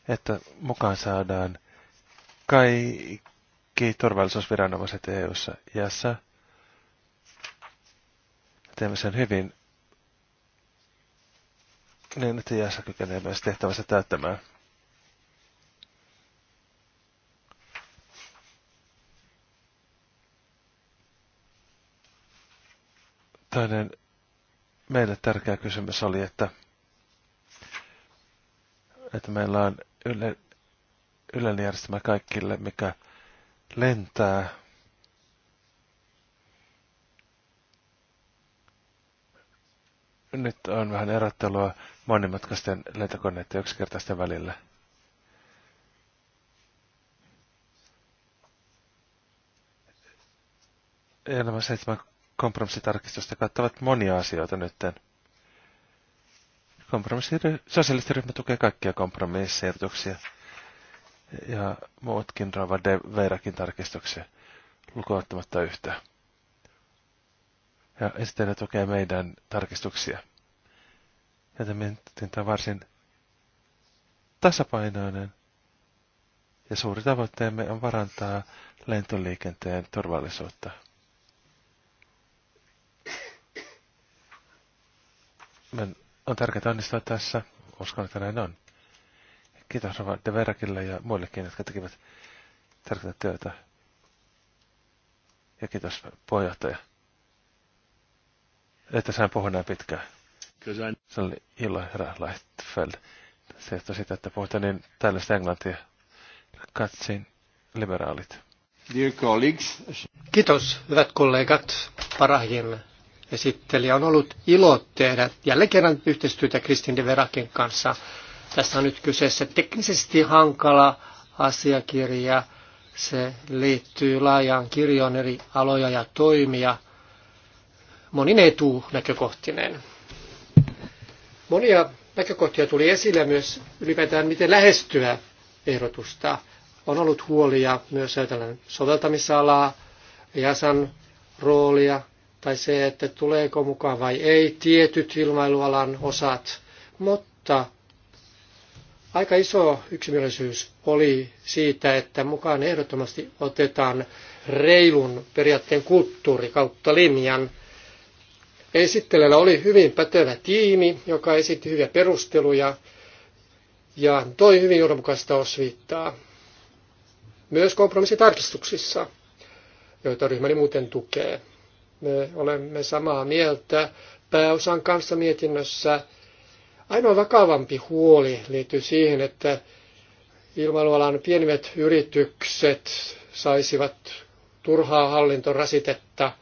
Että mukaan saadaan kaikki turvallisuusviranomaiset EU-ssa jässä. Teemme sen hyvin niin, että jässä kykenee myös tehtävänsä täyttämään. Toinen meille tärkeä kysymys oli, että, että meillä on yle, järjestelmä kaikille, mikä lentää. Nyt on vähän erottelua monimutkaisten lentokoneiden yksinkertaisten välillä. Elämä 7 kompromissitarkistusta kattavat monia asioita nytten. Kompromissiry- sosialistiryhmä tukee kaikkia kompromissiehdotuksia ja muutkin Rava De Veirakin tarkistuksia lukuottamatta yhtä. Ja esittelijä tukee meidän tarkistuksia. Joten mietintä on varsin tasapainoinen ja suuri tavoitteemme on varantaa lentoliikenteen turvallisuutta. on tärkeää onnistua tässä. Uskon, että näin on. Kiitos Rova De Verakille ja muillekin, jotka tekivät tärkeää työtä. Ja kiitos puheenjohtaja, että sain puhua näin pitkään. Kyllä Se oli ilo, herra Leitfeld. Se johtui sitä, että puhutte niin tällaista englantia. Katsin liberaalit. Dear colleagues. Kiitos, hyvät kollegat, parahjille esittelijä. On ollut ilo tehdä jälleen kerran yhteistyötä Kristin de Verakin kanssa. Tässä on nyt kyseessä teknisesti hankala asiakirja. Se liittyy laajaan kirjoon eri aloja ja toimia monin näkökohtineen Monia näkökohtia tuli esille myös ylipäätään, miten lähestyä ehdotusta. On ollut huolia myös ajatellen soveltamisalaa, JASan roolia, tai se, että tuleeko mukaan vai ei, tietyt ilmailualan osat, mutta aika iso yksimielisyys oli siitä, että mukaan ehdottomasti otetaan reilun periaatteen kulttuuri kautta linjan. Esittelijällä oli hyvin pätevä tiimi, joka esitti hyviä perusteluja ja toi hyvin johdonmukaista osviittaa. Myös kompromissitarkistuksissa, joita ryhmäni muuten tukee. Me olemme samaa mieltä pääosan kanssa mietinnössä. Ainoa vakavampi huoli liittyy siihen, että ilmailualan pienimmät yritykset saisivat turhaa hallintorasitetta.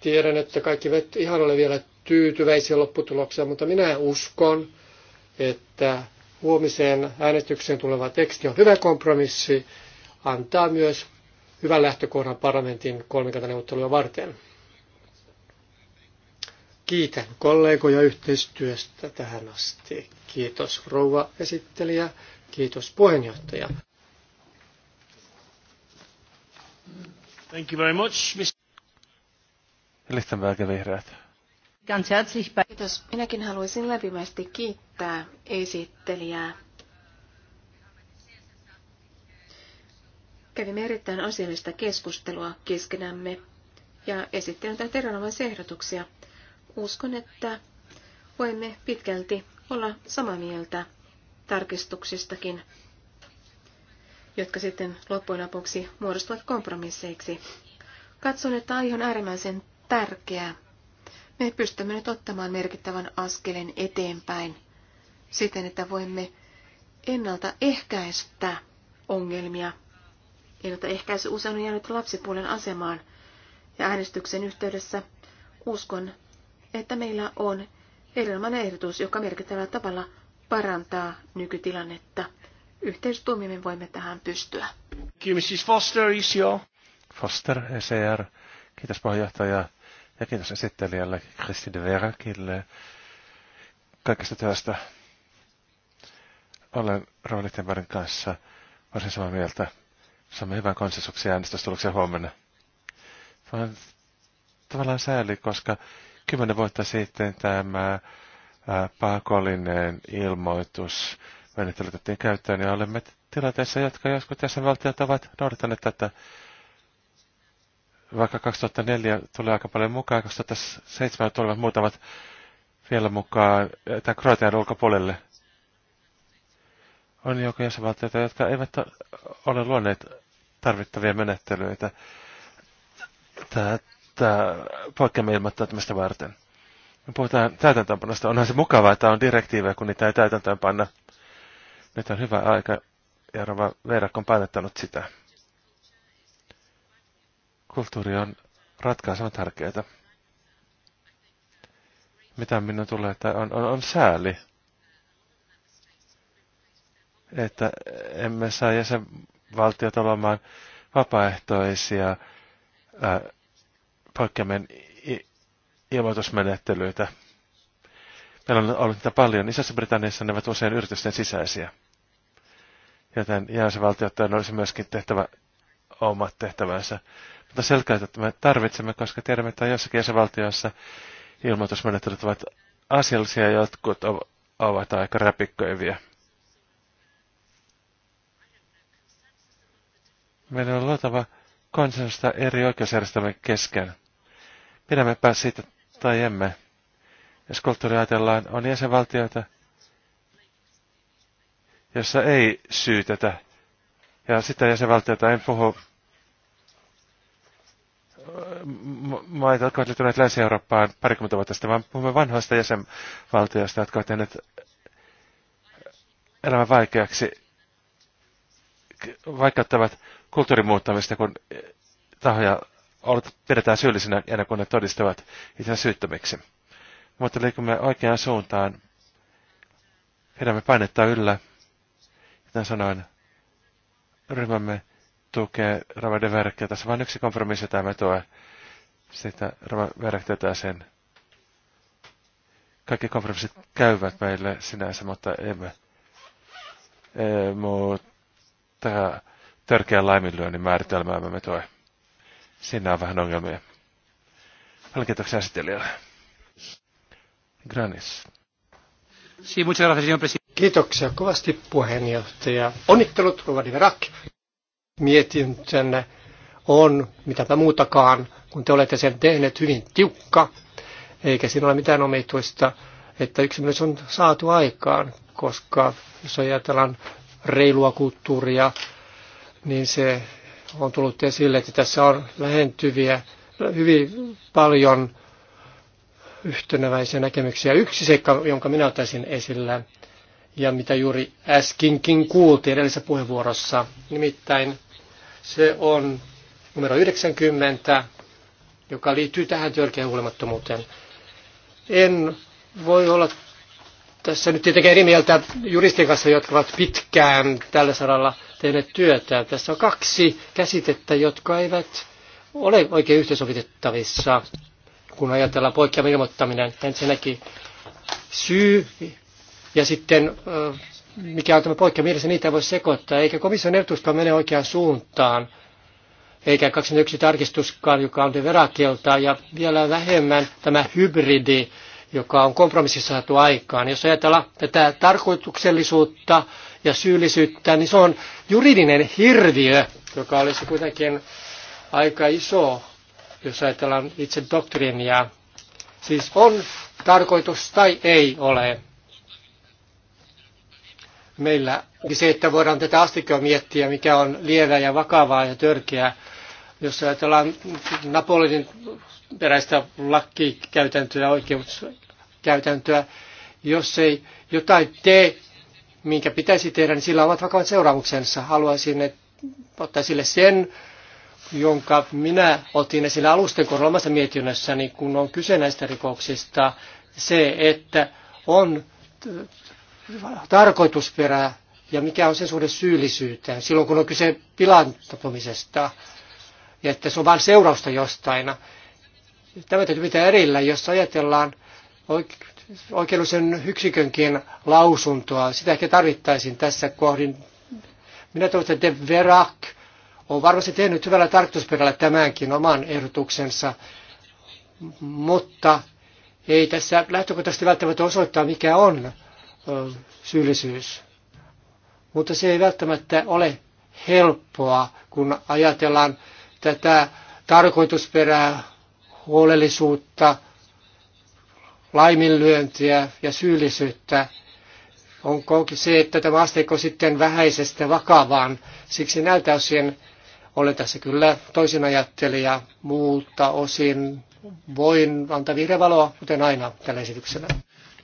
Tiedän, että kaikki vet ihan ole vielä tyytyväisiä lopputulokseen, mutta minä uskon, että huomiseen äänestykseen tuleva teksti on hyvä kompromissi, antaa myös hyvän lähtökohdan parlamentin kolmikantaneuvotteluja varten. Kiitän kollegoja yhteistyöstä tähän asti. Kiitos rouva esittelijä, kiitos puheenjohtaja. Thank you very much, Mr. Kiitos. Minäkin haluaisin lämpimästi kiittää esittelijää Kävimme erittäin asiallista keskustelua keskenämme ja esittelen tätä ehdotuksia. Uskon, että voimme pitkälti olla samaa mieltä tarkistuksistakin, jotka sitten loppujen lopuksi muodostuvat kompromisseiksi. Katson, että aihe on äärimmäisen tärkeä. Me pystymme nyt ottamaan merkittävän askelen eteenpäin siten, että voimme ennaltaehkäistä ongelmia – Ennaltaehkäisy usein on jäänyt lapsipuolen asemaan. Ja äänestyksen yhteydessä uskon, että meillä on erilainen ehdotus, joka merkittävällä tavalla parantaa nykytilannetta. Yhteistuumimme voimme tähän pystyä. Kiitos, Foster, isio. Foster, ECR. Kiitos puheenjohtaja ja kiitos esittelijälle Kristi de Verakille kaikesta työstä. Olen Roolitenbergin kanssa varsin samaa mieltä Saamme hyvän konsensuksen äänestystuloksen huomenna. Vaan tavallaan sääli, koska kymmenen vuotta sitten tämä pakollinen ilmoitus menettely otettiin käyttöön ja olemme tilanteessa, jotka joskus tässä valtiot ovat noudattaneet tätä. Vaikka 2004 tuli aika paljon mukaan, 2007 tulivat muutamat vielä mukaan tämän Kroatian ulkopuolelle. On joku jäsenvaltioita, jotka eivät ole luoneet tarvittavia menettelyitä tätä poikkeamme ilmoittautumista varten. Me puhutaan täytäntöönpanosta. Onhan se mukavaa, että on direktiivejä, kun niitä ei täytäntöönpanna. Nyt on hyvä aika, ja Rova Veerak on painettanut sitä. Kulttuuri on ratkaisevan tärkeää. Mitä minun tulee, että on, on, on sääli, että emme saa jäsen valtiot olemaan vapaaehtoisia poikkeamien ilmoitusmenettelyitä. Meillä on ollut niitä paljon. Isossa Britanniassa ne ovat usein yritysten sisäisiä. Joten jäsenvaltioiden olisi myöskin tehtävä omat tehtävänsä. Mutta selkeästi että me tarvitsemme, koska tiedämme, että jossakin jäsenvaltioissa ilmoitusmenettelyt ovat asiallisia, ja jotkut ovat aika räpikköiviä. Meidän on luotava konsensusta eri oikeusjärjestelmän kesken. Pidämmepä siitä tai emme. Jos kulttuuri ajatellaan, on jäsenvaltioita, jossa ei syytetä. Ja sitten jäsenvaltioita en puhu maita, jotka ovat liittyneet Länsi-Eurooppaan parikymmentä vuotta sitten, vaan puhumme vanhoista jäsenvaltioista, jotka ovat tehneet elämän vaikeaksi vaikeuttavat kulttuurin muuttamista, kun eh, tahoja pidetään syyllisinä ennen kuin ne todistavat itse syyttömiksi. Mutta liikumme oikeaan suuntaan, pidämme painetta yllä, joten sanoin, ryhmämme tukee Rava de Verkkiä. Tässä vain yksi kompromissi me tuo. Sitä Rava sen. Kaikki kompromissit käyvät meille sinänsä, mutta emme. E, mutta törkeän laiminlyönnin määritelmäämme me toi. Siinä on vähän ongelmia. Paljon kiitoksia esittelijälle. Granis. Kiitoksia kovasti puheenjohtaja. Onnittelut, Rovadi Verak. Mietintönne on mitäpä muutakaan, kun te olette sen tehneet hyvin tiukka, eikä siinä ole mitään omituista, että yksimielisyys on saatu aikaan, koska jos ajatellaan reilua kulttuuria, niin se on tullut esille, että tässä on lähentyviä hyvin paljon yhtenäväisiä näkemyksiä. Yksi seikka, jonka minä otaisin esillä, ja mitä juuri äskinkin kuultiin edellisessä puheenvuorossa, nimittäin se on numero 90, joka liittyy tähän törkeä huolimattomuuteen. En voi olla tässä nyt tietenkin eri mieltä juristien kanssa, jotka ovat pitkään tällä saralla tehneet työtä. Tässä on kaksi käsitettä, jotka eivät ole oikein yhteensovitettavissa, kun ajatellaan poikkeaman ilmoittaminen. Ensinnäkin syy ja sitten mikä on tämä poikkeama mielessä, niitä voi sekoittaa, eikä komission ehdotuskaan mene oikeaan suuntaan, eikä 21 tarkistuskaan, joka on de ja vielä vähemmän tämä hybridi joka on kompromississa saatu aikaan. Jos ajatellaan tätä tarkoituksellisuutta ja syyllisyyttä, niin se on juridinen hirviö, joka olisi kuitenkin aika iso, jos ajatellaan itse doktriinia. Siis on tarkoitus tai ei ole. Meillä se, että voidaan tätä astikkoa miettiä, mikä on lievää ja vakavaa ja törkeää. Jos ajatellaan Napoleonin peräistä lakkikäytäntöä oikeus, käytäntöä. Jos ei jotain tee, minkä pitäisi tehdä, niin sillä ovat vakavat seuraamuksensa. Haluaisin että ottaa sille sen, jonka minä otin esille alusten kohdalla omassa niin kun on kyse näistä rikoksista, se, että on tarkoitusperä ja mikä on sen suhde syyllisyyteen silloin, kun on kyse pilantapumisesta, että se on vain seurausta jostain. Tämä täytyy pitää erillä, jos ajatellaan oikeudellisen yksikönkin lausuntoa. Sitä ehkä tarvittaisiin tässä kohdin. Minä toivon, että De Verac on varmasti tehnyt hyvällä tarkoitusperällä tämänkin oman ehdotuksensa, mutta ei tässä lähtökohtaisesti välttämättä osoittaa, mikä on syyllisyys. Mutta se ei välttämättä ole helppoa, kun ajatellaan tätä tarkoitusperää, huolellisuutta, laiminlyöntiä ja syyllisyyttä. Onko se, että tämä asteikko sitten vähäisestä vakavaan? Siksi näiltä osin olen tässä kyllä toisin ajattelija, muulta osin voin antaa vihreä valoa, kuten aina tällä esityksellä.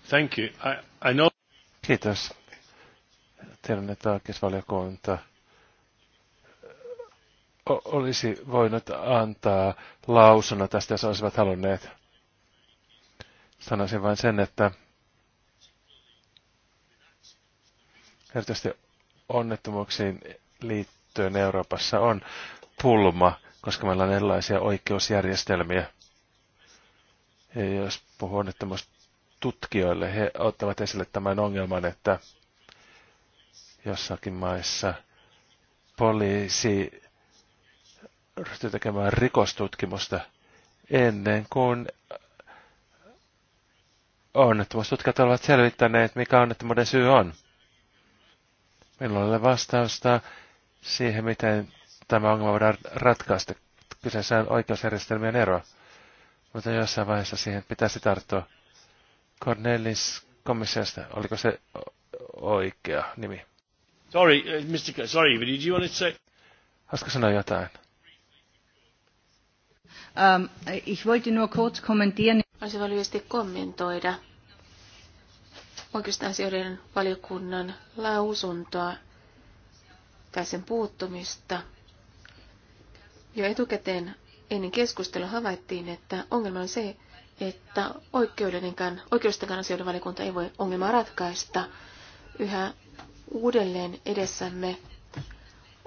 Thank you. I, I know... Kiitos. Tiedän, että oikeusvaliokunta olisi voinut antaa lausuna tästä, jos olisivat halunneet. Sanoisin vain sen, että erityisesti onnettomuuksiin liittyen Euroopassa on pulma, koska meillä on erilaisia oikeusjärjestelmiä. Ja jos puhuu onnettomuustutkijoille, he ottavat esille tämän ongelman, että jossakin maissa poliisi ryhtyy tekemään rikostutkimusta ennen kuin onnettomuustutkijat ovat selvittäneet, mikä onnettomuuden syy on. Minulla ei ole vastausta siihen, miten tämä ongelma voidaan ratkaista. Kyseessä on oikeusjärjestelmien ero, mutta jossain vaiheessa siihen pitäisi tarttua. Cornelis komissiosta, oliko se oikea nimi? Sorry, uh, Mr. Sorry, but did you want to say... Haluaisitko sanoa jotain? Um, ich wollte nur kurz kommentieren. Haluaisin vain lyhyesti kommentoida oikeastaan asioiden valiokunnan lausuntoa tai sen puuttumista. Jo etukäteen ennen keskustelua havaittiin, että ongelma on se, että oikeudenkaan, oikeudenkaan asioiden valiokunta ei voi ongelmaa ratkaista. Yhä uudelleen edessämme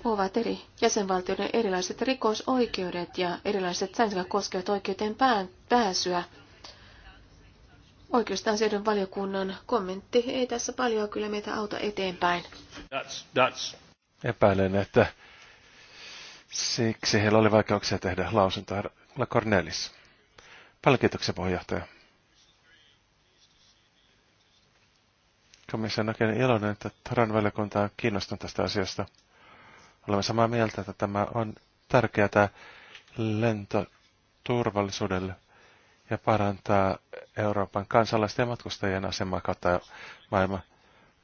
ovat eri jäsenvaltioiden erilaiset rikosoikeudet ja erilaiset säännöt, koskevat oikeuteen pääsyä Oikeastaan asioiden valiokunnan kommentti ei tässä paljon kyllä meitä auta eteenpäin. That's, that's. Epäilen, että siksi heillä oli vaikeuksia tehdä lausuntoa La Cornelis. Paljon kiitoksia, puheenjohtaja. Komission oikein niin iloinen, että Taran valiokunta on kiinnostunut tästä asiasta. Olemme samaa mieltä, että tämä on tärkeää lentoturvallisuudelle ja parantaa Euroopan kansalaisten ja matkustajien asemaa kautta maailma.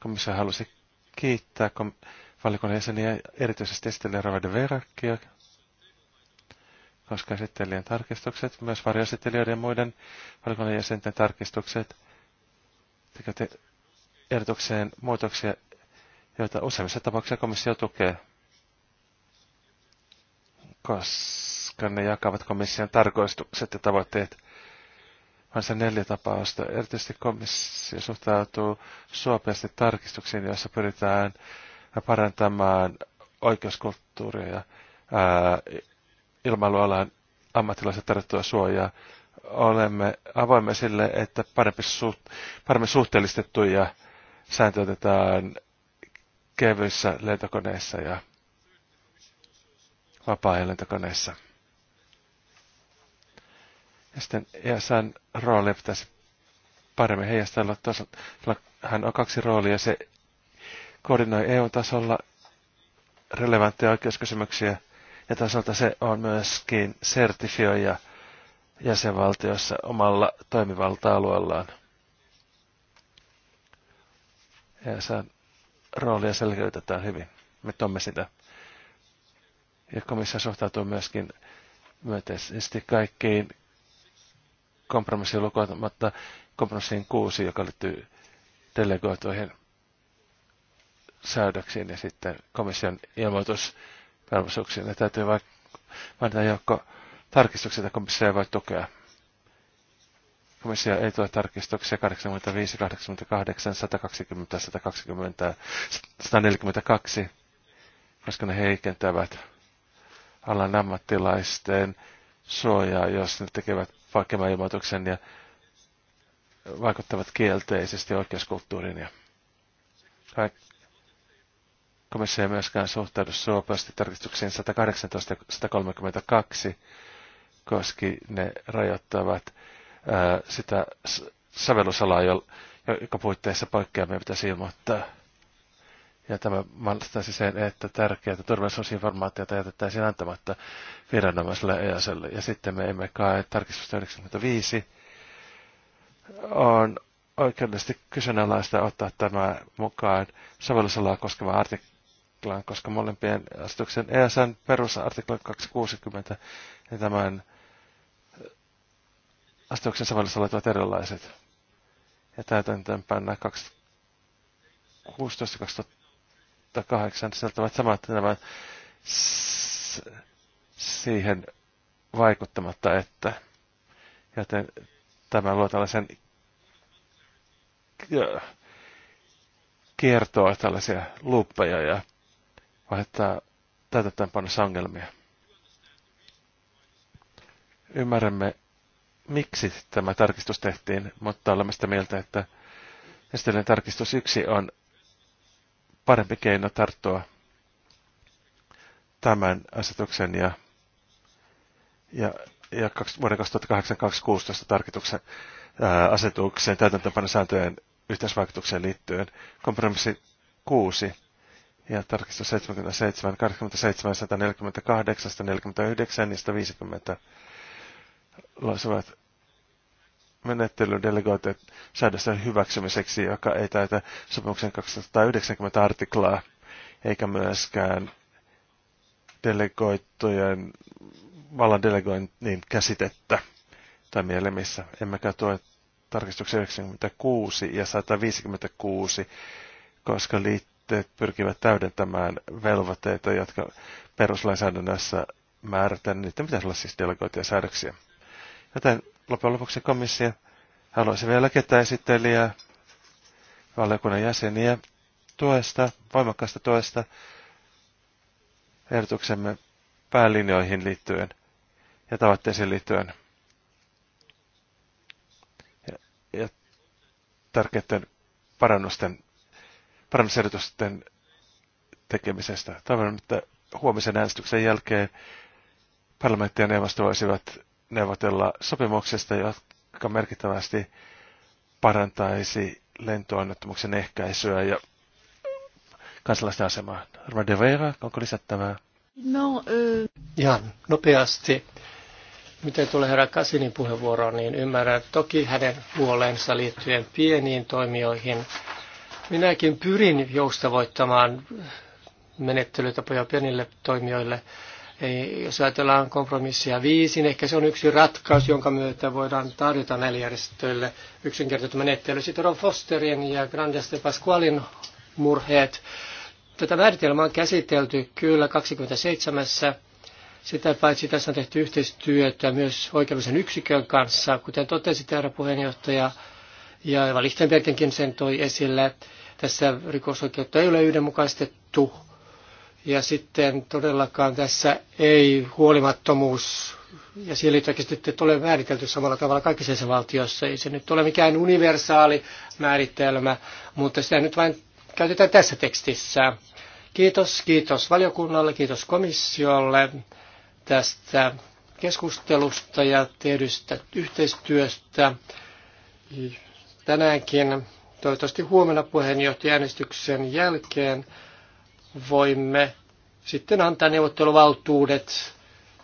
Komissio halusi kiittää kom- valikunnan jäseniä erityisesti esittelijä Ravade Verakia, koska esittelijän tarkistukset, myös varjoesittelijöiden ja muiden valikunnan jäsenten tarkistukset tekevät ehdotukseen muutoksia, joita useimmissa tapauksissa komissio tukee, koska ne jakavat komission tarkoistukset ja tavoitteet – se neljä tapausta. Erityisesti komissio suhtautuu suopeasti tarkistuksiin, joissa pyritään parantamaan oikeuskulttuuria ja ilmailualan ammattilaiset tarjottua suojaa. Olemme avoimme sille, että parempi suht, paremmin suhteellistettuja sääntöjä otetaan kevyissä lentokoneissa ja vapaa-ajan lentokoneissa. Ja sitten ESAn roolia pitäisi paremmin heijastella. Hän on kaksi roolia. Se koordinoi EU-tasolla relevantteja oikeuskysymyksiä ja toisaalta se on myöskin sertifioija jäsenvaltiossa omalla toimivalta-alueellaan. Ja e roolia selkeytetään hyvin. Me tomme sitä. Ja komissio suhtautuu myöskin myönteisesti kaikkiin kompromissi lukuottamatta kompromissiin kuusi, joka liittyy delegoituihin säädöksiin ja sitten komission ilmoitusvelvollisuuksiin. Ne täytyy vain mainita joukko tarkistuksia, että komissio ei voi tukea. Komissio ei tue tarkistuksia 85, 88, 120, 120, 142, koska ne heikentävät alan ammattilaisten suojaa, jos ne tekevät vaikeimman ilmoituksen ja vaikuttavat kielteisesti oikeuskulttuuriin. Ja komissio ei myöskään suhtaudu suopeasti tarkistuksiin 118 ja 132 koska ne rajoittavat ää, sitä sovellusalaa, joka puitteissa poikkeamia pitäisi ilmoittaa. Ja tämä mahdollistaisi sen, että tärkeää turvallisuusinformaatiota jätettäisiin antamatta viranomaiselle EASlle. Ja sitten me emme kai tarkistusta 95 on oikeudellisesti kyseenalaista ottaa tämä mukaan sovellusalaa koskevan artiklaan, koska molempien asetuksen ESN perusartikla 260 ja tämän asetuksen sovellusalat ovat erilaiset. Ja täytäntöönpannaan 2016 2000 2008 sisältävät samat nämä siihen vaikuttamatta, että joten tämä luo tällaisen kiertoa tällaisia luppeja ja aiheuttaa täytäntöönpanossa ongelmia. Ymmärrämme, miksi tämä tarkistus tehtiin, mutta olemme sitä mieltä, että esitellinen tarkistus yksi on parempi keino tarttua tämän asetuksen ja, ja, ja vuoden 2008-2016 tarkoituksen ää, asetukseen täytäntöönpanosääntöjen yhteisvaikutukseen liittyen. Kompromissi 6 ja tarkistus 77, 87, 148, 49 ja 150 loisivat menettely delegoitu säädösten hyväksymiseksi, joka ei täytä sopimuksen 290 artiklaa, eikä myöskään delegoittujen vallan delegoinnin käsitettä tai mielemissä. Emmekä tue tarkistuksen 96 ja 156, koska liitteet pyrkivät täydentämään velvoitteita, jotka peruslainsäädännössä määrätään. Niitä pitäisi olla siis delegoituja säädöksiä. Joten loppujen lopuksi komissio haluaisi vielä ketään esittelijää, valiokunnan jäseniä tuesta, voimakkaasta tuesta ehdotuksemme päälinjoihin liittyen ja tavoitteisiin liittyen. Ja, ja tärkeiden parannusten, parannusehdotusten tekemisestä. Toivon, että huomisen äänestyksen jälkeen parlamentti ja neuvosto voisivat neuvotella sopimuksesta, jotka merkittävästi parantaisi lentoonnettomuuksien ehkäisyä ja kansalaisten asemaa. Arma de Vera, onko lisättävää? No, ö... Ihan nopeasti. Miten tulee herra Kasinin puheenvuoroon, niin ymmärrän toki hänen huolensa liittyen pieniin toimijoihin. Minäkin pyrin joustavoittamaan menettelytapoja pienille toimijoille, ei, jos ajatellaan kompromissia viisi, niin ehkä se on yksi ratkaisu, jonka myötä voidaan tarjota näille järjestöille yksinkertaisesti menettely. Sitten on Fosterin ja Grandes de Pasqualin murheet. Tätä määritelmää on käsitelty kyllä 27. Sitä paitsi tässä on tehty yhteistyötä myös oikeudellisen yksikön kanssa, kuten totesi herra puheenjohtaja, ja Eva Lichtenbergenkin sen toi esille. Tässä rikosoikeutta ei ole yhdenmukaistettu ja sitten todellakaan tässä ei huolimattomuus ja sitten ole määritelty samalla tavalla kaikissa jäsenvaltioissa. Ei se nyt ole mikään universaali määritelmä, mutta sitä nyt vain käytetään tässä tekstissä. Kiitos, kiitos valiokunnalle, kiitos komissiolle tästä keskustelusta ja tehdystä yhteistyöstä tänäänkin. Toivottavasti huomenna puheenjohtajan jälkeen voimme sitten antaa neuvotteluvaltuudet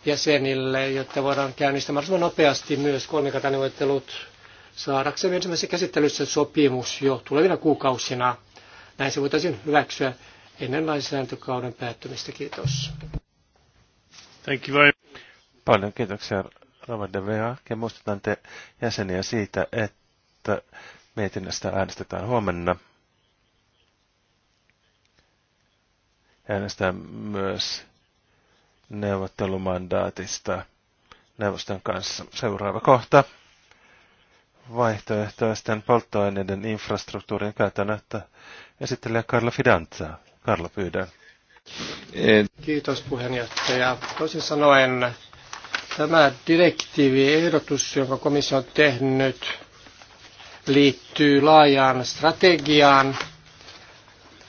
jäsenille, jotta voidaan käynnistää mahdollisimman nopeasti myös kolmikantaneuvottelut saadaksemme ensimmäisessä käsittelyssä sopimus jo tulevina kuukausina. Näin se voitaisiin hyväksyä ennen lainsäädäntökauden päättymistä. Kiitos. Thank you very Paljon kiitoksia Robert de Vea. Ja muistutan te jäseniä siitä, että mietinnästä äänestetään huomenna. äänestää myös neuvottelumandaatista neuvoston kanssa. Seuraava kohta. Vaihtoehtoisten polttoaineiden infrastruktuurin käytännöttä esittelee Karla Fidanza. Karla, pyydän. Kiitos puheenjohtaja. Toisin sanoen tämä direktiiviehdotus, jonka komissio on tehnyt, liittyy laajaan strategiaan,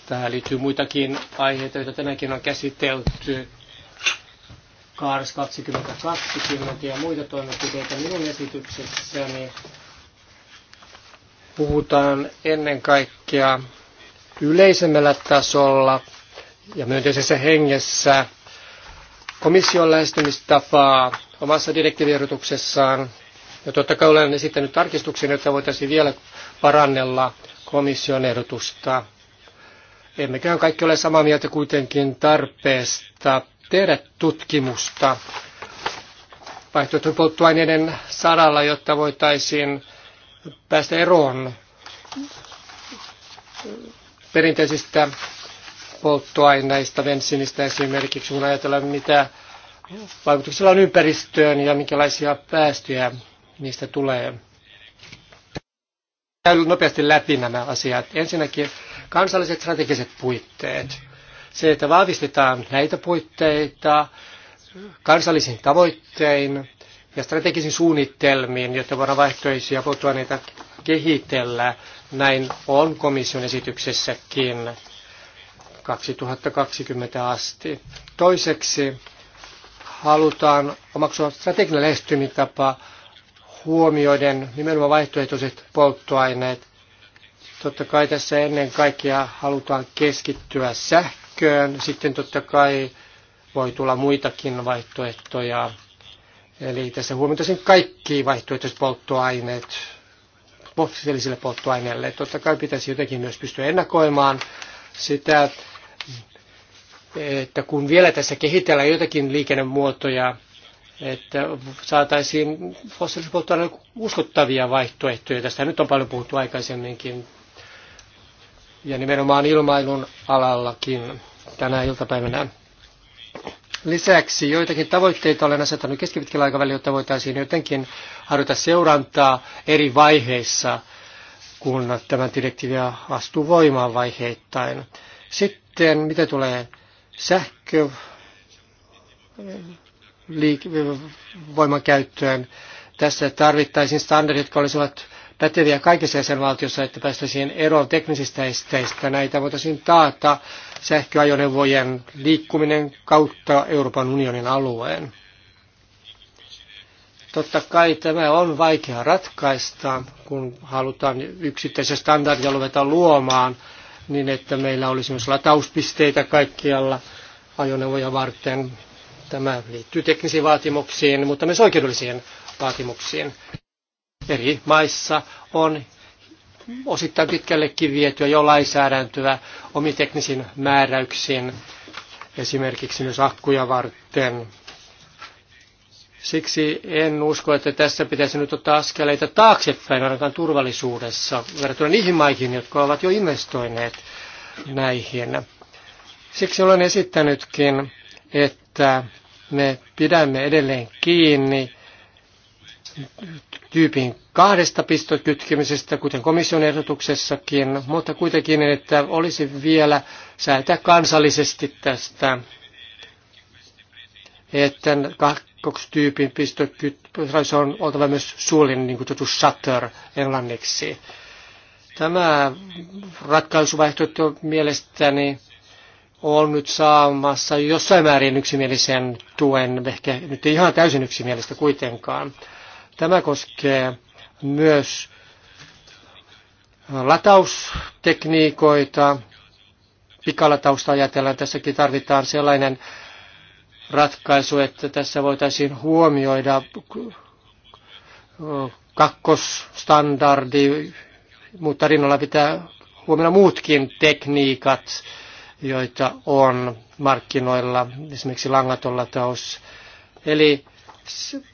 Tähän liittyy muitakin aiheita, joita tänäänkin on käsitelty. Kaars 2020 ja muita toimenpiteitä minun esityksessäni. Puhutaan ennen kaikkea yleisemmällä tasolla ja myönteisessä hengessä komission lähestymistapaa omassa direktiiviehdotuksessaan. Ja totta kai olen esittänyt tarkistuksen, jotta voitaisiin vielä parannella komission ehdotusta Emmekään kaikki ole samaa mieltä kuitenkin tarpeesta tehdä tutkimusta polttoaineiden saralla, jotta voitaisiin päästä eroon perinteisistä polttoaineista, bensiinistä esimerkiksi, kun ajatellaan mitä vaikutuksella on ympäristöön ja minkälaisia päästöjä niistä tulee. Käyn nopeasti läpi nämä asiat. Ensinnäkin kansalliset strategiset puitteet. Se, että vahvistetaan näitä puitteita kansallisiin tavoittein ja strategisiin suunnitelmiin, jotta voidaan vaihtoehtoisia polttoaineita kehitellä. Näin on komission esityksessäkin 2020 asti. Toiseksi halutaan omaksua strateginen lähestymistapa huomioiden nimenomaan vaihtoehtoiset polttoaineet Totta kai tässä ennen kaikkea halutaan keskittyä sähköön. Sitten totta kai voi tulla muitakin vaihtoehtoja. Eli tässä huomioitaisiin kaikki vaihtoehtoiset polttoaineet fossiilisille polttoaineille. Totta kai pitäisi jotenkin myös pystyä ennakoimaan sitä, että kun vielä tässä kehitellään jotakin liikennemuotoja, että saataisiin fossiilisille polttoaineille uskottavia vaihtoehtoja. Tästä nyt on paljon puhuttu aikaisemminkin ja nimenomaan ilmailun alallakin tänä iltapäivänä. Lisäksi joitakin tavoitteita olen asettanut keskipitkällä aikavälillä, jotta voitaisiin jotenkin harjoita seurantaa eri vaiheissa, kun tämän direktiiviä astuu voimaan vaiheittain. Sitten mitä tulee sähkö liik- voiman käyttöön. Tässä tarvittaisiin standardit, jotka olisivat päteviä kaikissa jäsenvaltioissa, että päästäisiin eroon teknisistä esteistä. Näitä voitaisiin taata sähköajoneuvojen liikkuminen kautta Euroopan unionin alueen. Totta kai tämä on vaikea ratkaista, kun halutaan yksittäisiä standardia ruveta luomaan, niin että meillä olisi myös latauspisteitä kaikkialla ajoneuvoja varten. Tämä liittyy teknisiin vaatimuksiin, mutta myös oikeudellisiin vaatimuksiin eri maissa on osittain pitkällekin vietyä jo lainsäädäntöä omiteknisin määräyksin, esimerkiksi myös akkuja varten. Siksi en usko, että tässä pitäisi nyt ottaa askeleita taaksepäin ainakaan turvallisuudessa verrattuna niihin maihin, jotka ovat jo investoineet näihin. Siksi olen esittänytkin, että me pidämme edelleen kiinni tyypin kahdesta pistokytkemisestä, kuten komission ehdotuksessakin, mutta kuitenkin, että olisi vielä säätää kansallisesti tästä, että kaksi tyypin pistokytkemisestä on oltava myös suullinen, niin kuin shutter englanniksi. Tämä ratkaisuvaihtoehto mielestäni on nyt saamassa jossain määrin yksimielisen tuen, ehkä nyt ei ihan täysin yksimielistä kuitenkaan. Tämä koskee myös lataustekniikoita. Pikalatausta ajatellaan, tässäkin tarvitaan sellainen ratkaisu, että tässä voitaisiin huomioida kakkosstandardi, mutta rinnalla pitää huomioida muutkin tekniikat, joita on markkinoilla, esimerkiksi taus, Eli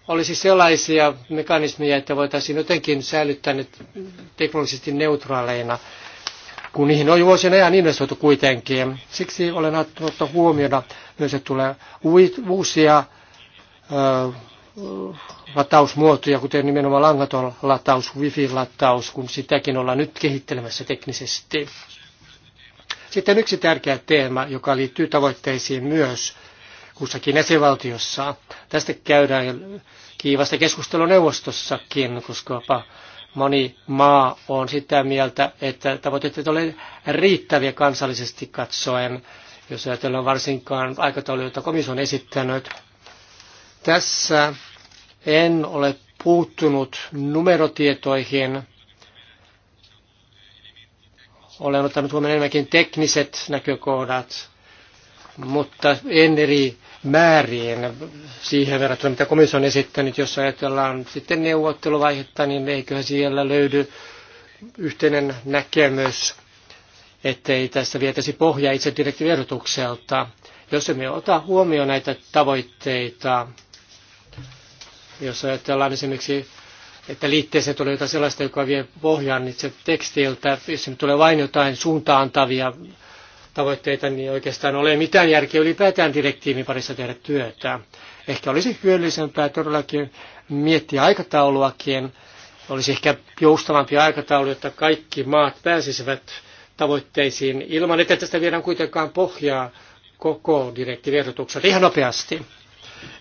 olisi sellaisia mekanismeja, että voitaisiin jotenkin säilyttää ne teknologisesti neutraaleina, kun niihin on vuosien ajan investoitu kuitenkin. Siksi olen ottanut huomioida myös, että tulee uusia ö, latausmuotoja, kuten nimenomaan langaton lataus, wifi-lataus, kun sitäkin ollaan nyt kehittelemässä teknisesti. Sitten yksi tärkeä teema, joka liittyy tavoitteisiin myös, kussakin jäsenvaltiossa. Tästä käydään kiivasta keskustelua neuvostossakin, koska moni maa on sitä mieltä, että tavoitteet eivät ole riittäviä kansallisesti katsoen, jos ajatellaan varsinkaan aikatauluja, joita komissio on esittänyt. Tässä en ole puuttunut numerotietoihin. Olen ottanut huomioon enemmänkin tekniset näkökohdat, mutta en eri määriin siihen verrattuna, mitä komissio on esittänyt. Jos ajatellaan sitten neuvotteluvaihetta, niin eiköhän siellä löydy yhteinen näkemys, ettei tässä vietäisi pohjaa itse direktiivierotukselta. Jos emme ota huomioon näitä tavoitteita, jos ajatellaan esimerkiksi että liitteeseen tulee jotain sellaista, joka vie pohjan niin itse tekstiltä, jos tulee vain jotain suuntaantavia tavoitteita, niin oikeastaan ole mitään järkeä ylipäätään direktiivin parissa tehdä työtä. Ehkä olisi hyödyllisempää todellakin miettiä aikatauluakin. Olisi ehkä joustavampi aikataulu, jotta kaikki maat pääsisivät tavoitteisiin ilman, että tästä viedään kuitenkaan pohjaa koko direktiiviehdotukselta ihan nopeasti.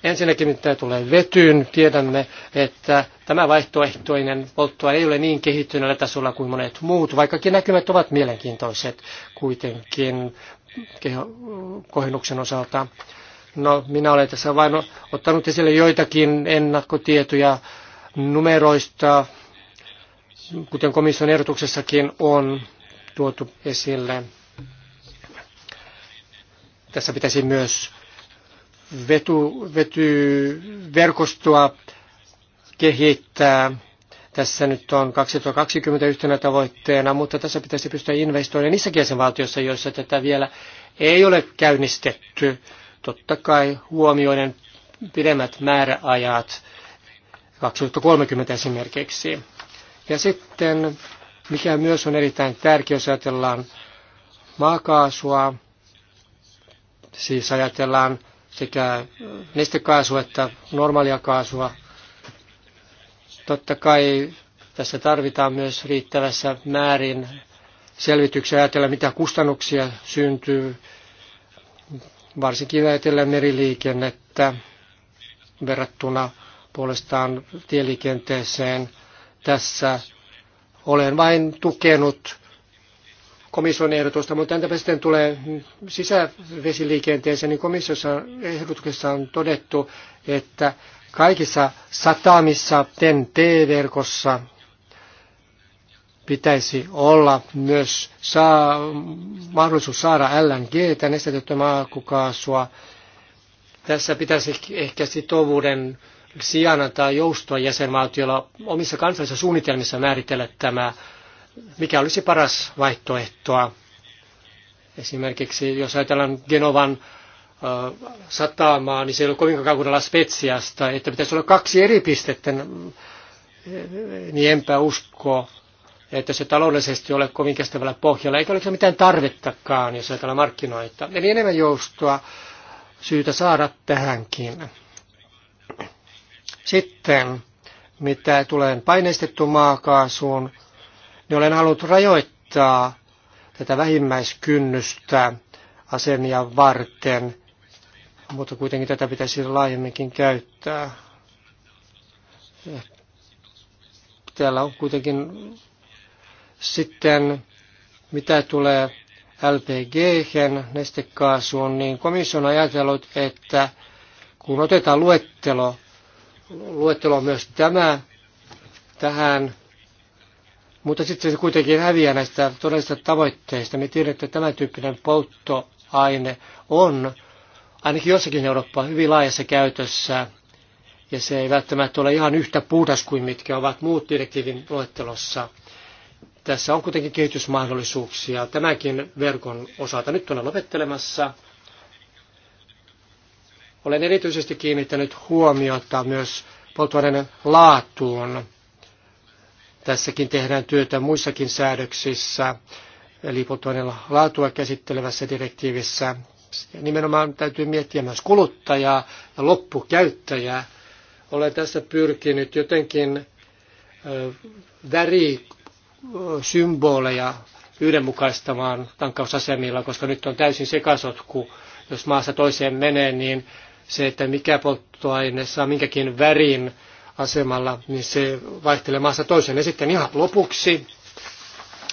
Ensinnäkin mitä tulee vetyyn, tiedämme, että tämä vaihtoehtoinen polttoaine ei ole niin kehittyneellä tasolla kuin monet muut, vaikkakin näkymät ovat mielenkiintoiset kuitenkin keho, kohennuksen osalta. No, minä olen tässä vain ottanut esille joitakin ennakkotietoja numeroista, kuten komission ehdotuksessakin on tuotu esille. Tässä pitäisi myös vetu, vetyverkostoa kehittää. Tässä nyt on 2020 yhtenä tavoitteena, mutta tässä pitäisi pystyä investoimaan niissäkin jäsenvaltioissa, joissa tätä vielä ei ole käynnistetty. Totta kai huomioiden pidemmät määräajat, 2030 esimerkiksi. Ja sitten, mikä myös on erittäin tärkeä, jos ajatellaan maakaasua, siis ajatellaan sekä nestekaasua että normaalia kaasua. Totta kai tässä tarvitaan myös riittävässä määrin selvityksiä ajatella, mitä kustannuksia syntyy, varsinkin ajatellen meriliikennettä verrattuna puolestaan tieliikenteeseen. Tässä olen vain tukenut komission ehdotusta, mutta entäpä sitten tulee sisävesiliikenteeseen, niin komissiossa ehdotuksessa on todettu, että kaikissa satamissa TEN-T-verkossa pitäisi olla myös saa, mahdollisuus saada LNG, nestetettyä maakukaasua. Tässä pitäisi ehkä sitovuuden sijaan antaa joustoa jäsenvaltiolla omissa kansallisissa suunnitelmissa määritellä tämä mikä olisi paras vaihtoehtoa. Esimerkiksi jos ajatellaan Genovan satamaa, niin se ei ole kovin kaukana Spetsiasta, että pitäisi olla kaksi eri pistettä, niin enpä usko, että se taloudellisesti ole kovin kestävällä pohjalla, eikä ole mitään tarvettakaan, jos ajatellaan markkinoita. Eli enemmän joustoa syytä saada tähänkin. Sitten, mitä tulee paineistettu maakaasuun, niin olen halunnut rajoittaa tätä vähimmäiskynnystä asemia varten, mutta kuitenkin tätä pitäisi laajemminkin käyttää. Täällä on kuitenkin sitten, mitä tulee LPG, nestekaasuun, niin komissio on ajatellut, että kun otetaan luettelo, luettelo on myös tämä tähän mutta sitten se kuitenkin häviää näistä todellisista tavoitteista. Me tiedämme, että tämän tyyppinen polttoaine on ainakin jossakin Eurooppaa hyvin laajassa käytössä. Ja se ei välttämättä ole ihan yhtä puhdas kuin mitkä ovat muut direktiivin luettelossa. Tässä on kuitenkin kehitysmahdollisuuksia tämänkin verkon osalta. Nyt olen lopettelemassa. Olen erityisesti kiinnittänyt huomiota myös polttoaineen laatuun. Tässäkin tehdään työtä muissakin säädöksissä, eli laatua käsittelevässä direktiivissä. Nimenomaan täytyy miettiä myös kuluttajaa ja loppukäyttäjää. Olen tässä pyrkinyt jotenkin värisymboleja yhdenmukaistamaan tankkausasemilla, koska nyt on täysin sekasotku, jos maassa toiseen menee, niin se, että mikä polttoaine saa minkäkin värin, asemalla, niin se vaihtelee maassa toiseen. Ja sitten ihan lopuksi,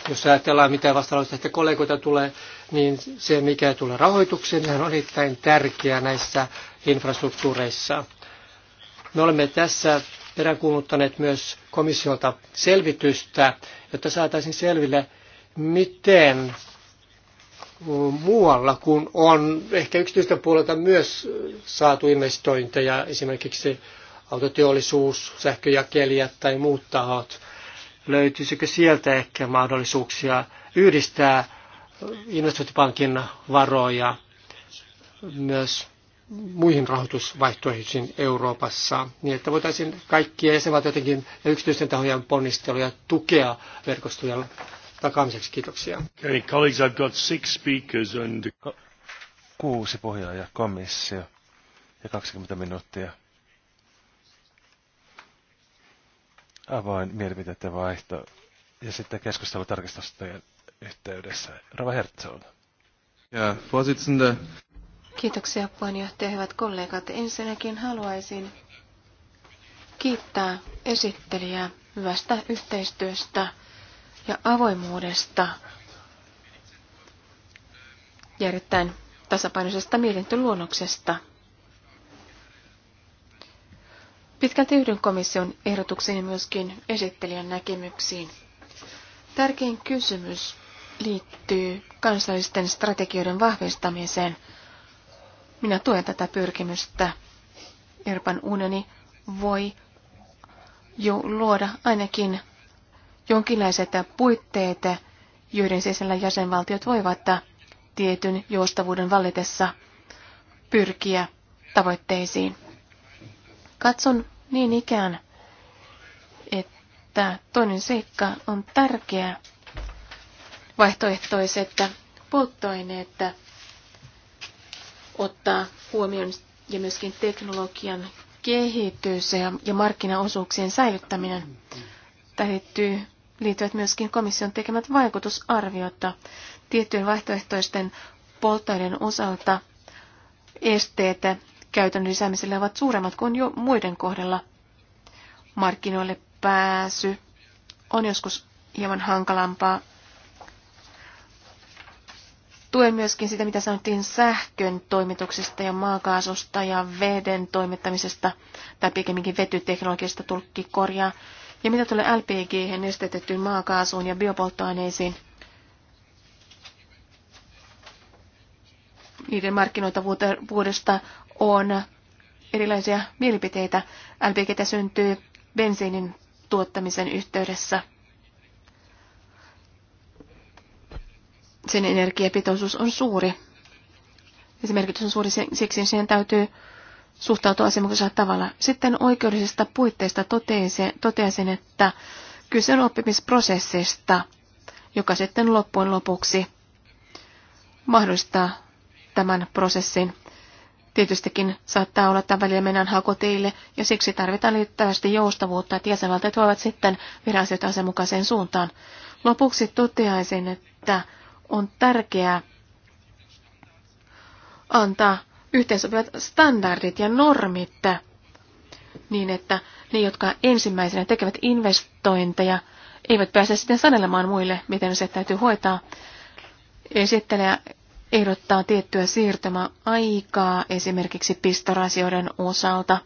jos ajatellaan mitä vastalausta että kollegoita tulee, niin se mikä tulee rahoitukseen, niin on erittäin tärkeää näissä infrastruktuureissa. Me olemme tässä peräänkuuluttaneet myös komissiolta selvitystä, jotta saataisiin selville, miten muualla, kun on ehkä yksityistä puolelta myös saatu investointeja, esimerkiksi autoteollisuus, sähköjakelijat tai muut tahot. Löytyisikö sieltä ehkä mahdollisuuksia yhdistää investointipankin varoja myös muihin rahoitusvaihtoehtoihin Euroopassa, niin että voitaisiin kaikkia jäsenvaltioidenkin ja yksityisten tahojen ponnisteluja tukea verkostojen takaamiseksi. Kiitoksia. Okay, colleagues, I've got six speakers and... Kuusi pohjaa ja komissio ja 20 minuuttia. avoin mielipiteiden vaihto ja sitten keskustelu tarkistustojen yhteydessä. Rava Herzog. Ja, Vorsitzende. Kiitoksia puheenjohtaja, hyvät kollegat. Ensinnäkin haluaisin kiittää esittelijää hyvästä yhteistyöstä ja avoimuudesta ja erittäin tasapainoisesta mietintöluonnoksesta. Pitkälti yhden komission ehdotuksiin ja myöskin esittelijän näkemyksiin. Tärkein kysymys liittyy kansallisten strategioiden vahvistamiseen. Minä tuen tätä pyrkimystä. Euroopan unioni voi jo luoda ainakin jonkinlaiset puitteet, joiden sisällä jäsenvaltiot voivat tietyn joustavuuden vallitessa pyrkiä tavoitteisiin. Katson niin ikään, että toinen seikka on tärkeä vaihtoehtoiset polttoaineet ottaa huomioon ja myöskin teknologian kehitys ja, ja markkinaosuuksien säilyttäminen. Tähän liittyy, liittyvät myöskin komission tekemät vaikutusarviota tiettyjen vaihtoehtoisten polttoaineiden osalta esteet käytön lisäämiselle ovat suuremmat kuin jo muiden kohdalla. Markkinoille pääsy on joskus hieman hankalampaa. Tuen myöskin sitä, mitä sanottiin sähkön toimituksesta ja maakaasusta ja veden toimittamisesta, tai pikemminkin vetyteknologiasta tulkki korjaa. Ja mitä tulee LPG, estetettyyn maakaasuun ja biopolttoaineisiin – niiden markkinoitavuudesta on erilaisia mielipiteitä. LPGtä syntyy bensiinin tuottamisen yhteydessä. Sen energiapitoisuus on suuri. Ja se merkitys on suuri, siksi siihen täytyy suhtautua asianmukaisella tavalla. Sitten oikeudellisista puitteista toteaisin, että kyse on oppimisprosessista, joka sitten loppujen lopuksi mahdollistaa tämän prosessin. Tietystikin saattaa olla, että välillä mennään hakoteille ja siksi tarvitaan riittävästi joustavuutta, että jäsenvaltiot voivat sitten viedä asioita asianmukaiseen suuntaan. Lopuksi toteaisin, että on tärkeää antaa yhteensopivat standardit ja normit niin, että ne, jotka ensimmäisenä tekevät investointeja, eivät pääse sitten sanelemaan muille, miten se täytyy hoitaa. Esittelijä ehdottaa tiettyä siirtymäaikaa esimerkiksi pistorasioiden osalta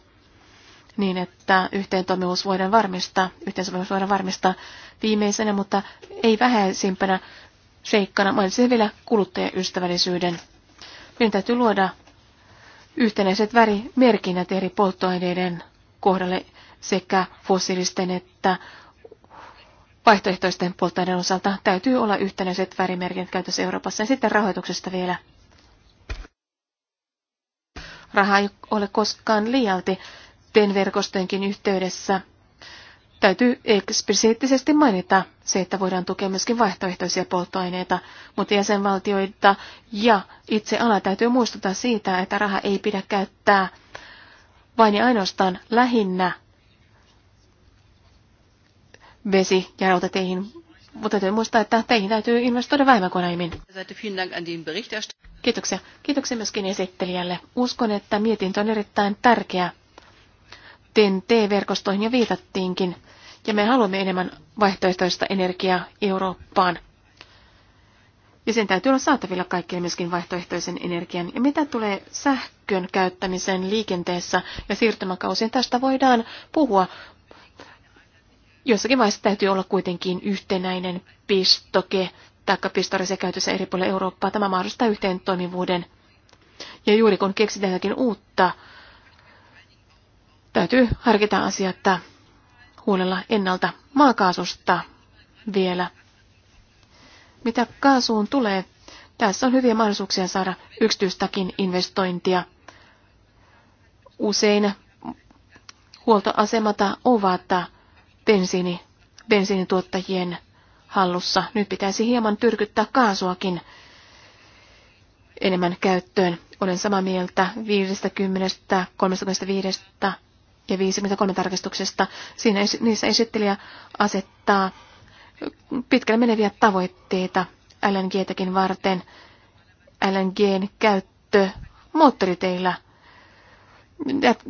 niin, että yhteentoimivuus voidaan varmistaa, yhteensopimus voidaan varmistaa viimeisenä, mutta ei vähäisimpänä seikkana mainitsen vielä kuluttajaystävällisyyden. Meidän täytyy luoda yhtenäiset värimerkinnät eri polttoaineiden kohdalle sekä fossiilisten että vaihtoehtoisten polttoaineiden osalta täytyy olla yhtenäiset värimerkit käytössä Euroopassa. Ja sitten rahoituksesta vielä. Raha ei ole koskaan liialti. TEN verkostojenkin yhteydessä täytyy eksplisiittisesti mainita se, että voidaan tukea myöskin vaihtoehtoisia polttoaineita, mutta jäsenvaltioita ja itse ala täytyy muistuttaa siitä, että raha ei pidä käyttää vain ja ainoastaan lähinnä vesi- ja rautateihin. Mutta täytyy muistaa, että teihin täytyy investoida vähemmän kuin aiemmin. Kiitoksia. Kiitoksia myöskin esittelijälle. Uskon, että mietintö on erittäin tärkeä. TEN-T-verkostoihin jo viitattiinkin, ja me haluamme enemmän vaihtoehtoista energiaa Eurooppaan. Ja sen täytyy olla saatavilla kaikille myöskin vaihtoehtoisen energian. Ja mitä tulee sähkön käyttämiseen liikenteessä ja siirtymäkausiin, tästä voidaan puhua, Jossakin vaiheessa täytyy olla kuitenkin yhtenäinen pistoke tai pistorisia käytössä eri puolilla Eurooppaa. Tämä mahdollistaa yhteen toimivuuden. Ja juuri kun keksitään jotakin uutta, täytyy harkita asiaa, huolella ennalta maakaasusta vielä. Mitä kaasuun tulee, tässä on hyviä mahdollisuuksia saada yksityistäkin investointia. Usein huoltoasemata ovat bensiini, bensiinituottajien hallussa. Nyt pitäisi hieman tyrkyttää kaasuakin enemmän käyttöön. Olen samaa mieltä 50, 35 ja 53 tarkistuksesta. Siinä niissä esittelijä asettaa pitkälle meneviä tavoitteita LNGtäkin varten. LNGn käyttö moottoriteillä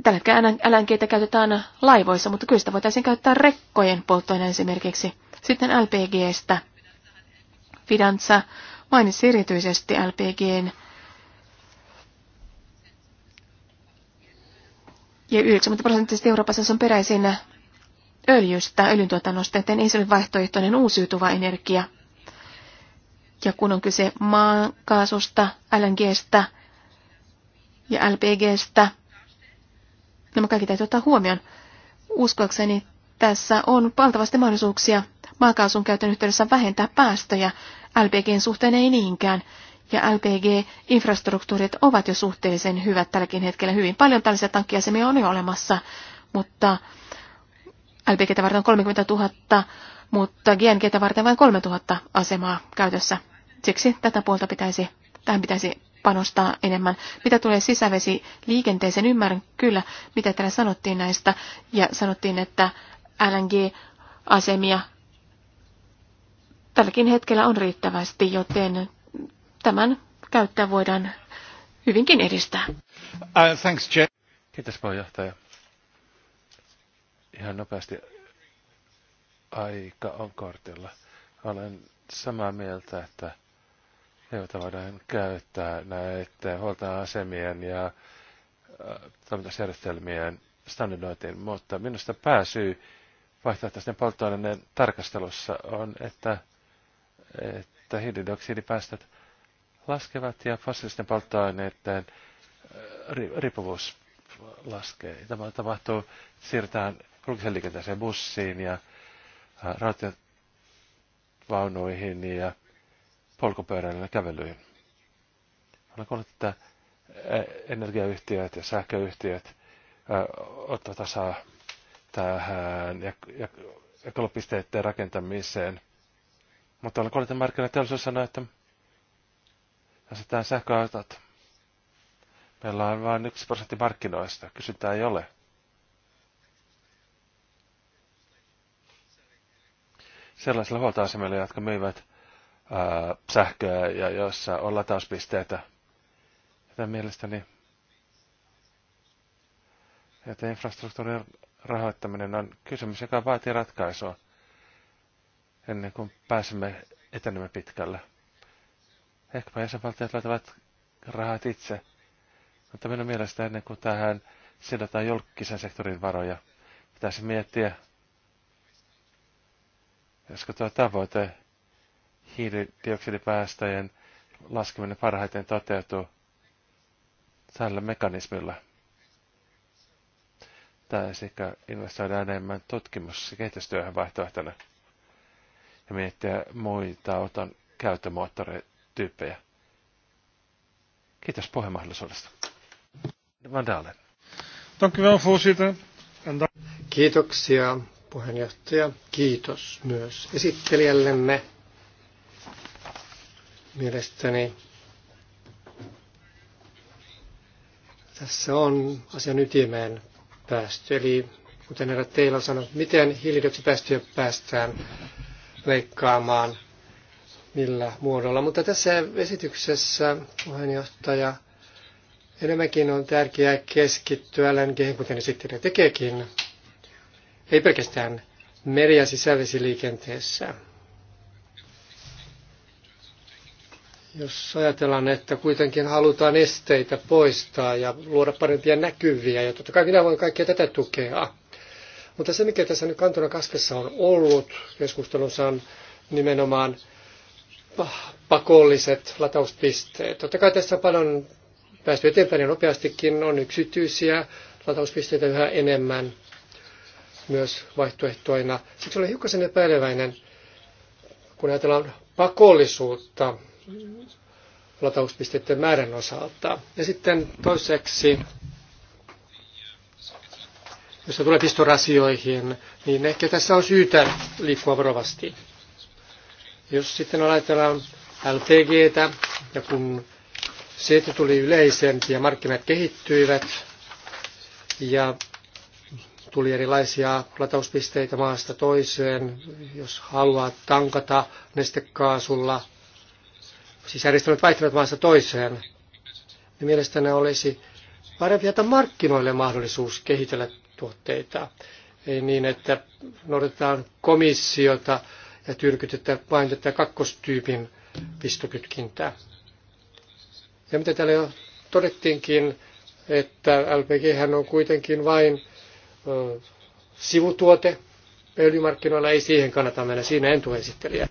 Tällä hetkellä LNGtä käytetään laivoissa, mutta kyllä sitä voitaisiin käyttää rekkojen polttoaineen esimerkiksi. Sitten LPGstä. Fidanza mainitsi erityisesti LPGn ja 90 prosenttisesti Euroopassa se on peräisin öljystä, öljyntuotannosta, joten ei se ole vaihtoehtoinen uusiutuva energia. Ja kun on kyse maakaasusta, LNGstä ja LPGstä, Nämä kaikki täytyy ottaa huomioon. Uskoakseni tässä on valtavasti mahdollisuuksia maakaasun käytön yhteydessä vähentää päästöjä. LPGn suhteen ei niinkään. Ja LPG-infrastruktuurit ovat jo suhteellisen hyvät tälläkin hetkellä. Hyvin paljon tällaisia tankkiasemia on jo olemassa, mutta LPGtä varten on 30 000, mutta GNGtä varten vain 3 000 asemaa käytössä. Siksi tätä puolta pitäisi, tähän pitäisi panostaa enemmän. Mitä tulee sisävesi liikenteeseen, ymmärrän kyllä, mitä täällä sanottiin näistä. Ja sanottiin, että LNG-asemia tälläkin hetkellä on riittävästi, joten tämän käyttöä voidaan hyvinkin edistää. Uh, thanks, Jay. Kiitos puheenjohtaja. Ihan nopeasti aika on kortilla. Olen samaa mieltä, että joita voidaan käyttää näiden huoltoasemien ja äh, toimintasjärjestelmien standardointiin, mutta minusta pääsyy vaihtoehtoisten polttoaineiden tarkastelussa on, että, että hiilidioksidipäästöt laskevat ja fossiilisten polttoaineiden äh, riippuvuus laskee. Tämä tapahtuu, siirrytään julkisen liikenteeseen bussiin ja äh, rautatievaunuihin ja polkupyöräilyyn kävelyyn. Onko nyt, että eh, energiayhtiöt ja sähköyhtiöt eh, ottavat osaa tähän ja, ja rakentamiseen. Mutta olen kuullut, että markkinateollisuus sanoi, että asetetaan sähköautot. Meillä on vain yksi prosentti markkinoista. Kysyntää ei ole. Sellaisilla huoltoasemilla, jotka myyvät? äh, sähköä ja jossa on latauspisteitä. Tämä mielestäni että infrastruktuurin rahoittaminen on kysymys, joka vaatii ratkaisua ennen kuin pääsemme etenemme pitkälle. Ehkäpä jäsenvaltiot laitavat rahat itse, mutta minun mielestä ennen kuin tähän sidotaan julkisen sektorin varoja, pitäisi miettiä, josko tuo tavoite hiilidioksidipäästöjen laskeminen parhaiten toteutuu tällä mekanismilla. Tai sekä siis investoida enemmän tutkimus- ja kehitystyöhön vaihtoehtona ja miettiä muita otan käyttömoottorityyppejä. Kiitos puhemahdollisuudesta. Van Kiitoksia, puheenjohtaja. Kiitos myös esittelijällemme. Mielestäni tässä on asian ytimeen päästy. Eli kuten herra teillä on sanonut, miten hiilidioksipäästöjä päästään leikkaamaan, millä muodolla. Mutta tässä esityksessä puheenjohtaja enemmänkin on tärkeää keskittyä LNG, kuten esittelijä tekeekin, ei pelkästään meri- ja sisävesiliikenteessä. Jos ajatellaan, että kuitenkin halutaan esteitä poistaa ja luoda parempia näkyviä, ja totta kai minä voin kaikkea tätä tukea. Mutta se, mikä tässä nyt kantona kaskessa on ollut keskustelussa, on nimenomaan pakolliset latauspisteet. Totta kai tässä on paljon päästy eteenpäin ja nopeastikin on yksityisiä latauspisteitä yhä enemmän myös vaihtoehtoina. Siksi olen hiukkasen epäileväinen, kun ajatellaan pakollisuutta latauspisteiden määrän osalta. Ja sitten toiseksi, jos tulee pistorasioihin, niin ehkä tässä on syytä liikkua varovasti. Jos sitten ajatellaan LTGtä, ja kun se tuli yleisempi ja markkinat kehittyivät, ja tuli erilaisia latauspisteitä maasta toiseen, jos haluaa tankata nestekaasulla – siis järjestelmät vaihtelevat maassa toiseen, niin mielestäni olisi parempi jättää markkinoille mahdollisuus kehitellä tuotteita. Ei niin, että noudatetaan komissiota ja tyrkytetään vain tätä kakkostyypin pistokytkintää. Ja mitä täällä jo todettiinkin, että LPG on kuitenkin vain ö, sivutuote. Öljymarkkinoilla ei siihen kannata mennä, siinä esittelijä.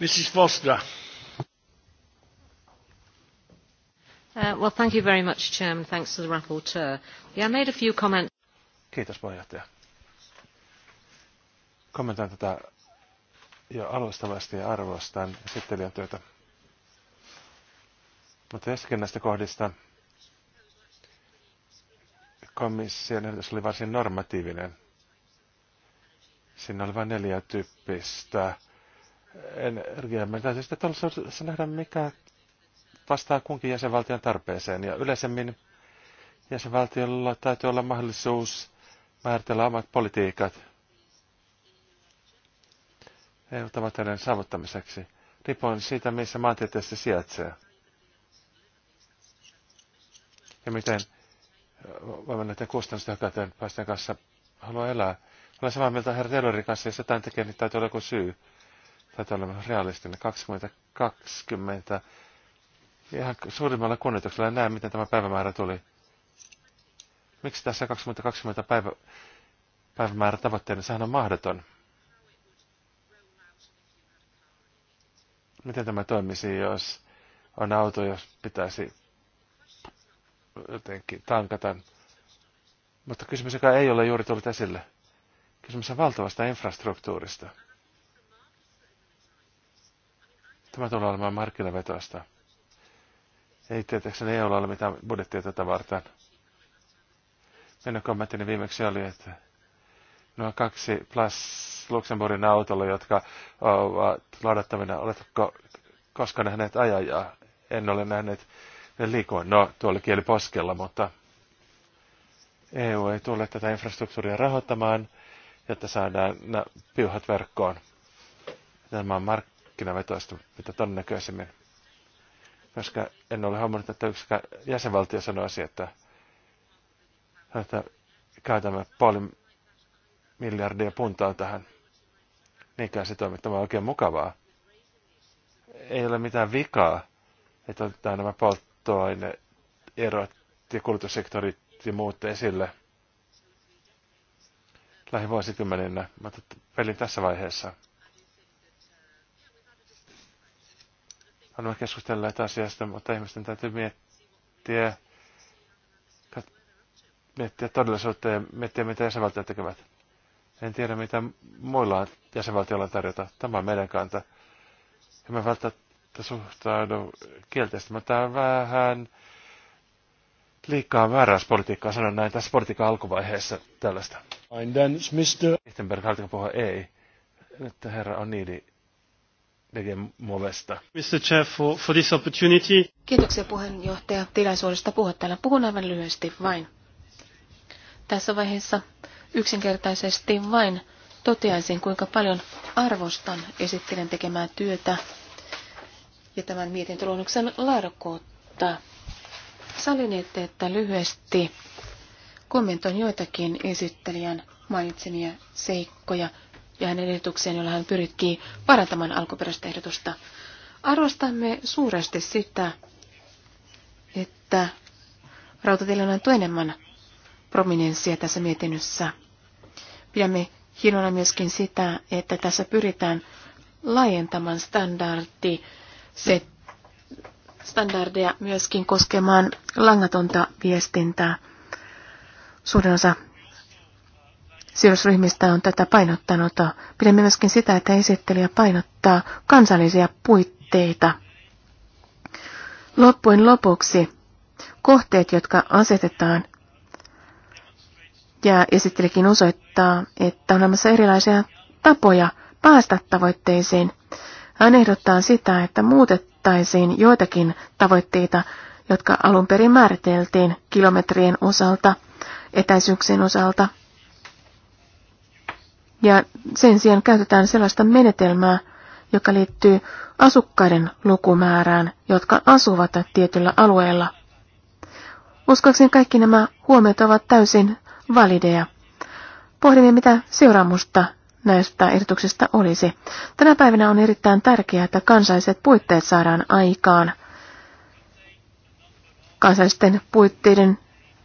Mrs. Vostra. puheenjohtaja. Kommentoin tätä jo alustavasti ja arvostan esittelijän työtä. Mutta jostakin näistä kohdista komission ehdotus oli varsin normatiivinen. Siinä oli vain neljä tyyppistä energiaa. Meidän täytyy sitten tuolla nähdä, mikä vastaa kunkin jäsenvaltion tarpeeseen. Ja yleisemmin jäsenvaltiolla täytyy olla mahdollisuus määritellä omat politiikat EU-tavoitteiden saavuttamiseksi, riippuen siitä, missä maantieteessä sijaitsee. Ja miten voimme näiden kustannustehokkaiden päästöjen kanssa haluaa elää. Olen samaa mieltä herra Taylorin kanssa, jos jotain tekee, niin täytyy olla joku syy. Täytyy olla realistinen. 2020 ihan suurimmalla kunnioituksella näe, miten tämä päivämäärä tuli. Miksi tässä 2020 päivä, päivämäärä tavoitteena? Sehän on mahdoton. Miten tämä toimisi, jos on auto, jos pitäisi jotenkin tankata? Mutta kysymys, joka ei ole juuri tullut esille. Kysymys on valtavasta infrastruktuurista. Tämä tulee olemaan markkinavetoista. Ei tietenkään ei ole mitään budjettia tätä varten. Minun kommenttini viimeksi oli, että nuo kaksi plus Luxemburgin autolla, jotka ovat ladattavina, oletko koskaan nähneet ajajaa? En ole nähnyt ne liikoin. No, tuolla kieli poskella, mutta EU ei tule tätä infrastruktuuria rahoittamaan, jotta saadaan nämä piuhat verkkoon. Tämä on markkinavetoista, mitä todennäköisemmin koska en ole huomannut, että yksi jäsenvaltio sanoisi, että, että käytämme puoli miljardia puntaa tähän. Niinkään se toimii. Tämä on oikein mukavaa. Ei ole mitään vikaa, että otetaan nämä polttoaineerot ja kulutussektorit ja muut esille lähivuosikymmeninä. Mä pelin tässä vaiheessa. keskustella tästä asiasta, mutta ihmisten täytyy miettiä, miettiä todellisuutta ja miettiä, mitä jäsenvaltiot tekevät. En tiedä, mitä muilla on jäsenvaltioilla tarjota. Tämä on meidän kanta. Ja mä välttämättä suhtaudu kielteisesti, mutta tämä on vähän liikaa määräyspolitiikkaa sanon näin tässä politiikan alkuvaiheessa tällaista. Lichtenberg, haluatko puhua ei? Nyt herra on niin. Muovesta. Mr. Chair, for, for this opportunity. Kiitoksia puheenjohtaja tilaisuudesta puhua täällä. Puhun aivan lyhyesti vain. Tässä vaiheessa yksinkertaisesti vain toteaisin, kuinka paljon arvostan esittelen tekemää työtä ja tämän mietintöluonnoksen laadukkuutta. Salinette, että lyhyesti kommentoin joitakin esittelijän mainitsemia seikkoja ja hänen ehdotukseen, jolla hän pyrkii parantamaan alkuperäistä ehdotusta. Arvostamme suuresti sitä, että rautatiellä on enemmän prominenssia tässä mietinnössä. Pidämme hienona myöskin sitä, että tässä pyritään laajentamaan standardi, se standardeja myöskin koskemaan langatonta viestintää. Suurin osa sidosryhmistä on tätä painottanut. Pidämme myöskin sitä, että esittelijä painottaa kansallisia puitteita. Loppujen lopuksi kohteet, jotka asetetaan, ja esittelikin osoittaa, että on olemassa erilaisia tapoja päästä tavoitteisiin. Hän ehdottaa sitä, että muutettaisiin joitakin tavoitteita, jotka alun perin määriteltiin kilometrien osalta, etäisyyksien osalta – ja sen sijaan käytetään sellaista menetelmää, joka liittyy asukkaiden lukumäärään, jotka asuvat tietyllä alueella. Uskoakseni kaikki nämä huomiot ovat täysin valideja. Pohdimme, mitä seuraamusta näistä ehdotuksista olisi. Tänä päivänä on erittäin tärkeää, että kansalliset puitteet saadaan aikaan. Kansallisten puitteiden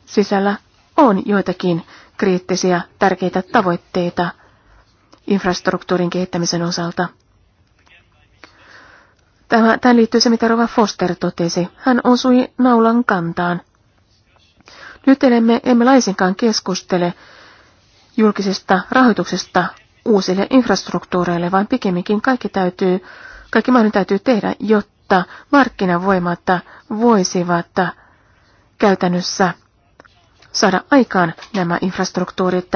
sisällä on joitakin kriittisiä tärkeitä tavoitteita – infrastruktuurin kehittämisen osalta. Tämä, tämän liittyy se, mitä Rova Foster totesi. Hän osui naulan kantaan. Nyt elämme, emme laisinkaan keskustele julkisesta rahoituksesta uusille infrastruktuureille, vaan pikemminkin kaikki, täytyy, kaikki mahdollinen täytyy tehdä, jotta markkinavoimat voisivat käytännössä saada aikaan nämä infrastruktuurit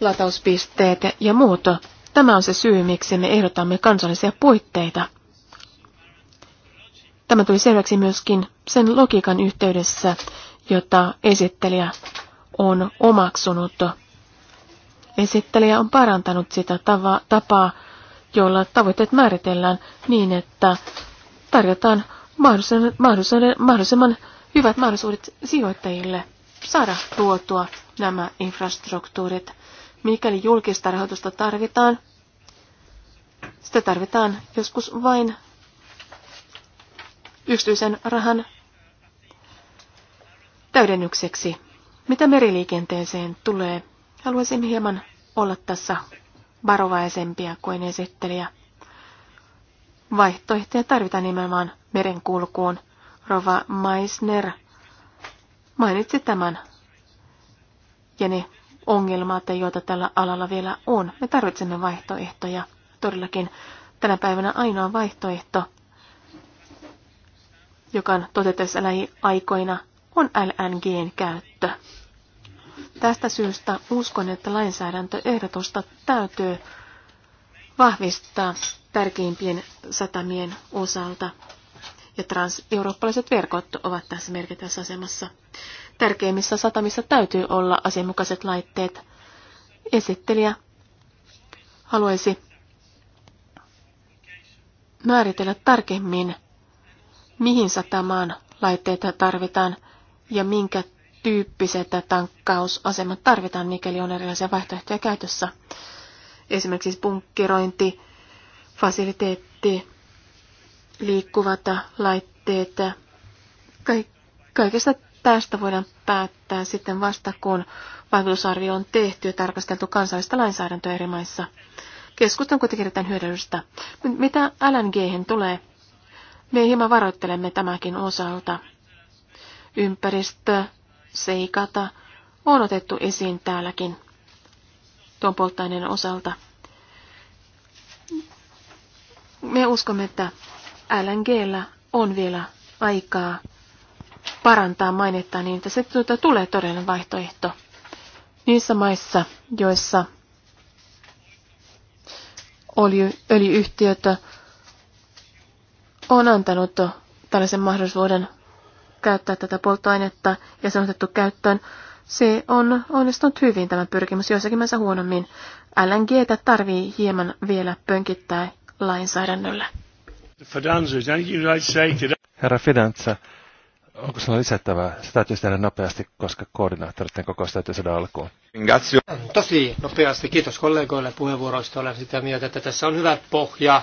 latauspisteet ja muut. Tämä on se syy, miksi me ehdotamme kansallisia puitteita. Tämä tuli selväksi myöskin sen logiikan yhteydessä, jota esittelijä on omaksunut. Esittelijä on parantanut sitä tava, tapaa, jolla tavoitteet määritellään niin, että tarjotaan mahdollisimman, mahdollisimman, mahdollisimman hyvät mahdollisuudet sijoittajille saada tuotua nämä infrastruktuurit Mikäli julkista rahoitusta tarvitaan, sitä tarvitaan joskus vain yksityisen rahan täydennykseksi. Mitä meriliikenteeseen tulee, haluaisin hieman olla tässä varovaisempia kuin esittelijä. Vaihtoehtoja tarvitaan nimenomaan merenkulkuun. Rova Meisner mainitsi tämän, ja ne ongelmat, joita tällä alalla vielä on. Me tarvitsemme vaihtoehtoja. Todellakin tänä päivänä ainoa vaihtoehto, joka on toteutettavissa lähiaikoina, on LNGn käyttö. Tästä syystä uskon, että lainsäädäntöehdotusta täytyy vahvistaa tärkeimpien satamien osalta. Ja transeurooppalaiset verkot ovat tässä merkittävässä asemassa. Tärkeimmissä satamissa täytyy olla asianmukaiset laitteet. Esittelijä haluaisi määritellä tarkemmin, mihin satamaan laitteita tarvitaan ja minkä tyyppiset tankkausasemat tarvitaan, mikäli on erilaisia vaihtoehtoja käytössä. Esimerkiksi punkkirointi, fasiliteetti, liikkuvat laitteet. Ka- kaikesta Tästä voidaan päättää sitten vasta, kun vaikutusarvio on tehty ja tarkasteltu kansallista lainsäädäntöä eri maissa. Keskustelu on kuitenkin erittäin hyödyllistä. Mitä lng tulee, me hieman varoittelemme tämäkin osalta. Ympäristö, seikata on otettu esiin täälläkin tuon polttoaineen osalta. Me uskomme, että LNGllä on vielä aikaa parantaa mainetta niin, että se tuota tulee todellinen vaihtoehto niissä maissa, joissa oli, öljyyhtiöt on antanut tällaisen mahdollisuuden käyttää tätä polttoainetta ja se on otettu käyttöön. Se on onnistunut hyvin tämä pyrkimys, joissakin mielessä huonommin. LNGtä tarvii hieman vielä pönkittää lainsäädännöllä. Herra Fidanza, Onko sinulla lisättävää? Se täytyy tehdä nopeasti, koska koordinaattoritten kokous täytyy saada alkuun. Tosi nopeasti. Kiitos kollegoille puheenvuoroista. Olen sitä mieltä, että tässä on hyvä pohja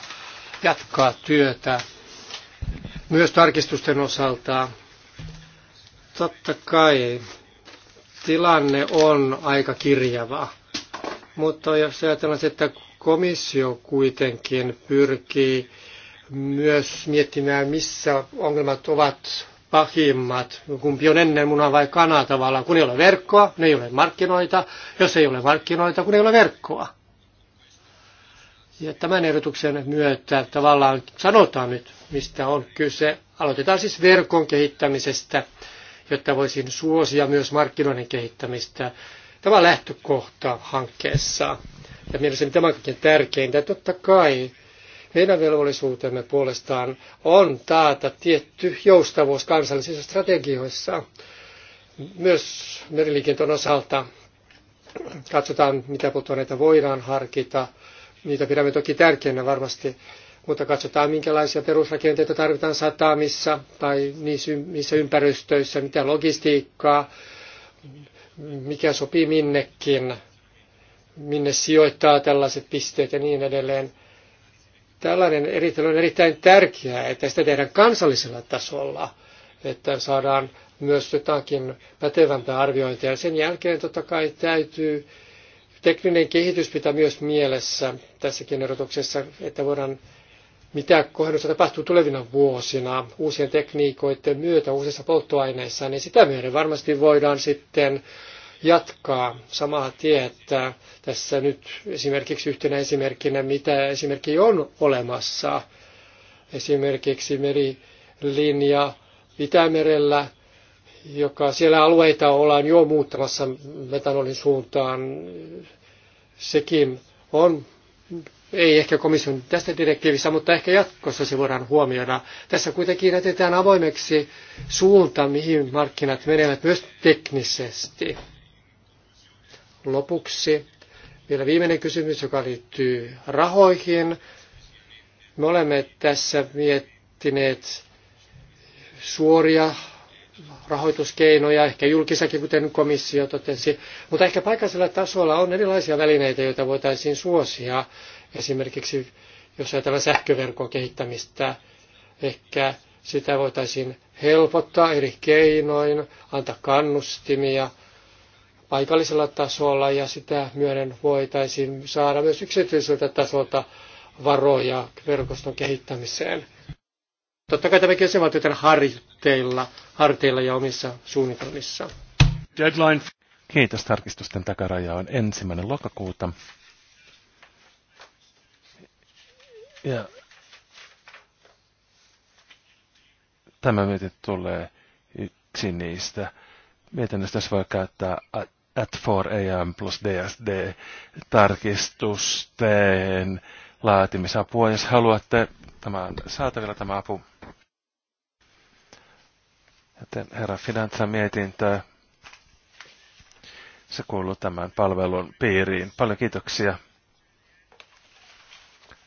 jatkaa työtä myös tarkistusten osalta. Totta kai tilanne on aika kirjava, mutta jos ajatellaan, että komissio kuitenkin pyrkii myös miettimään, missä ongelmat ovat pahimmat, kumpi on ennen muna vai kana tavallaan. Kun ei ole verkkoa, ne ei ole markkinoita. Jos ei ole markkinoita, kun ei ole verkkoa. Ja tämän ehdotuksen myötä tavallaan sanotaan nyt, mistä on kyse. Aloitetaan siis verkon kehittämisestä, jotta voisin suosia myös markkinoiden kehittämistä. Tämä on lähtökohta hankkeessa. Ja mielestäni tämä on kaikkein tärkeintä. Totta kai meidän velvollisuutemme puolestaan on taata tietty joustavuus kansallisissa strategioissa. Myös meriliikenteen osalta katsotaan, mitä polttoaineita voidaan harkita. Niitä pidämme toki tärkeänä varmasti, mutta katsotaan, minkälaisia perusrakenteita tarvitaan satamissa tai niissä ympäristöissä, mitä logistiikkaa, mikä sopii minnekin, minne sijoittaa tällaiset pisteet ja niin edelleen. Tällainen erittely on erittäin tärkeää, että sitä tehdään kansallisella tasolla, että saadaan myös jotakin pätevämpää arviointia. Sen jälkeen totta kai täytyy tekninen kehitys pitää myös mielessä tässäkin erotuksessa, että voidaan mitä kohdennusta tapahtuu tulevina vuosina uusien tekniikoiden myötä uusissa polttoaineissa, niin sitä myöden varmasti voidaan sitten jatkaa samaa tietä. Tässä nyt esimerkiksi yhtenä esimerkkinä, mitä esimerkki on olemassa. Esimerkiksi merilinja Itämerellä, joka siellä alueita ollaan jo muuttamassa metanolin suuntaan. Sekin on ei ehkä komission tästä direktiivissä, mutta ehkä jatkossa se voidaan huomioida. Tässä kuitenkin jätetään avoimeksi suunta, mihin markkinat menevät myös teknisesti. Lopuksi vielä viimeinen kysymys, joka liittyy rahoihin. Me olemme tässä miettineet suoria rahoituskeinoja, ehkä julkisakin, kuten komissio totesi, mutta ehkä paikallisella tasolla on erilaisia välineitä, joita voitaisiin suosia. Esimerkiksi jos ajatellaan sähköverkon kehittämistä, ehkä sitä voitaisiin helpottaa eri keinoin, antaa kannustimia – paikallisella tasolla ja sitä myöden voitaisiin saada myös yksityiseltä tasolta varoja verkoston kehittämiseen. Totta kai on jäsenvaltioiden harteilla, harteilla ja omissa suunnitelmissa. Deadline. Kiitos. Tarkistusten takaraja on ensimmäinen lokakuuta. Ja tämä mietintö tulee yksi niistä mietinnöstä, jos voi käyttää at for AM plus DSD tarkistusten laatimisapua. Jos haluatte, tämä on saatavilla tämä apu. Joten herra finanza mietintö, se kuuluu tämän palvelun piiriin. Paljon kiitoksia.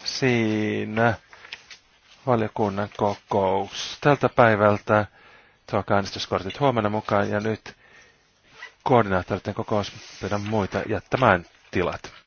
Siinä valiokunnan kokous tältä päivältä. Tuo kannistuskortit huomenna mukaan ja nyt koordinaattoreiden kokous pyydän muita jättämään tilat.